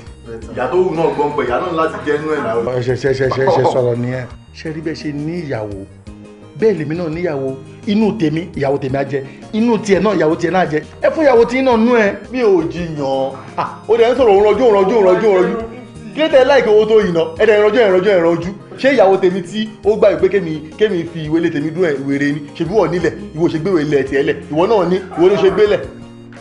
[SPEAKER 3] ìyàtọ̀ òun náà gbọ́n pẹ̀ ìyá náà láti jẹ́ nú ẹ̀ náà. ṣe ṣe ṣe ṣe
[SPEAKER 2] sọ̀rọ̀ nìyẹn ṣe rí bẹ́ẹ̀ ṣe ní ìyàwó bẹ́ẹ̀ lèmi náà níyàwó
[SPEAKER 3] inú tèmi ìyàwó tèmi á jẹ inú tiẹ̀ náà ìyàwó tiẹ̀ náà jẹ ẹ fún ìyàwó tí náà nú ẹ. mi ò jiyàn ó dẹ̀ ń sọ̀rọ̀ òun rọjú òun rọjú òun rọjú òun rọjú kí ló tẹ láìka owó tó yìí náà ẹ dẹ̀
[SPEAKER 2] rọjú ẹ rọjú ẹ rọjú ṣé ìyàwó tèmi tí ó gbà pé kémi kémi fi ìwé lé tèmi dún ẹ wèrè ni ṣebí
[SPEAKER 3] wọ̀ nílẹ̀ ìwọ ṣe gbéwèé lẹ̀ tiẹ̀ lẹ̀ ìwọ náà ní ìwọ ló ṣe gbélẹ̀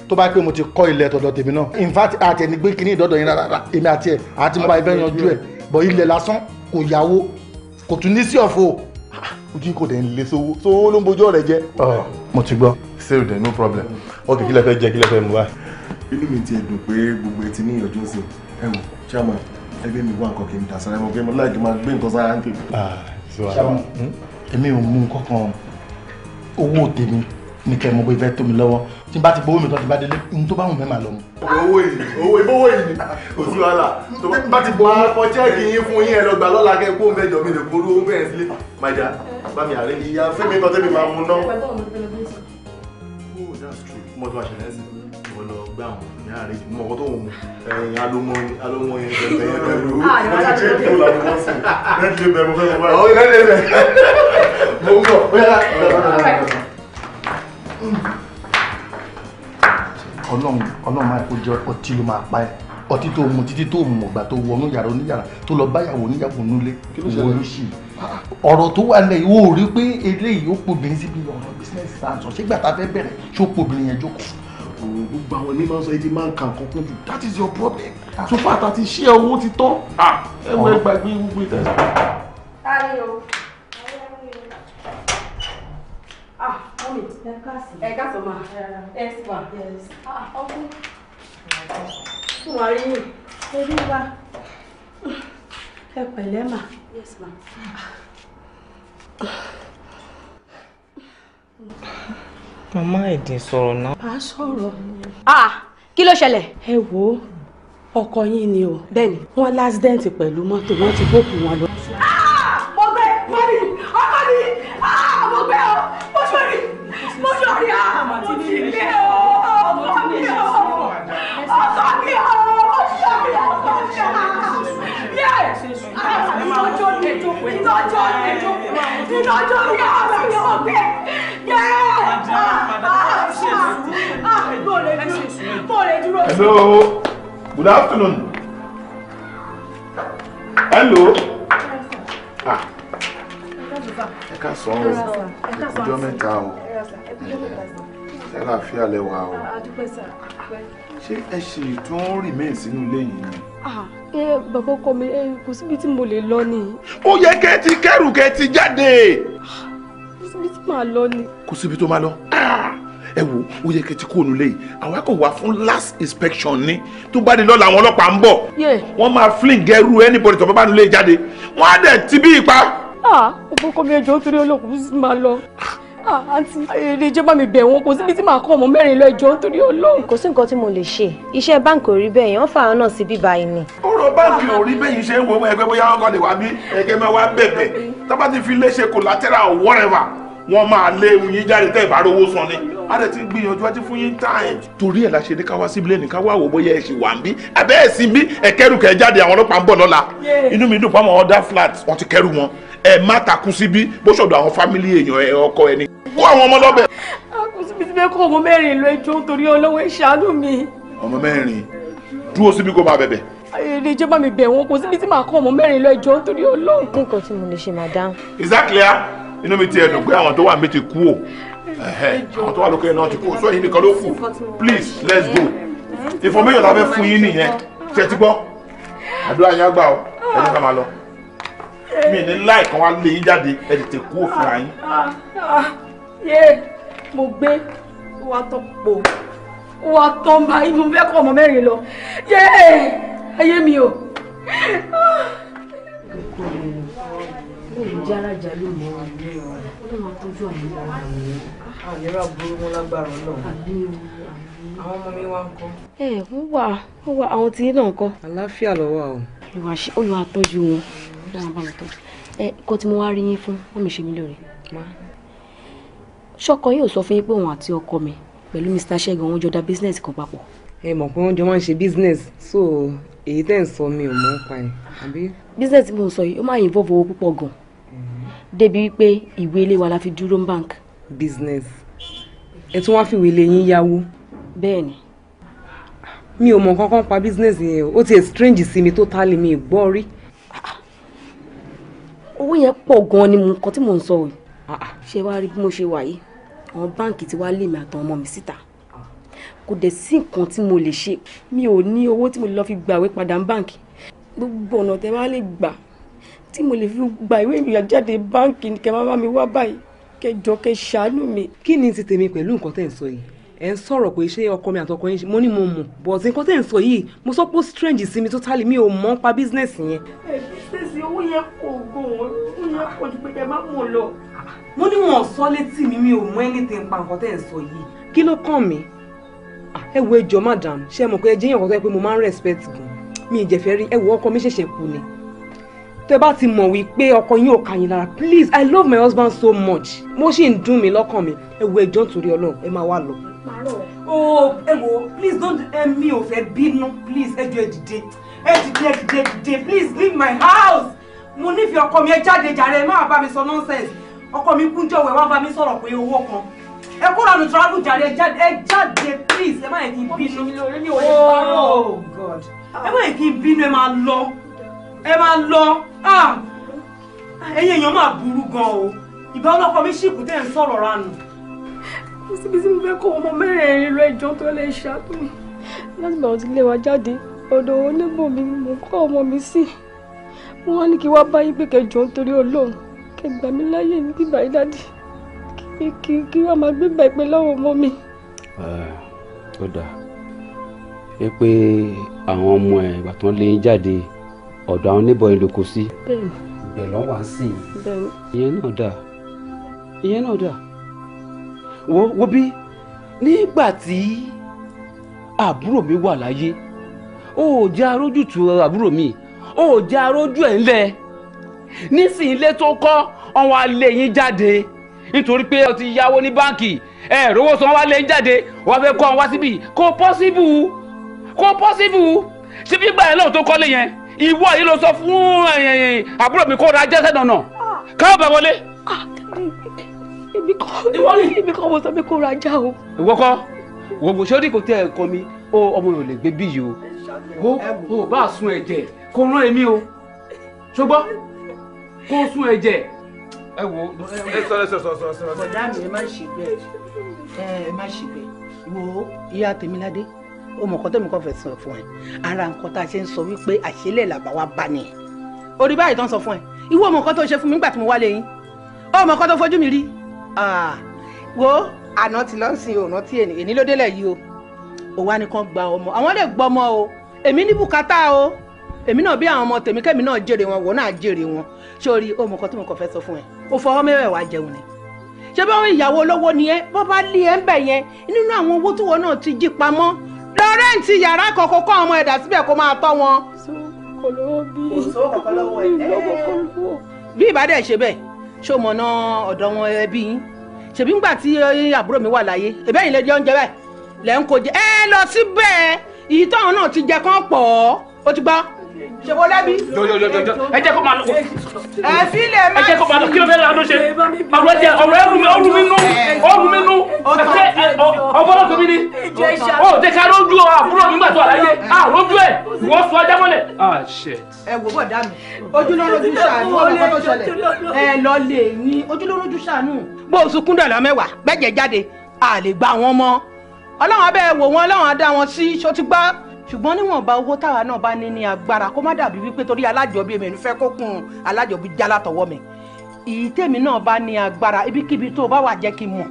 [SPEAKER 3] tó bá pé mo ti kọ́ ilẹ̀ tọ̀dọ̀ tèmi náà in fact àti ẹni gbé kínní ìdọ́dọ̀ yẹn rárá èmi àti ẹ àti mo bá ibẹ̀ yanjú ẹ̀ bọ̀ ilẹ̀ lásán
[SPEAKER 6] kò yàwó kò tún ní sí ọ̀fọ̀ ojú kò dẹ̀ ń lé sówó sówó ló ń bojú ọ̀rẹ́ jẹ́.
[SPEAKER 3] mo ti gbọ́ save them no problem ok kí lẹ fẹ́ jẹ kí lẹ fẹ́ mu wá. inú mi ti ẹ̀dùn pé gbogbo etí ní ìyànjú sí ẹ wò chairman ẹgbẹ́ mi wá nǹkan kì í dà sára ẹ mọ̀ láì kí n máa gbé nǹkan sára ń tè. Ah, chairman hmm? èmi ò mú nǹkan kan owó tèmi ní kẹ́ mo bó ifẹ́ tó mi lọ́wọ́ tí n bá ti gbowó mi tán ti bá délé n tó bá wù mí mà lọ mu. owó yìí owó yìí owó yìí kò sí wàhálà tó bá ti gbowó máa kọ chẹ́ẹ̀kì yín fún yín ẹ lọ gbà lọ́la kẹ́ kó mẹ́jọ mi lè kóró owó bẹ́ẹ̀ sílé májà bá mi àárẹ̀ ìyá fẹ́mi kan tẹ́mi máa mú ná. Oh, mo ti wá ṣẹlẹ̀ sí mo lọ gbá àwọn ìyá rẹ̀ jù mọ́ ọkọ tó wù mí ẹ̀yìn alómọ alómọ yẹn bẹ̀rẹ̀ yẹn pẹ̀lú mo ah, ti jẹ́ kó làwọn sùn lẹ́tí bẹ̀rẹ̀ mo fẹ́ mo bá yẹn. mo ń bọ̀ bóyá ọlọ́run ọlọ́run máa
[SPEAKER 2] kó jẹ ọtí ló máa pa ẹ́ ọtí tó mu títí tó mu ọgbà tó wọnú yàrá oníyàrá tó lọ báyàwó oníyàwó nulẹ̀ wọlé sí i ọ̀rọ̀ tó wà lẹ̀ ìwọ ò rí pé eléyìí ó pobìnrin síbi ọ̀rọ̀ business transfer ṣégbà tá a fẹ́ bẹ̀rẹ̀ ṣó pobìnrin yẹn jókòó. ọ̀rọ̀ gbogbo àwọn ẹni máa ń sọ ẹni máa ń
[SPEAKER 3] kà nǹkan kún that is your problem ah. so far àtàtì ṣé owó ti tán ah. ẹ mọ ẹgbàgbé gbogbo ìtẹ̀sán.
[SPEAKER 4] Mọ́mí, ẹ káàsì. Ẹ káàsì ma. Ẹ sì wà. Ọkùn. Ah, ah, Fún wa rí yìí. Yes ma.
[SPEAKER 2] Màmá Ẹ̀dín sọ̀rọ̀ náà.
[SPEAKER 4] Màá sọ̀rọ̀. Ah! Kí ló
[SPEAKER 2] ṣẹlẹ̀? Ẹ wo ọkọ yín ni o. Bẹ́ẹ̀ni, wọ́n lásìdẹ́ǹtì pẹ̀lú mọ́tò, wọ́n ti gbókùn wọn lọ. Ah!
[SPEAKER 4] mo yọrí àmọ́ tí mi lé o ọkọ mi o ọkọ mi o ọkọ mi ọkọ mi yẹ ìtọ́jú ní ìtọ́jú ní ìtọ́jú ní àwọn mi ò gbé yẹ
[SPEAKER 3] Hello, good afternoon. Hello.
[SPEAKER 4] Ah ẹ ká sọ ọ ẹkújọ mẹ́ta o
[SPEAKER 3] ẹ láàfíà lẹ́wà o ṣé ẹ ṣì tún remain sínú ilé yìí ni.
[SPEAKER 4] ẹ bàbá ọkọ mi kò síbi tí mo lè lọ ni.
[SPEAKER 3] ó yẹ kẹ́ ẹ ti kẹ́rù kẹ́ ẹ ti jáde.
[SPEAKER 4] kò síbi tí màá lọ ni.
[SPEAKER 3] kò síbi tó máa lọ ẹ wo ó yẹ kẹ́ ti kó onú léyìí àwa kò wá fún last inspection ni tó bá di lọ́la àwọn ọlọ́pàá ń bọ̀ wọ́n máa fling ẹrú anybody tó bá bá nu lé jáde wọ́n á dẹ̀ ti bí ipa
[SPEAKER 2] òpó ah, kọ́ mi ẹjọ́ torí ọlọ́run sì máa lọ ah,
[SPEAKER 4] àǹtí èrè jẹ́ bá mi bẹ̀ wọ́n kò síbi tí màá kọ́ ọmọ mẹ́rin lọ ẹjọ́ torí ọlọ́run. kò sí nǹkan tí mo lè ṣe iṣẹ́ báǹkì ò rí bẹ́ẹ̀ yẹn wọ́n fààrọ̀ náà sí bíbá yìí ni.
[SPEAKER 3] ọ̀rọ̀ báǹkì ò rí bẹ́ẹ̀ yìí ṣe ń wo ẹgbẹ́ bóyá ọkọ lè wá bí ẹgbẹ́ máa wá bẹ̀bẹ̀ tábà ti fi léṣe collateral whatever wọ́n máa lé yín jáde tẹ́ ìbá rówó san ni a dẹ̀ ti gbìyànjú àti fún yín táyìn. torí ẹ̀ la ṣe ní ká wá síbi lẹ́nu ká wá wò bóyá ẹ̀ ṣì wà ń bí abẹ́ ẹ̀ sí bí ẹ̀ kẹ́rù kẹ́ jáde àwọn ọlọ́pàá ń bọ̀ lọ́la inú mi dùn pé àwọn ọ̀dà flat wọ́n ti kẹ́rù wọn ẹ má takun síbí bó ṣọdọ àwọn fámìlì èèyàn ẹ ọkọ ẹni kó
[SPEAKER 2] àwọn ọmọ lọbẹ. takun síbi ti fẹ́ kó ọmọ mẹ́rin lọ ẹjọ́ torí olówó ìṣàánú mi.
[SPEAKER 3] ọmọ mẹ́rin dúró síbi kó máa bẹ̀bẹ̀.
[SPEAKER 2] ayọ̀dẹ̀ ìjọba mi bẹ̀ wọ́n kò síbi tí màá kọ́ ọmọ mẹ́rin lọ ẹjọ́ torí
[SPEAKER 4] olówó. nǹkan tí mo lè ṣe madam.
[SPEAKER 3] is that clear? inú mi ti ẹ̀dùn pé àwọn tó wà mí ti kú o àwọn tó wà lókè náà ti kú o sọ yìí nìkan ló kù please let's go information la fẹ́ fún yín nìyẹn ṣe ti gbọ́ àdúrà yín á gbà o ẹ ní mi ní láì kan wá lé yín jáde ẹ tètè kú òfin ra ah,
[SPEAKER 2] ah, ah,
[SPEAKER 1] yín. mo gbé wa tán po wa tán ma inú fẹ́ kọ́ ọmọ mẹ́rin lọ ayé mi o.
[SPEAKER 4] Mo lè jẹ́ alájà lónìí ọ̀rọ̀ ní ọ̀rọ̀. Ó máa tọ́jú àwọn ọmọ rẹ̀. Àwọn ìlera burú mú lágbára Ọlọ́run àwọn ọmọ mi wá ń kọ́. ẹ wọ́n wà wọ́n wà àwọn tí náà ń kọ́. lọ́wọ́ o. olùwà àtọ́jú wọn dáhùn bá mi tọ́jú ẹ kó tí mo wá rí yín fún wọn mi ṣe mí lóore. ṣọkọ yóò sọ fún yín pé òun àti ọkọ mi pẹ̀lú Mr. Ṣẹ́gun wọn jọ dá business kan papọ̀. ẹ mọ̀ pé wọ́n jọ máa ń ṣe business so èyí tẹ̀ ń sọ mi ò mọ̀ pa ẹ̀ àbí. business mo ń sọ yìí ó máa involve owó púpọ̀ gan mm-hmm.
[SPEAKER 2] débi wípé ìwé ilé wa la fi dúró ń bank. business ẹ tún wá fìwé ilé yín yáwó. bẹ́ẹ̀ni mi ò mọ̀ kankan pa business yẹn o ó ti strange sí mi tó ta lè mi gbọ́ rí owó yẹn pọ̀ gan-an ni nǹkan tí mò ń sọ yìí ah, ah, ṣé wàá rí bí mo ṣe wà yìí àwọn báǹkì ti wá lé mi àtàwọn ọmọ mi síta kò dẹ̀ sí nǹkan tí mo lè ṣe mi ò ní owó tí mo lè lọ fi gbàwé padà ní báǹkì gbogbo ọ̀nà tẹ́ wá lè gbà tí mo lè fi gba ìwé ìrìnà jáde báǹkì ni kẹ́ máa bá mi wá báyìí kẹjọ kẹ́ ṣàánú mi. kí ni ti tèmi pẹ̀lú nǹkan tẹ́ ń sọ yìí ẹ ń sọ̀rọ̀ pé ṣé ọkọ mi àtọkọ yín mo ní mo mọ̀ but nǹkan tẹ̀ ń sọ yìí mo sọ pé strange sí mi totally mi ò mọ̀ pa business yẹn.
[SPEAKER 1] ẹ business owó yẹn kò gbóhùn owó yẹn kò ju pé kẹ má mọ̀ lọ. mo ní wọn sọ
[SPEAKER 2] létí mi mi ò mọ̀ anything pa nǹkan tẹ̀ ń sọ yìí. kí ló kàn mí ẹ wo ẹjọ madam ṣe mọ̀ pé ẹ jẹ́ èèyàn kan tó yẹ pé mo máa ń respect gan mi ìjẹ̀fẹ́ rí ẹ wo ọkọ mi ṣẹ̀ṣẹ̀ kú ni tẹ bá ti mọ̀ wípé ọkọ yín ò kà lára please i love my husband so much mo ṣì ń dùn mí lọ́kàn mi ẹ wo ẹjọ́ nítorí ọlọ́run ẹ máa wá lọ oh ẹ please don't ẹ mi ò fẹ́ no please ẹ jọ ẹ dìde ẹ dìde ẹ dìde please leave my house mo nífẹ̀ẹ́ ọkọ coming, ẹ jáde jàre ẹ má bá mi sọ nonsense ọkọ mi kúnjọ wẹ̀ wá bá mi sọ̀rọ̀ pé owó kan I'm kó lànà travel jàre ẹ jáde please ẹ má yẹ kí n bínú oh god ẹ má yẹ kí n bínú ẹ máa lọ ẹ máa lọ ah, ẹ̀yin èèyàn máa burú gan o ìbá ọlọ́kọ mi ṣìkù tẹ́ ẹ̀ ń
[SPEAKER 5] kò síbi tí mo fẹ́ kó ọmọ mẹ́rẹ̀ẹ̀rin lọ ìjọ tó lè ṣàtò ni. láti bàbá ti lé wa jáde ọ̀dọ̀ oníbòmí ni mò ń kọ́ ọmọ mi sí mo wá ní kí wá bá yín pé kẹjọ nítorí Ọlọ́run kẹgbà mí láyè ní bíbá yín dáàdì kí kí
[SPEAKER 1] wá máa gbé bàá ìpè lọ́wọ́ ọmọ mi.
[SPEAKER 2] ó dáa ẹ pé àwọn ọmọ ẹ ìgbà tí wọ́n lé yín jáde ọ̀dọ̀ àwọn oníbọ̀ yín ló kó sí. bẹ́ẹ̀ lọ́wọ́ á sìn. ìyẹn náà dáa ìyẹn náà dáa wo wo bí nígbà tí àbúrò mi wà láyé ó jẹ́ arójútu àbúrò mi ó jẹ́ arójú ẹ̀ ńlẹ̀ nísìnyí ilé tó kọ́ ọ̀hún alẹ́ yín jáde nítorí pé ó ti yáwó ní báǹkì ẹ̀ rówó san wá lẹ́yìn jáde wàá fẹ́ kọ́ ọ wá síbí kò pọ́síbù kò pọ́síbù ṣé bí gbà yẹn náà tó kọ́lé yẹn ìwọ yìí ló sọ fún àbúrò mi kó ra jẹ́sẹ̀ dànù ah. káwọ́ bẹ̀ wọlé. Ah, èmi kọ́
[SPEAKER 4] èmi kọ́ mo sọ pé kó kò
[SPEAKER 2] tẹ́ ẹ̀ mi ó ọmọ rẹ̀ lè gbé bí yìí o ó bá sun ẹ̀jẹ̀ kó rán èmi o ṣùgbọ́ kó sun ẹ̀jẹ̀ ẹ wo
[SPEAKER 3] ẹ sọ ẹ sọ sọ sọ bọ̀dá mi ẹ má ṣe
[SPEAKER 2] bẹ́ẹ̀ ẹ má ṣe bẹ́ẹ̀ wo ìyá tèmiládé ó mọ̀ kọ́tẹ́mi kọ́ fẹ́ sọ fún ẹ ara nǹkan tá a ṣe ń sọ wípé àṣélẹ̀ làbá wa bá ni orí báyìí tán sọ fún ẹ ìwọ ọmọ kan tó ṣe fún mi nígbà tí mo wálé yín ọmọ kan tó fojú mi rí wo àná ti lọ sin òun rántí èní ló délẹ̀ yìí o òun wá nìkan gba ọmọ àwọn lè gbọ́ ọmọ o èmi ní bùkátà o èmi náà bí àwọn ọmọ tèmi kẹ́mi náà jèrè wọn wọ́n náà jèrè wọn sórí o mọ̀ kan tí mo kàn fẹ́ sọ fún ẹ o fọwọ́ mẹ́wẹ̀ẹ́ wá jẹun ni ṣé báwọn ìyàwó olówó ni ẹ bọ́ bá lé ẹ ń bẹ̀ yẹn nínú àwọn owó tí wọn náà ti jí pamọ́ lọ́rẹ́ǹtì yàrá kọ̀ọ̀kan kọ́ ọmọ ẹ̀dá síbẹ̀ kó máa tọ́ wọn.
[SPEAKER 1] kò sówó kọ̀ọ̀kan lọ́wọ́ ẹ̀
[SPEAKER 2] bí ìbádẹ́ ṣe bẹ́ẹ̀ ṣó mọ̀ ná ọ̀dọ̀ wọn ẹbí yín ṣèbí ńgbà tí eh, àbúrò mi wà láyé ìbẹ́yìn lè di oúnjẹ bẹ́ẹ̀ lẹ́ ń kó jẹ ẹ lọ síbẹ̀ ìyí táwọn náà ti jẹ kán pọ̀ ó ti gbọ́ ṣèwọ lẹ́bi. jọjọjọjọ ẹ jẹ́ kó máa lọ. ẹ fi lè má sí. ẹ jẹ́ kó máa lọ kí ló fẹ́ lọ́dún ṣe. ọ̀rọ̀ ẹ jẹ ọ̀rọ̀ ẹ rumi ọ̀rù mi nú ọ̀rù mi nú ẹ̀fẹ́ ọ̀bọ̀lọ́kùn mi ni. ó jẹ́ ká lójú àbúrò mi gbàtọ́ àlàyé à lójú ẹ̀ wọ́n fọ ajá mọ́lẹ̀.
[SPEAKER 4] ẹ wò bọ̀ dá mi ojúlórójú ṣàánú ọmọ tó ṣẹlẹ̀ ẹ lọ lè
[SPEAKER 2] ní ojúlórójú ṣàánú. bó o sunkún dàlá mẹ́wàá bẹ́ẹ̀ jẹ́ jáde à lè gba àwọn ọmọ ọlọ́run abẹ́ wò wọ́n ọlọ́run adá wọn sí ṣó ti gbá ṣùgbọ́n níwọ̀nba owó táwa náà bá ní ní agbára kó má dàbí wípé torí alájọbí mi fẹ́ kó kún alájọbí jálá tọwọ́ mi ìyí tèmi náà bá ní agbára ibikíbi tó bá wà jẹ́ kí n mọ̀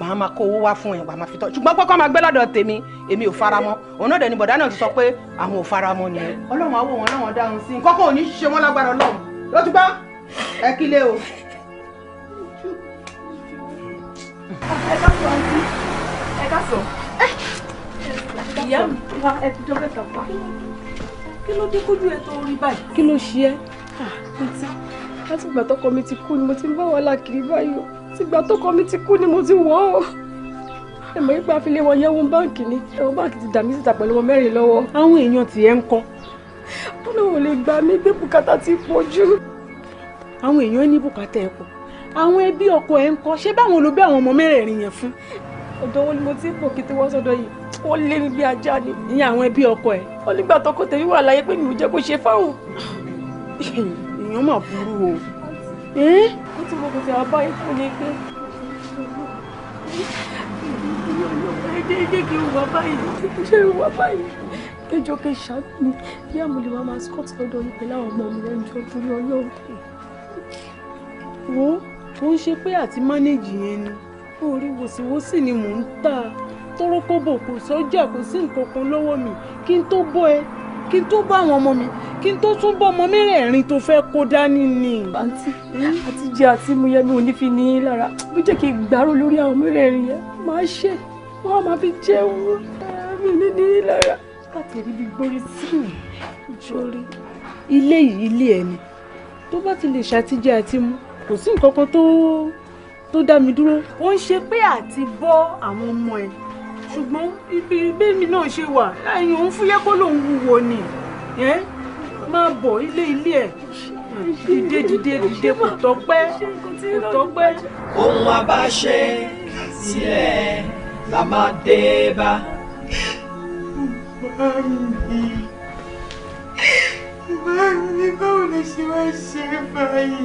[SPEAKER 2] màá máa kó owó wá fún ẹ wàá máa fi tọ́ ṣùgbọ́n pé kọ́ máa gbé lọ́dọ̀ tèmi èmi ò faramọ́ òun náà dẹni bọ̀dá náà ti sọ pé àwọn ò faramọ́ ni. ọlọ́run á wò náà wọ́n dáhùn sí nǹkan kò ṣe wọ́n lágbára ọlọ́run ló ti gbọ́ ẹ kí lé o.
[SPEAKER 4] ẹ ká sọ ẹ ká ìyá mi wá ẹtùjọ mẹ́ta wá kí ló dé kójú ẹ tó rí báyìí. kí ló ṣe ẹ́ àpótí
[SPEAKER 2] láti ìgbà tọkọ mi ti kú ni mo ti ń bá wàhálà kiri báyìí o ti ìgbà tọkọ mi ti kú ni mo ti wọ̀ ọ́ ẹ mọ̀ nípa afilé wọn yẹ́wò báǹkì ni ẹ̀wọ̀n báǹkì ti dà mí síta pẹ̀lú wọn mẹ́rin lọ́wọ́. àwọn èèyàn tiẹ̀ ń kọ́. bọ́lá ò lè gbà mí gbé bùkátà ti pọ̀ jù. àwọn èèyàn ní bùkátà ẹ̀ pọ̀ àwọn ẹbí ọkọ ẹ̀ ń kọ́ ṣé báwọn olóbẹ́ àwọn ọmọ mẹ́rẹ̀ẹ̀rin yẹn fún. ọ̀dọ́ wo ni mo ti ń pò kí tí wọ́n sọ́dọ̀ yìí wọ́n lé mi bí ajá ni ìyẹn àwọn ẹbí ọkọ ẹ̀ wọ́n nígbà tọkọ tèmi wà láyé pé mi ò jẹ́ kó ṣe fáwọn. èèyàn mà
[SPEAKER 5] burú o. ó ti mọ kò tí a bá yín fún ni pé. ẹdẹ ẹdẹ kì í wà báyìí ṣé ń wà báyìí kẹjọ kẹ ṣáájú mi bí àmúlẹ̀ wa máa scott lọ́dọ̀ yìí pẹ̀lú àwọn ọmọ mi lẹ́nu torí ọlọ́run
[SPEAKER 2] wo kò ń ṣe pé àti mánéèjì yẹn ni orí wòsíwòsí ni mò ń tà tórókóbò kò sọ́jà kò sí nǹkan kan lọ́wọ́ mi kí
[SPEAKER 4] n tó bọ́ ẹ kí n tó bá àwọn ọmọ mi kí n tó tún bọ́ ọmọ mẹ́rẹ̀ẹ̀rin tó fẹ́ kó dání ni. àǹtí àti jẹ àti mu yẹn ò ní fi ní lára ló jẹ́ kí n gbàrò lórí àwọn
[SPEAKER 5] mẹ́rẹ̀ẹ̀rin yẹn máa ṣe wọ́n máa fi jẹun mi ní ní lára láti
[SPEAKER 2] rí bí gbórí sí ìjọrí. ilé yìí ilé ẹni tó bá ti lè ṣàtijẹ àti mu kò sí nǹkan kan tó tó dá mi dúró. ó ń ṣe pé àti bọ́ àwọn ọmọ ẹ̀ ṣùgbọ́n ibi bẹ́ẹ̀mi náà ṣe wà ẹ̀yìn òun fúyẹ́ kó lòun wúwo ni máa bọ̀ ilé ilé ẹ̀ dìde
[SPEAKER 1] dìde dìde kò tọ́pẹ́ kò tọ́pẹ́. ohun abáṣe sílẹ̀ la máa dé bá.
[SPEAKER 5] báwo ni báwo ni ṣe wá ṣe báyìí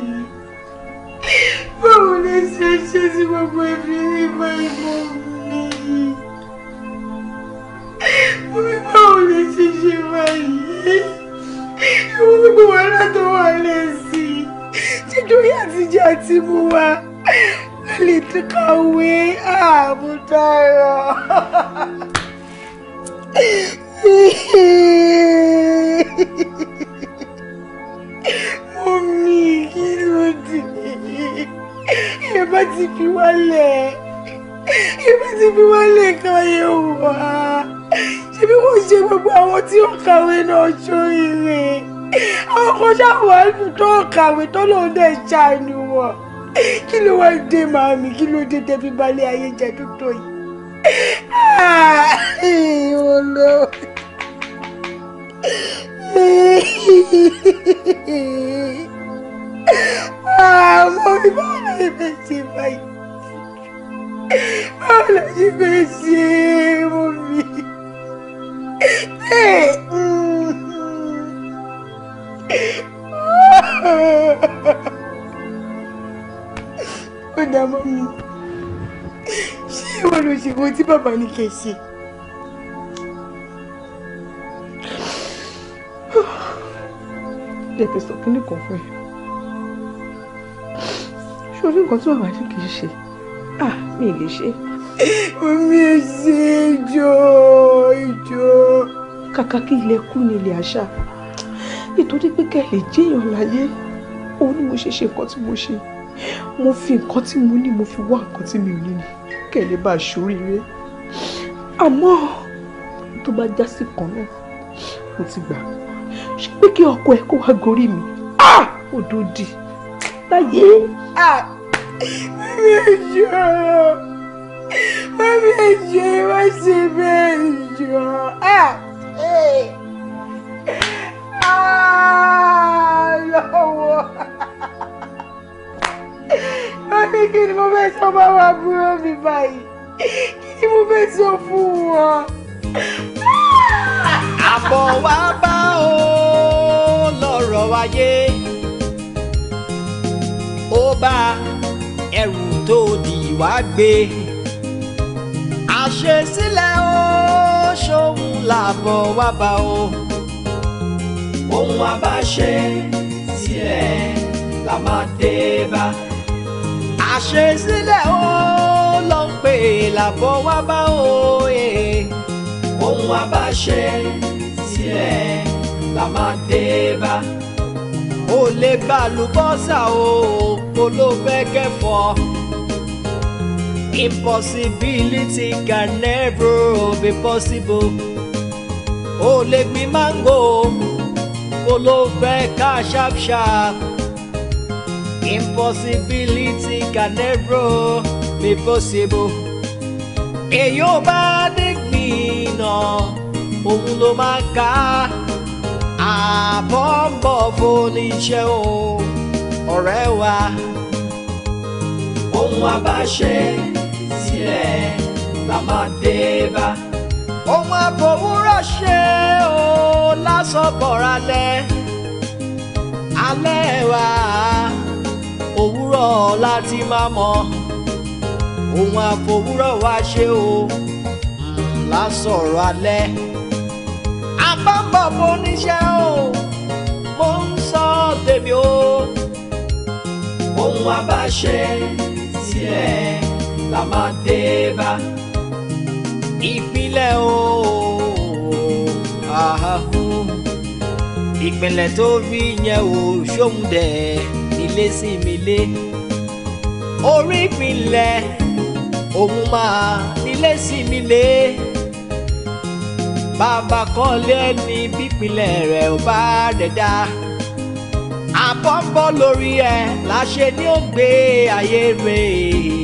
[SPEAKER 5] báwo ni ṣe ṣe sí gbogbo ẹbí ní báyìí mọ́ mi mo ní báwo lè ṣe ṣe báyìí ìwọ gbogbo wàhálà tó wà lẹ́sìn nítorí àtijọ́ àti mú wa lè tún kàwé àmúdára. Mọ̀mí kí ló dé? ṣebí ti fi wá lè káyé wá ṣebí kò ṣe gbogbo àwọn tí ó kàwé náà ṣoríire àwọn kan ṣàwádìí tó kàwé tó lòun dẹ̀ ṣàánú wọn kí ló wá dé màmí kí ló dé débi balẹ̀ ayé jẹ́ dúdú yìí olo àmọ́ ìbára ẹ̀mẹ́sì báyìí báwo la ṣe fẹ́ ṣe é mú mi. ó dá mọ́ mi ṣé ìwọ ló ṣe ohun tí bàbá ní kẹ́ ṣe.
[SPEAKER 2] lè fi sọ kí nìkan fún ẹ ṣé orí ah mi lè
[SPEAKER 5] ṣe. omi èsì ìjọ ìjọ. kàkà
[SPEAKER 2] kí ilẹ̀ kú ní ilẹ̀ àṣà nítorí pé kẹ́ lè jẹ́yàn láyé òun ni mo ṣe ṣe nǹkan tí mo ṣe mo fi nǹkan tí mo ní mo fi wá nǹkan tí mi ò ní ni kẹ́ lè bá a ṣoríire àmọ́ tó bá já sí kan náà mo ti gbà ṣe pé kí ọkọ ẹ kó wá gorí mi òdòdì ah! láyé. Ah! ẹjọ́
[SPEAKER 5] mami ẹjọ́ má ṣe bẹ́ẹ̀ ẹjọ́ lọ́wọ́ mami kí ni mo fẹ́ sọ bá wa búrò mi báyìí
[SPEAKER 1] kí ni mo fẹ́ sọ fún wọn. àbọ̀ wá bá o lọ́rọ̀ wáyé ó bá a ẹrù tó dì wá gbé àṣesílẹ̀ ó ṣòun làbọ̀ wá bá o. ohun abáṣe sílẹ̀ la máa dé bá. àṣesílẹ̀ ó lọ ń pè làbọ̀ wá bá o. E. ohun abáṣe sílẹ̀ la máa dé bá ò lè gbà lùbọ́sà o kò ló fẹ́ kẹfọ́. Impossibility can never be possible. Ò lè gbin mango kò ló fẹ́ ká Impossibility can never be possible. Èyí ò bá dé gbìn náà òun ló máa ká àbọ̀ ń bọ̀ bó ní jẹ́ o ọ̀rẹ́ wa. ohun abáṣe sílẹ̀ la máa dé bá. ohun àbòwúrọ̀ ṣe o lásán bọ̀ra lẹ alẹ́ wa òwúrọ̀ láti máa mọ ohun àfòwúrọ̀ wa ṣe o lásọ̀rọ̀ alẹ́ bọ̀ fóníṣẹ́ o mo ń sọ tèmi o. ohun abáṣe sílẹ̀ la máa dé bá ìpìlẹ̀ o. ìpìlẹ̀ tó rí yẹn o ṣóun dẹ̀ ilé sí mi lé orí ìpìlẹ̀ òun máa nílé sí mi lé bàbá kọ́lé ní bípínlẹ̀ rẹ̀ ò bá rẹ̀ dá àbọ̀ ń bọ̀ lórí ẹ̀ láṣẹ ni ó gbé ayé rẹ̀.